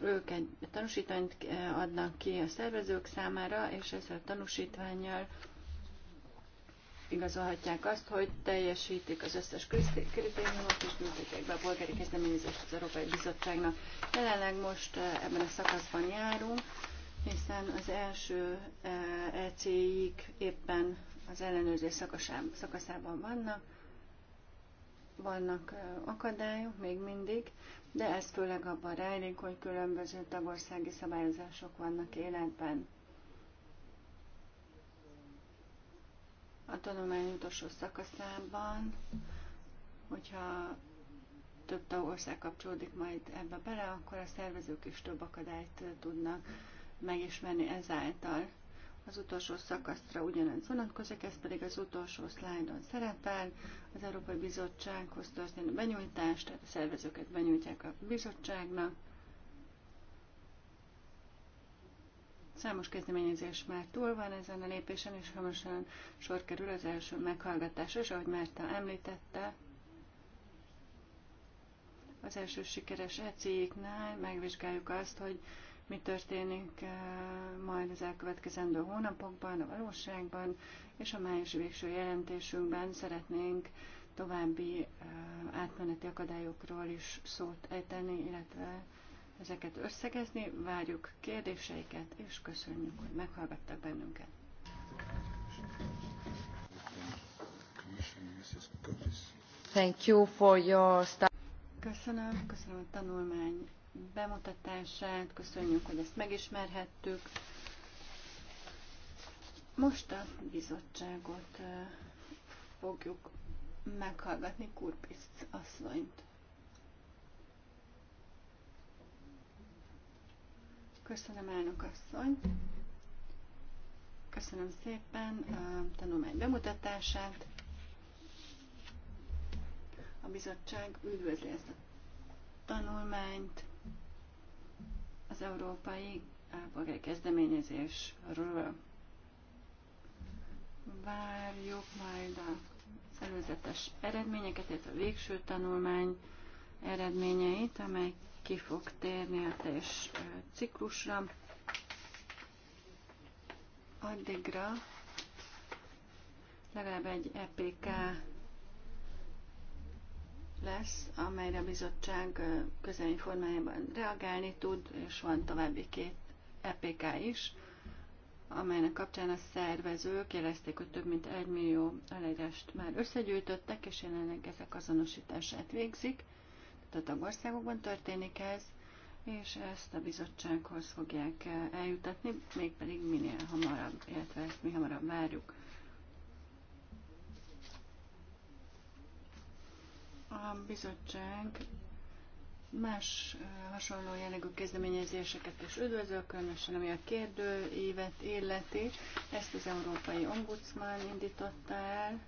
ők egy tanúsítványt adnak ki a szervezők számára, és ezzel a tanúsítványjal igazolhatják azt, hogy teljesítik az összes kritériumot, és nyújtották be a polgári kezdeményezést az Európai Bizottságnak. Jelenleg most eh, ebben a szakaszban járunk, hiszen az első ECI-ig eh, e éppen az ellenőrzés szakaszában vannak, vannak eh, akadályok még mindig, de ez főleg abban rejlik, hogy különböző tagországi szabályozások vannak életben. a tanulmány utolsó szakaszában, hogyha több tagország kapcsolódik majd ebbe bele, akkor a szervezők is több akadályt tudnak megismerni ezáltal. Az utolsó szakaszra ugyanaz vonatkozik, ez pedig az utolsó szlájdon szerepel, az Európai Bizottsághoz történő benyújtást, tehát a szervezőket benyújtják a bizottságnak, Számos kezdeményezés már túl van ezen a lépésen, és hamarosan sor kerül az első meghallgatásra, és ahogy Márta említette, az első sikeres ECI-knál megvizsgáljuk azt, hogy mi történik eh, majd az elkövetkezendő hónapokban, a valóságban, és a május végső jelentésünkben szeretnénk további eh, átmeneti akadályokról is szót ejteni, illetve ezeket összegezni, várjuk kérdéseiket, és köszönjük, hogy meghallgattak bennünket. Thank you for your köszönöm, köszönöm a tanulmány bemutatását, köszönjük, hogy ezt megismerhettük. Most a bizottságot fogjuk meghallgatni Kurpiszt asszonyt. Köszönöm, elnök asszony. Köszönöm szépen a tanulmány bemutatását. A bizottság üdvözli ezt a tanulmányt az európai polgári kezdeményezésről. Várjuk majd az előzetes eredményeket, illetve a végső tanulmány eredményeit, amely ki fog térni a teljes ciklusra. Addigra legalább egy EPK lesz, amelyre a bizottság közeli formájában reagálni tud, és van további két EPK is, amelynek kapcsán a szervezők jelezték, hogy több mint egy millió aláírást már összegyűjtöttek, és jelenleg ezek azonosítását végzik a tagországokban történik ez, és ezt a bizottsághoz fogják eh, eljutatni, mégpedig minél hamarabb, illetve ezt mi hamarabb várjuk. A bizottság más eh, hasonló jellegű kezdeményezéseket is üdvözöl, különösen ami a kérdőívet illeti. Ezt az Európai Ombudsman indította el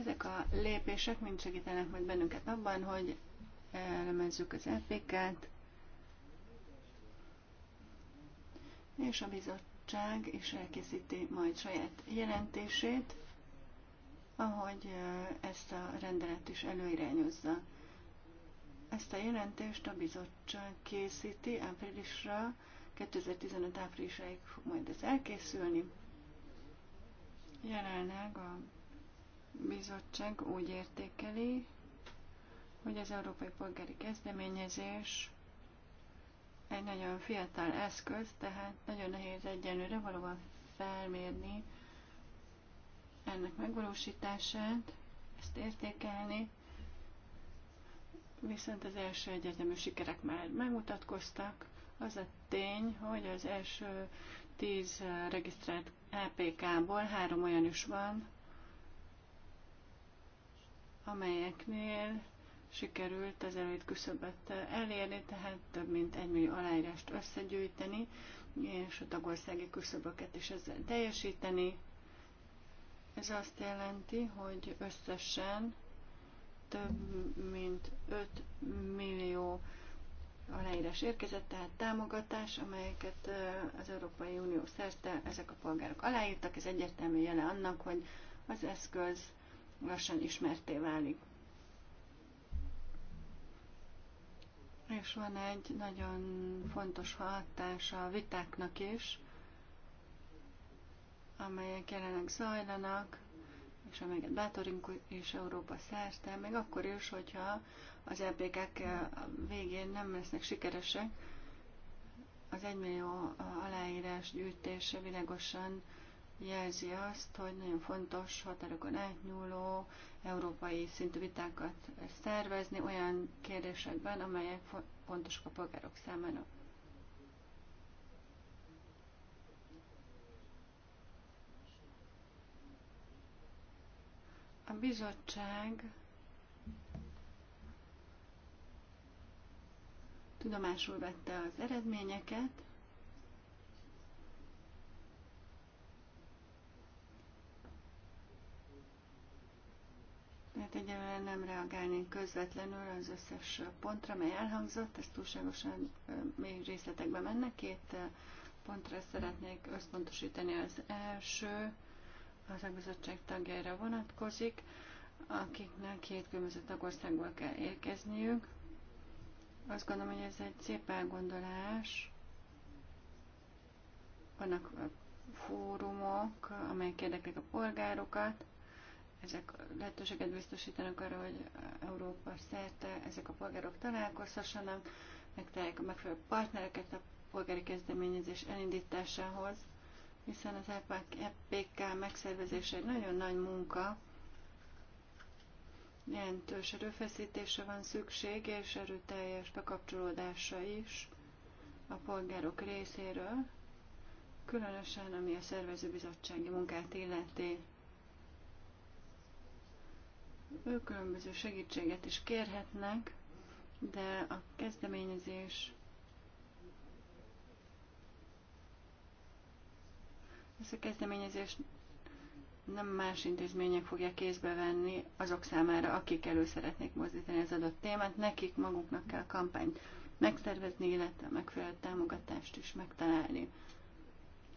Ezek a lépések mind segítenek majd bennünket abban, hogy elemezzük az EPK-t, és a bizottság is elkészíti majd saját jelentését, ahogy ezt a rendelet is előirányozza. Ezt a jelentést a bizottság készíti áprilisra, 2015 áprilisáig fog majd ez elkészülni. Jelenleg a bizottság úgy értékeli, hogy az Európai Polgári Kezdeményezés egy nagyon fiatal eszköz, tehát nagyon nehéz egyenlőre valóban felmérni ennek megvalósítását, ezt értékelni, viszont az első egyetemű sikerek már megmutatkoztak. Az a tény, hogy az első tíz regisztrált APK-ból e három olyan is van, amelyeknél sikerült az előtt küszöbet elérni, tehát több mint egy millió aláírást összegyűjteni, és a tagországi küszöböket is ezzel teljesíteni. Ez azt jelenti, hogy összesen több mint 5 millió aláírás érkezett, tehát támogatás, amelyeket az Európai Unió szerte ezek a polgárok aláírtak. Ez egyértelmű jele annak, hogy az eszköz lassan ismerté válik. És van egy nagyon fontos hatása a vitáknak is, amelyek jelenleg zajlanak, és amelyeket bátorunk és Európa szerte, még akkor is, hogyha az lpk a végén nem lesznek sikeresek, az egymillió aláírás gyűjtése világosan jelzi azt, hogy nagyon fontos határokon átnyúló európai szintű vitákat szervezni olyan kérdésekben, amelyek fontosak a polgárok számára. A bizottság tudomásul vette az eredményeket, Mert egyelőre nem reagálnénk közvetlenül az összes pontra, mely elhangzott, ez túlságosan még részletekbe mennek. Két pontra szeretnék összpontosítani. Az első az, a bizottság tagjára vonatkozik, akiknek két különböző tagországból kell érkezniük. Azt gondolom, hogy ez egy szép elgondolás. Vannak fórumok, amelyek érdeklik a polgárokat, ezek lehetőséget biztosítanak arra, hogy Európa szerte ezek a polgárok találkozhassanak, megtalálják a megfelelő partnereket a polgári kezdeményezés elindításához, hiszen az EPK megszervezése egy nagyon nagy munka, jelentős erőfeszítése van szükség, és erőteljes bekapcsolódása is a polgárok részéről, különösen ami a szervezőbizottsági munkát illeti. Ők különböző segítséget is kérhetnek, de a kezdeményezés ezt a kezdeményezést nem más intézmények fogják kézbe venni azok számára, akik elő szeretnék mozdítani az adott témát, nekik maguknak kell kampányt megszervezni, illetve megfelelő támogatást is megtalálni.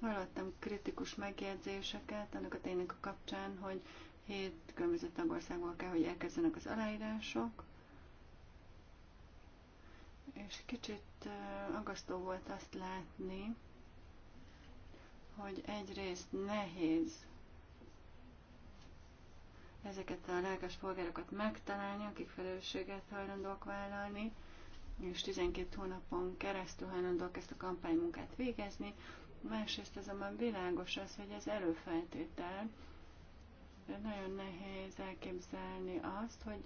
Hallottam kritikus megjegyzéseket annak a tényleg a kapcsán, hogy Hét különböző tagországból kell, hogy elkezdenek az aláírások. És kicsit agasztó volt azt látni, hogy egyrészt nehéz ezeket a lelkes polgárokat megtalálni, akik felelősséget hajlandóak vállalni, és 12 hónapon keresztül hajlandóak ezt a kampánymunkát végezni. Másrészt azonban világos az, hogy ez előfeltétel nagyon nehéz elképzelni azt, hogy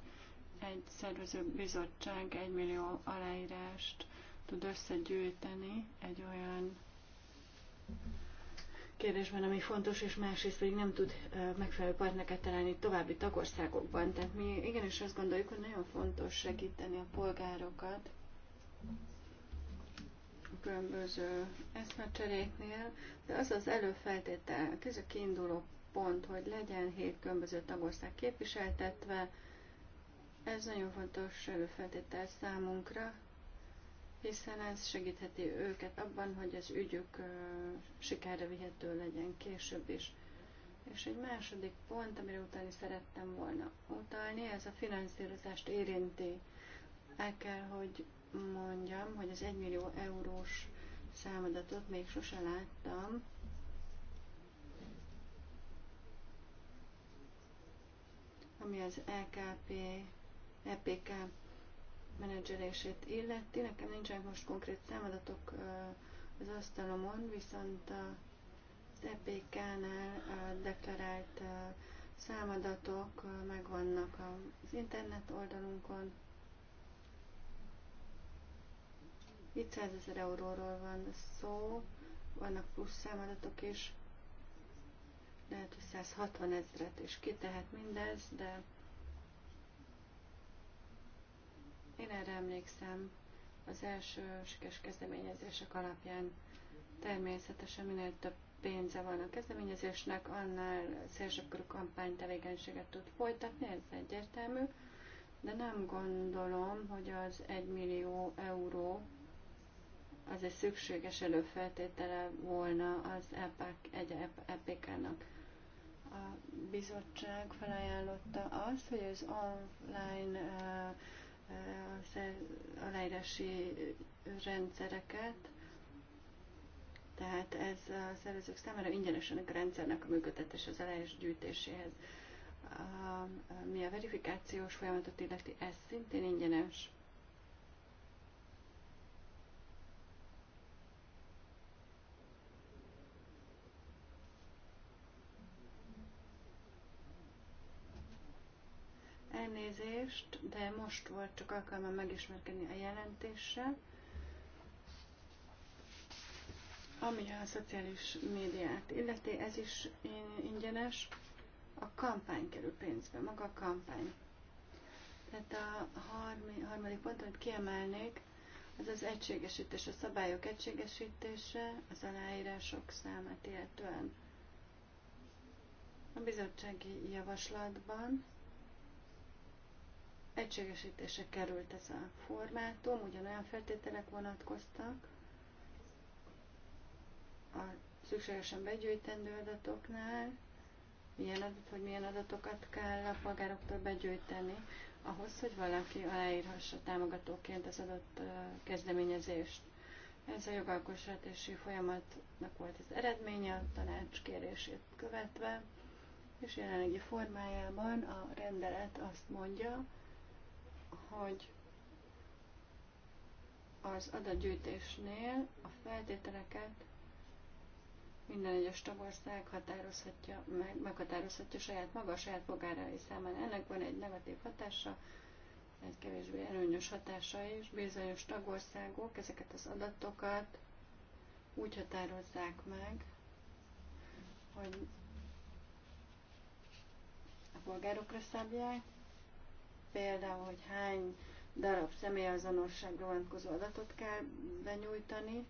egy szervező bizottság egy millió aláírást tud összegyűjteni egy olyan kérdésben, ami fontos, és másrészt pedig nem tud megfelelő partnereket találni további tagországokban. Tehát mi igenis azt gondoljuk, hogy nagyon fontos segíteni a polgárokat a különböző eszmecseréknél, de az az előfeltétel, ez a kiinduló pont, hogy legyen hét különböző tagország képviseltetve. Ez nagyon fontos előfeltétel számunkra, hiszen ez segítheti őket abban, hogy az ügyük sikerre vihető legyen később is. És egy második pont, amire utáni szerettem volna utalni, ez a finanszírozást érinti. El kell, hogy mondjam, hogy az 1 millió eurós számadatot még sose láttam, ami az LKP, e EPK menedzselését illeti. Nekem nincsenek most konkrét számadatok az asztalomon, viszont az EPK-nál deklarált számadatok megvannak az internet oldalunkon. Itt ezer euróról van szó, vannak plusz számadatok is lehet, hogy 160 és ki tehet mindez, de én erre emlékszem az első sikeres kezdeményezések alapján természetesen minél több pénze van a kezdeményezésnek, annál szélsőbb körű kampánytevékenységet tud folytatni, ez egyértelmű, de nem gondolom, hogy az 1 millió euró az egy szükséges előfeltétele volna az EPK-nak. E a bizottság felajánlotta azt, hogy az online aláírási rendszereket, tehát ez a szervezők számára ingyenesen a rendszernek a működtetés az aláírás gyűjtéséhez. A, mi a verifikációs folyamatot illeti, ez szintén ingyenes. elnézést, de most volt csak alkalmam megismerkedni a jelentéssel, ami a szociális médiát illeti, ez is ingyenes, a kampány kerül pénzbe, maga a kampány. Tehát a harmi, harmadik pont, amit kiemelnék, az az egységesítés, a szabályok egységesítése, az aláírások számát illetően. A bizottsági javaslatban Egységesítése került ez a formátum, ugyanolyan feltételek vonatkoztak a szükségesen begyűjtendő adatoknál, milyen adat, hogy milyen adatokat kell a polgároktól begyűjteni, ahhoz, hogy valaki aláírhassa támogatóként az adott kezdeményezést. Ez a jogalkotási folyamatnak volt az eredménye, a tanács kérését követve, és jelenlegi formájában a rendelet azt mondja, hogy az adatgyűjtésnél a feltételeket minden egyes tagország határozhatja meg, meghatározhatja saját maga, a saját polgárai számára. Ennek van egy negatív hatása, egy kevésbé előnyös hatása is. Bizonyos tagországok ezeket az adatokat úgy határozzák meg, hogy a polgárokra szabják, például, hogy hány darab személyazonosságra vonatkozó adatot kell benyújtani,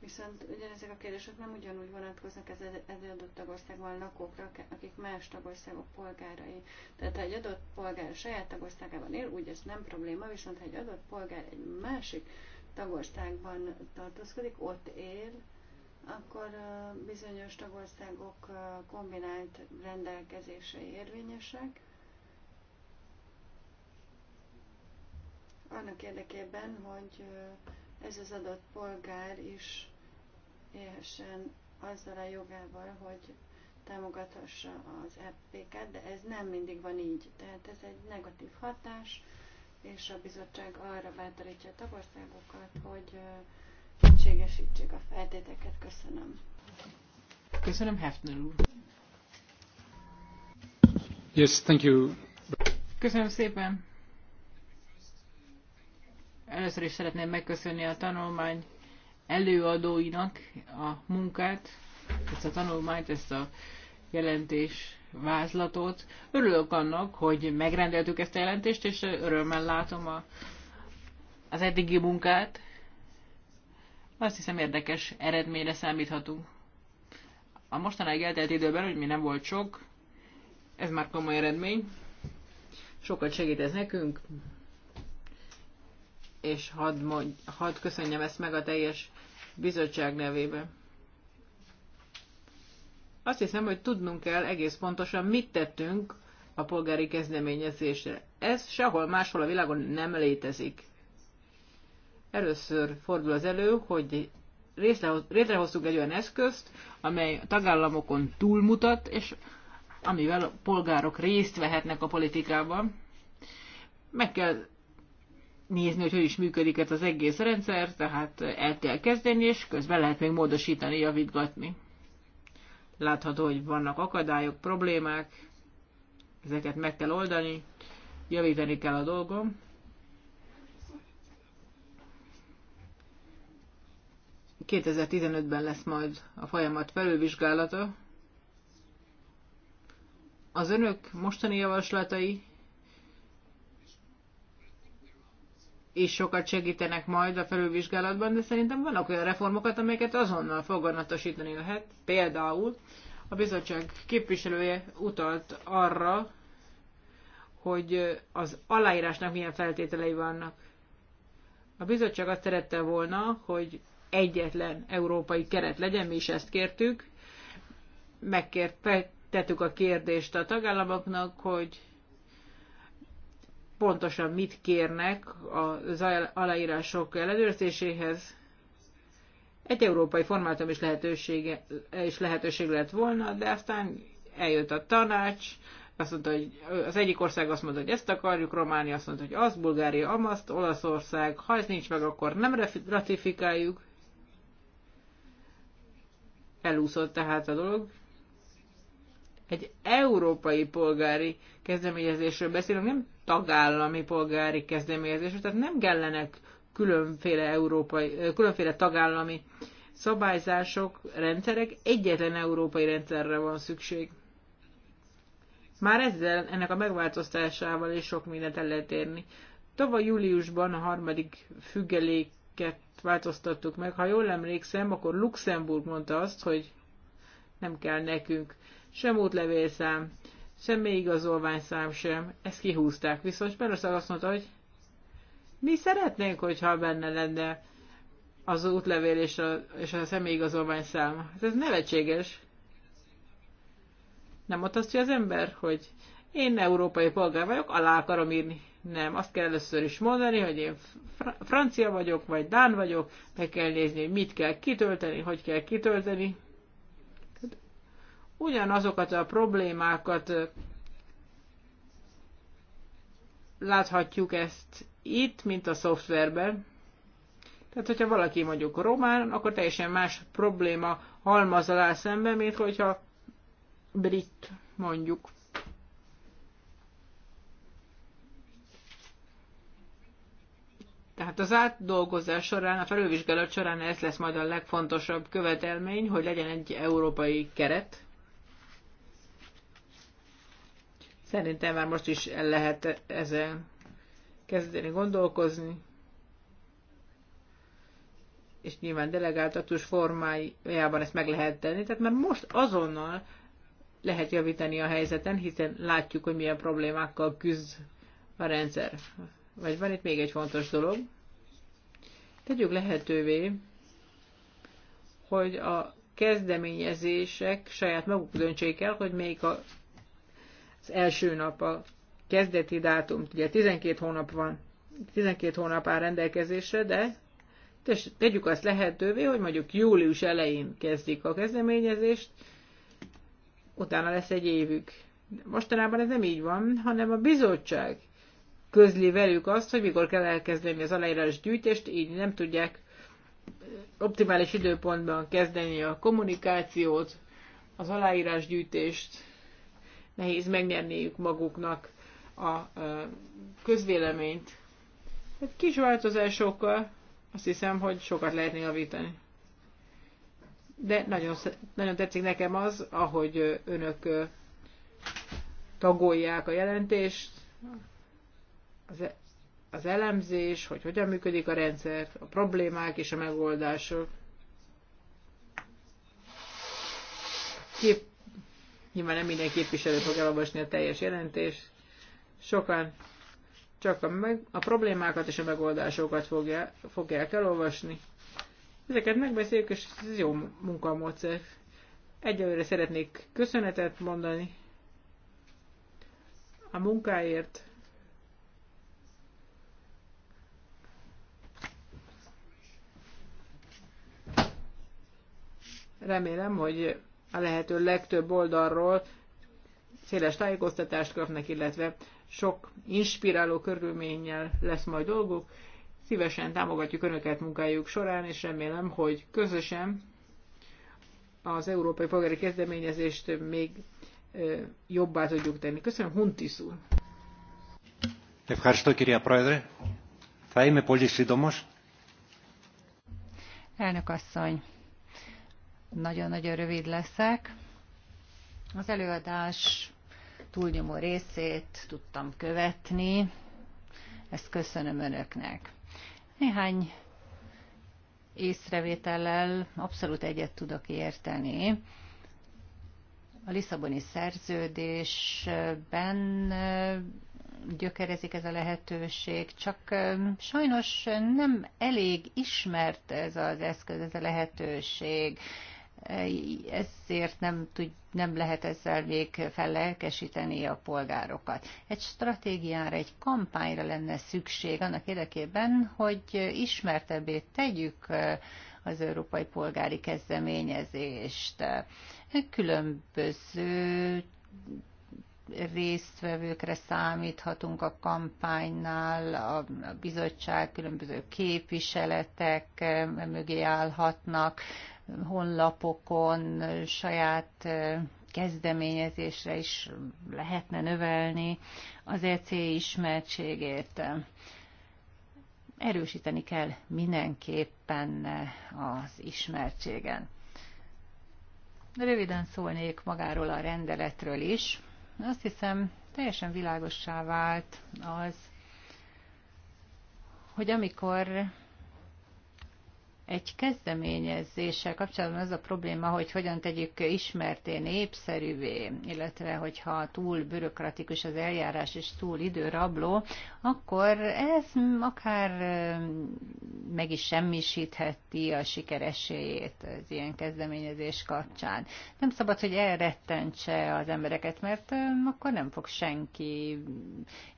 Viszont ugyanezek a kérdések nem ugyanúgy vonatkoznak ez egy adott tagországban lakókra, akik más tagországok polgárai. Tehát ha egy adott polgár a saját tagországában él, úgy ez nem probléma, viszont ha egy adott polgár egy másik tagországban tartózkodik, ott él, akkor bizonyos tagországok kombinált rendelkezései érvényesek, annak érdekében, hogy ez az adott polgár is élhessen azzal a jogával, hogy támogathassa az EPK-t, de ez nem mindig van így. Tehát ez egy negatív hatás, és a bizottság arra bátorítja a tagországokat, hogy kétségesítsék a feltéteket. Köszönöm. Köszönöm, Hefner úr. Yes, thank you. Köszönöm szépen. Először is szeretném megköszönni a tanulmány előadóinak a munkát, ezt a tanulmányt, ezt a jelentés vázlatot. Örülök annak, hogy megrendeltük ezt a jelentést, és örömmel látom a, az eddigi munkát. Azt hiszem érdekes eredményre számíthatunk. A mostanáig eltelt időben, hogy mi nem volt sok, ez már komoly eredmény. Sokat segít ez nekünk, és hadd, mondj, hadd köszönjem ezt meg a teljes bizottság nevében. Azt hiszem, hogy tudnunk kell egész pontosan, mit tettünk a polgári kezdeményezésre. Ez sehol máshol a világon nem létezik. Először fordul az elő, hogy létrehoztunk egy olyan eszközt, amely tagállamokon túlmutat, és amivel a polgárok részt vehetnek a politikában. Meg kell nézni, hogy hogy is működik ez az egész rendszer, tehát el kell kezdeni, és közben lehet még módosítani, javítgatni. Látható, hogy vannak akadályok, problémák, ezeket meg kell oldani, javítani kell a dolgom. ...2015-ben lesz majd a folyamat felülvizsgálata. Az önök mostani javaslatai is sokat segítenek majd a felülvizsgálatban, de szerintem vannak olyan reformokat, amelyeket azonnal foganatosítani lehet. Például a bizottság képviselője utalt arra, hogy az aláírásnak milyen feltételei vannak. A bizottság azt szerette volna, hogy egyetlen európai keret legyen, mi is ezt kértük. Megkért, tettük a kérdést a tagállamoknak, hogy pontosan mit kérnek az aláírások ellenőrzéséhez. Egy európai formátum is, lehetősége, is lehetőség lett volna, de aztán eljött a tanács, azt mondta, hogy az egyik ország azt mondta, hogy ezt akarjuk, Románia azt mondta, hogy az, Bulgária Amaszt, Olaszország, ha ez nincs meg, akkor nem ratifikáljuk. Elúszott tehát a dolog. Egy európai polgári kezdeményezésről beszélünk, nem tagállami polgári kezdeményezés, tehát nem kellenek különféle, európai, különféle tagállami szabályzások, rendszerek, egyetlen európai rendszerre van szükség. Már ezzel, ennek a megváltoztásával is sok mindent el lehet érni. Tavaly júliusban a harmadik függeléket változtattuk meg. Ha jól emlékszem, akkor Luxemburg mondta azt, hogy nem kell nekünk sem útlevélszám, semmi szám sem, ezt kihúzták. Viszont Spenoszak azt mondta, hogy mi szeretnénk, hogyha benne lenne az útlevél és a, és a személyigazolvány szám. Hát ez nevetséges. Nem ott azt, hogy az ember, hogy én európai polgár vagyok, alá akarom írni. Nem, azt kell először is mondani, hogy én fr- francia vagyok, vagy dán vagyok, meg kell nézni, hogy mit kell kitölteni, hogy kell kitölteni ugyanazokat a problémákat láthatjuk ezt itt, mint a szoftverben. Tehát, hogyha valaki mondjuk román, akkor teljesen más probléma halmaz alá szemben, mint hogyha brit mondjuk. Tehát az átdolgozás során, a felülvizsgálat során ez lesz majd a legfontosabb követelmény, hogy legyen egy európai keret, Szerintem már most is el lehet ezen kezdeni gondolkozni. És nyilván delegáltatós formájában ezt meg lehet tenni. Tehát már most azonnal lehet javítani a helyzeten, hiszen látjuk, hogy milyen problémákkal küzd a rendszer. Vagy van itt még egy fontos dolog. Tegyük lehetővé, hogy a kezdeményezések saját maguk döntsék el, hogy melyik a az első nap a kezdeti dátum, ugye 12 hónap van, 12 hónap áll rendelkezésre, de tegyük azt lehetővé, hogy mondjuk július elején kezdik a kezdeményezést, utána lesz egy évük. De mostanában ez nem így van, hanem a bizottság közli velük azt, hogy mikor kell elkezdeni az aláírás gyűjtést, így nem tudják optimális időpontban kezdeni a kommunikációt, az aláírás gyűjtést, nehéz megnyerniük maguknak a közvéleményt. Egy hát kis változásokkal azt hiszem, hogy sokat lehetne javítani. De nagyon, nagyon tetszik nekem az, ahogy önök tagolják a jelentést, az, e- az elemzés, hogy hogyan működik a rendszer, a problémák és a megoldások. Kép, Nyilván nem minden képviselő fog elolvasni a teljes jelentést. Sokan csak a, meg, a problémákat és a megoldásokat fogja, fogják elolvasni. Ezeket megbeszéljük, és ez jó munkamódszer. Egyelőre szeretnék köszönetet mondani a munkáért. Remélem, hogy a lehető legtöbb oldalról széles tájékoztatást kapnak, illetve sok inspiráló körülménnyel lesz majd dolguk. Szívesen támogatjuk Önöket munkájuk során, és remélem, hogy közösen az Európai Polgári Kezdeményezést még jobbá tudjuk tenni. Köszönöm, Huntis úr! Elnök asszony, nagyon-nagyon rövid leszek. Az előadás túlnyomó részét tudtam követni, ezt köszönöm önöknek. Néhány észrevétellel abszolút egyet tudok érteni. A Lisszaboni szerződésben gyökerezik ez a lehetőség, csak sajnos nem elég ismert ez az eszköz, ez a lehetőség ezért nem, tud, nem lehet ezzel még fellelkesíteni a polgárokat. Egy stratégiára, egy kampányra lenne szükség annak érdekében, hogy ismertebbé tegyük az európai polgári kezdeményezést. Különböző résztvevőkre számíthatunk a kampánynál, a bizottság különböző képviseletek mögé állhatnak, honlapokon saját kezdeményezésre is lehetne növelni az EC ismertségét. Erősíteni kell mindenképpen az ismertségen. Röviden szólnék magáról a rendeletről is. Azt hiszem, teljesen világossá vált az, hogy amikor egy kezdeményezéssel kapcsolatban az a probléma, hogy hogyan tegyük ismerté, népszerűvé, illetve hogyha túl bürokratikus az eljárás és túl időrabló, akkor ez akár meg is semmisítheti a sikeresélyét az ilyen kezdeményezés kapcsán. Nem szabad, hogy elrettentse az embereket, mert akkor nem fog senki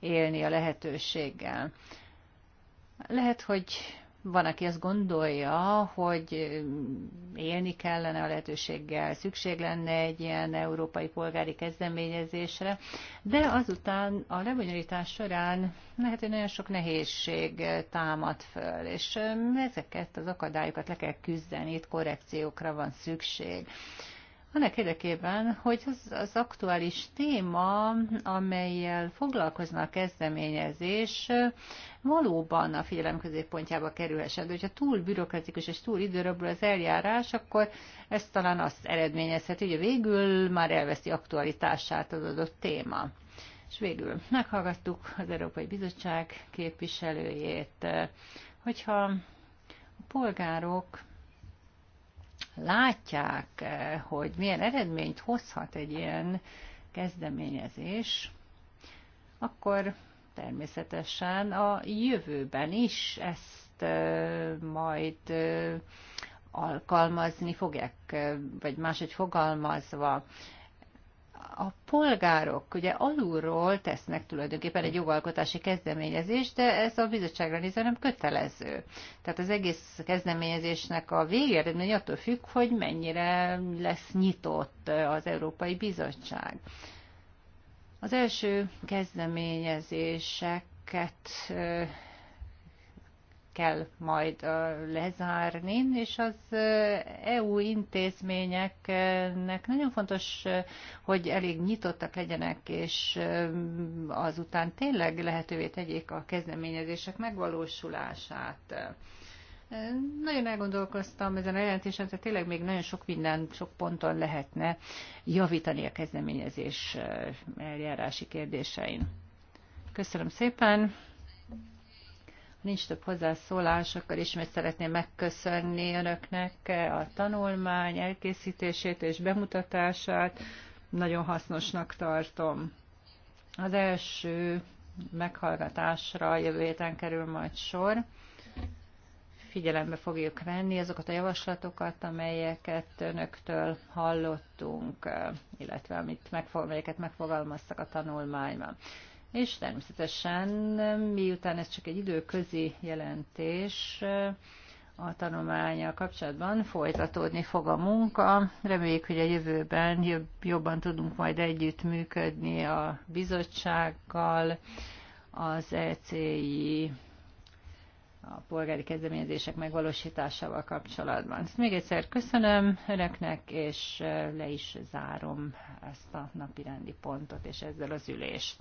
élni a lehetőséggel. Lehet, hogy van, aki azt gondolja, hogy mm, élni kellene a lehetőséggel, szükség lenne egy ilyen európai polgári kezdeményezésre, de azután a lebonyolítás során lehet, hogy nagyon sok nehézség támad föl, és mm, ezeket az akadályokat le kell küzdeni, itt korrekciókra van szükség annak érdekében, hogy az, az aktuális téma, amelyel foglalkozna a kezdeményezés, valóban a figyelem középpontjába kerülhessen. De hogyha túl bürokratikus és túl időről az eljárás, akkor ez talán azt eredményezheti, hogy végül már elveszi aktualitását az adott téma. És végül meghallgattuk az Európai Bizottság képviselőjét. Hogyha a polgárok látják, eh, hogy milyen eredményt hozhat egy ilyen kezdeményezés, akkor természetesen a jövőben is ezt eh, majd eh, alkalmazni fogják, vagy máshogy fogalmazva a polgárok ugye alulról tesznek tulajdonképpen egy jogalkotási kezdeményezést, de ez a bizottságra nézve nem kötelező. Tehát az egész kezdeményezésnek a végeredmény attól függ, hogy mennyire lesz nyitott az Európai Bizottság. Az első kezdeményezéseket kell majd lezárni, és az EU intézményeknek nagyon fontos, hogy elég nyitottak legyenek, és azután tényleg lehetővé tegyék a kezdeményezések megvalósulását. Nagyon elgondolkoztam ezen a jelentésen, tehát tényleg még nagyon sok minden, sok ponton lehetne javítani a kezdeményezés eljárási kérdésein. Köszönöm szépen! nincs több hozzászólás, akkor ismét szeretném megköszönni önöknek a tanulmány elkészítését és bemutatását. Nagyon hasznosnak tartom. Az első meghallgatásra jövő héten kerül majd sor. Figyelembe fogjuk venni azokat a javaslatokat, amelyeket önöktől hallottunk, illetve amit megfog, amelyeket megfogalmaztak a tanulmányban és természetesen miután ez csak egy időközi jelentés, a tanulmánya kapcsolatban folytatódni fog a munka. Reméljük, hogy a jövőben jobban tudunk majd együttműködni a bizottsággal, az ECI a polgári kezdeményezések megvalósításával kapcsolatban. Ezt még egyszer köszönöm Önöknek, és le is zárom ezt a napirendi pontot, és ezzel az ülést.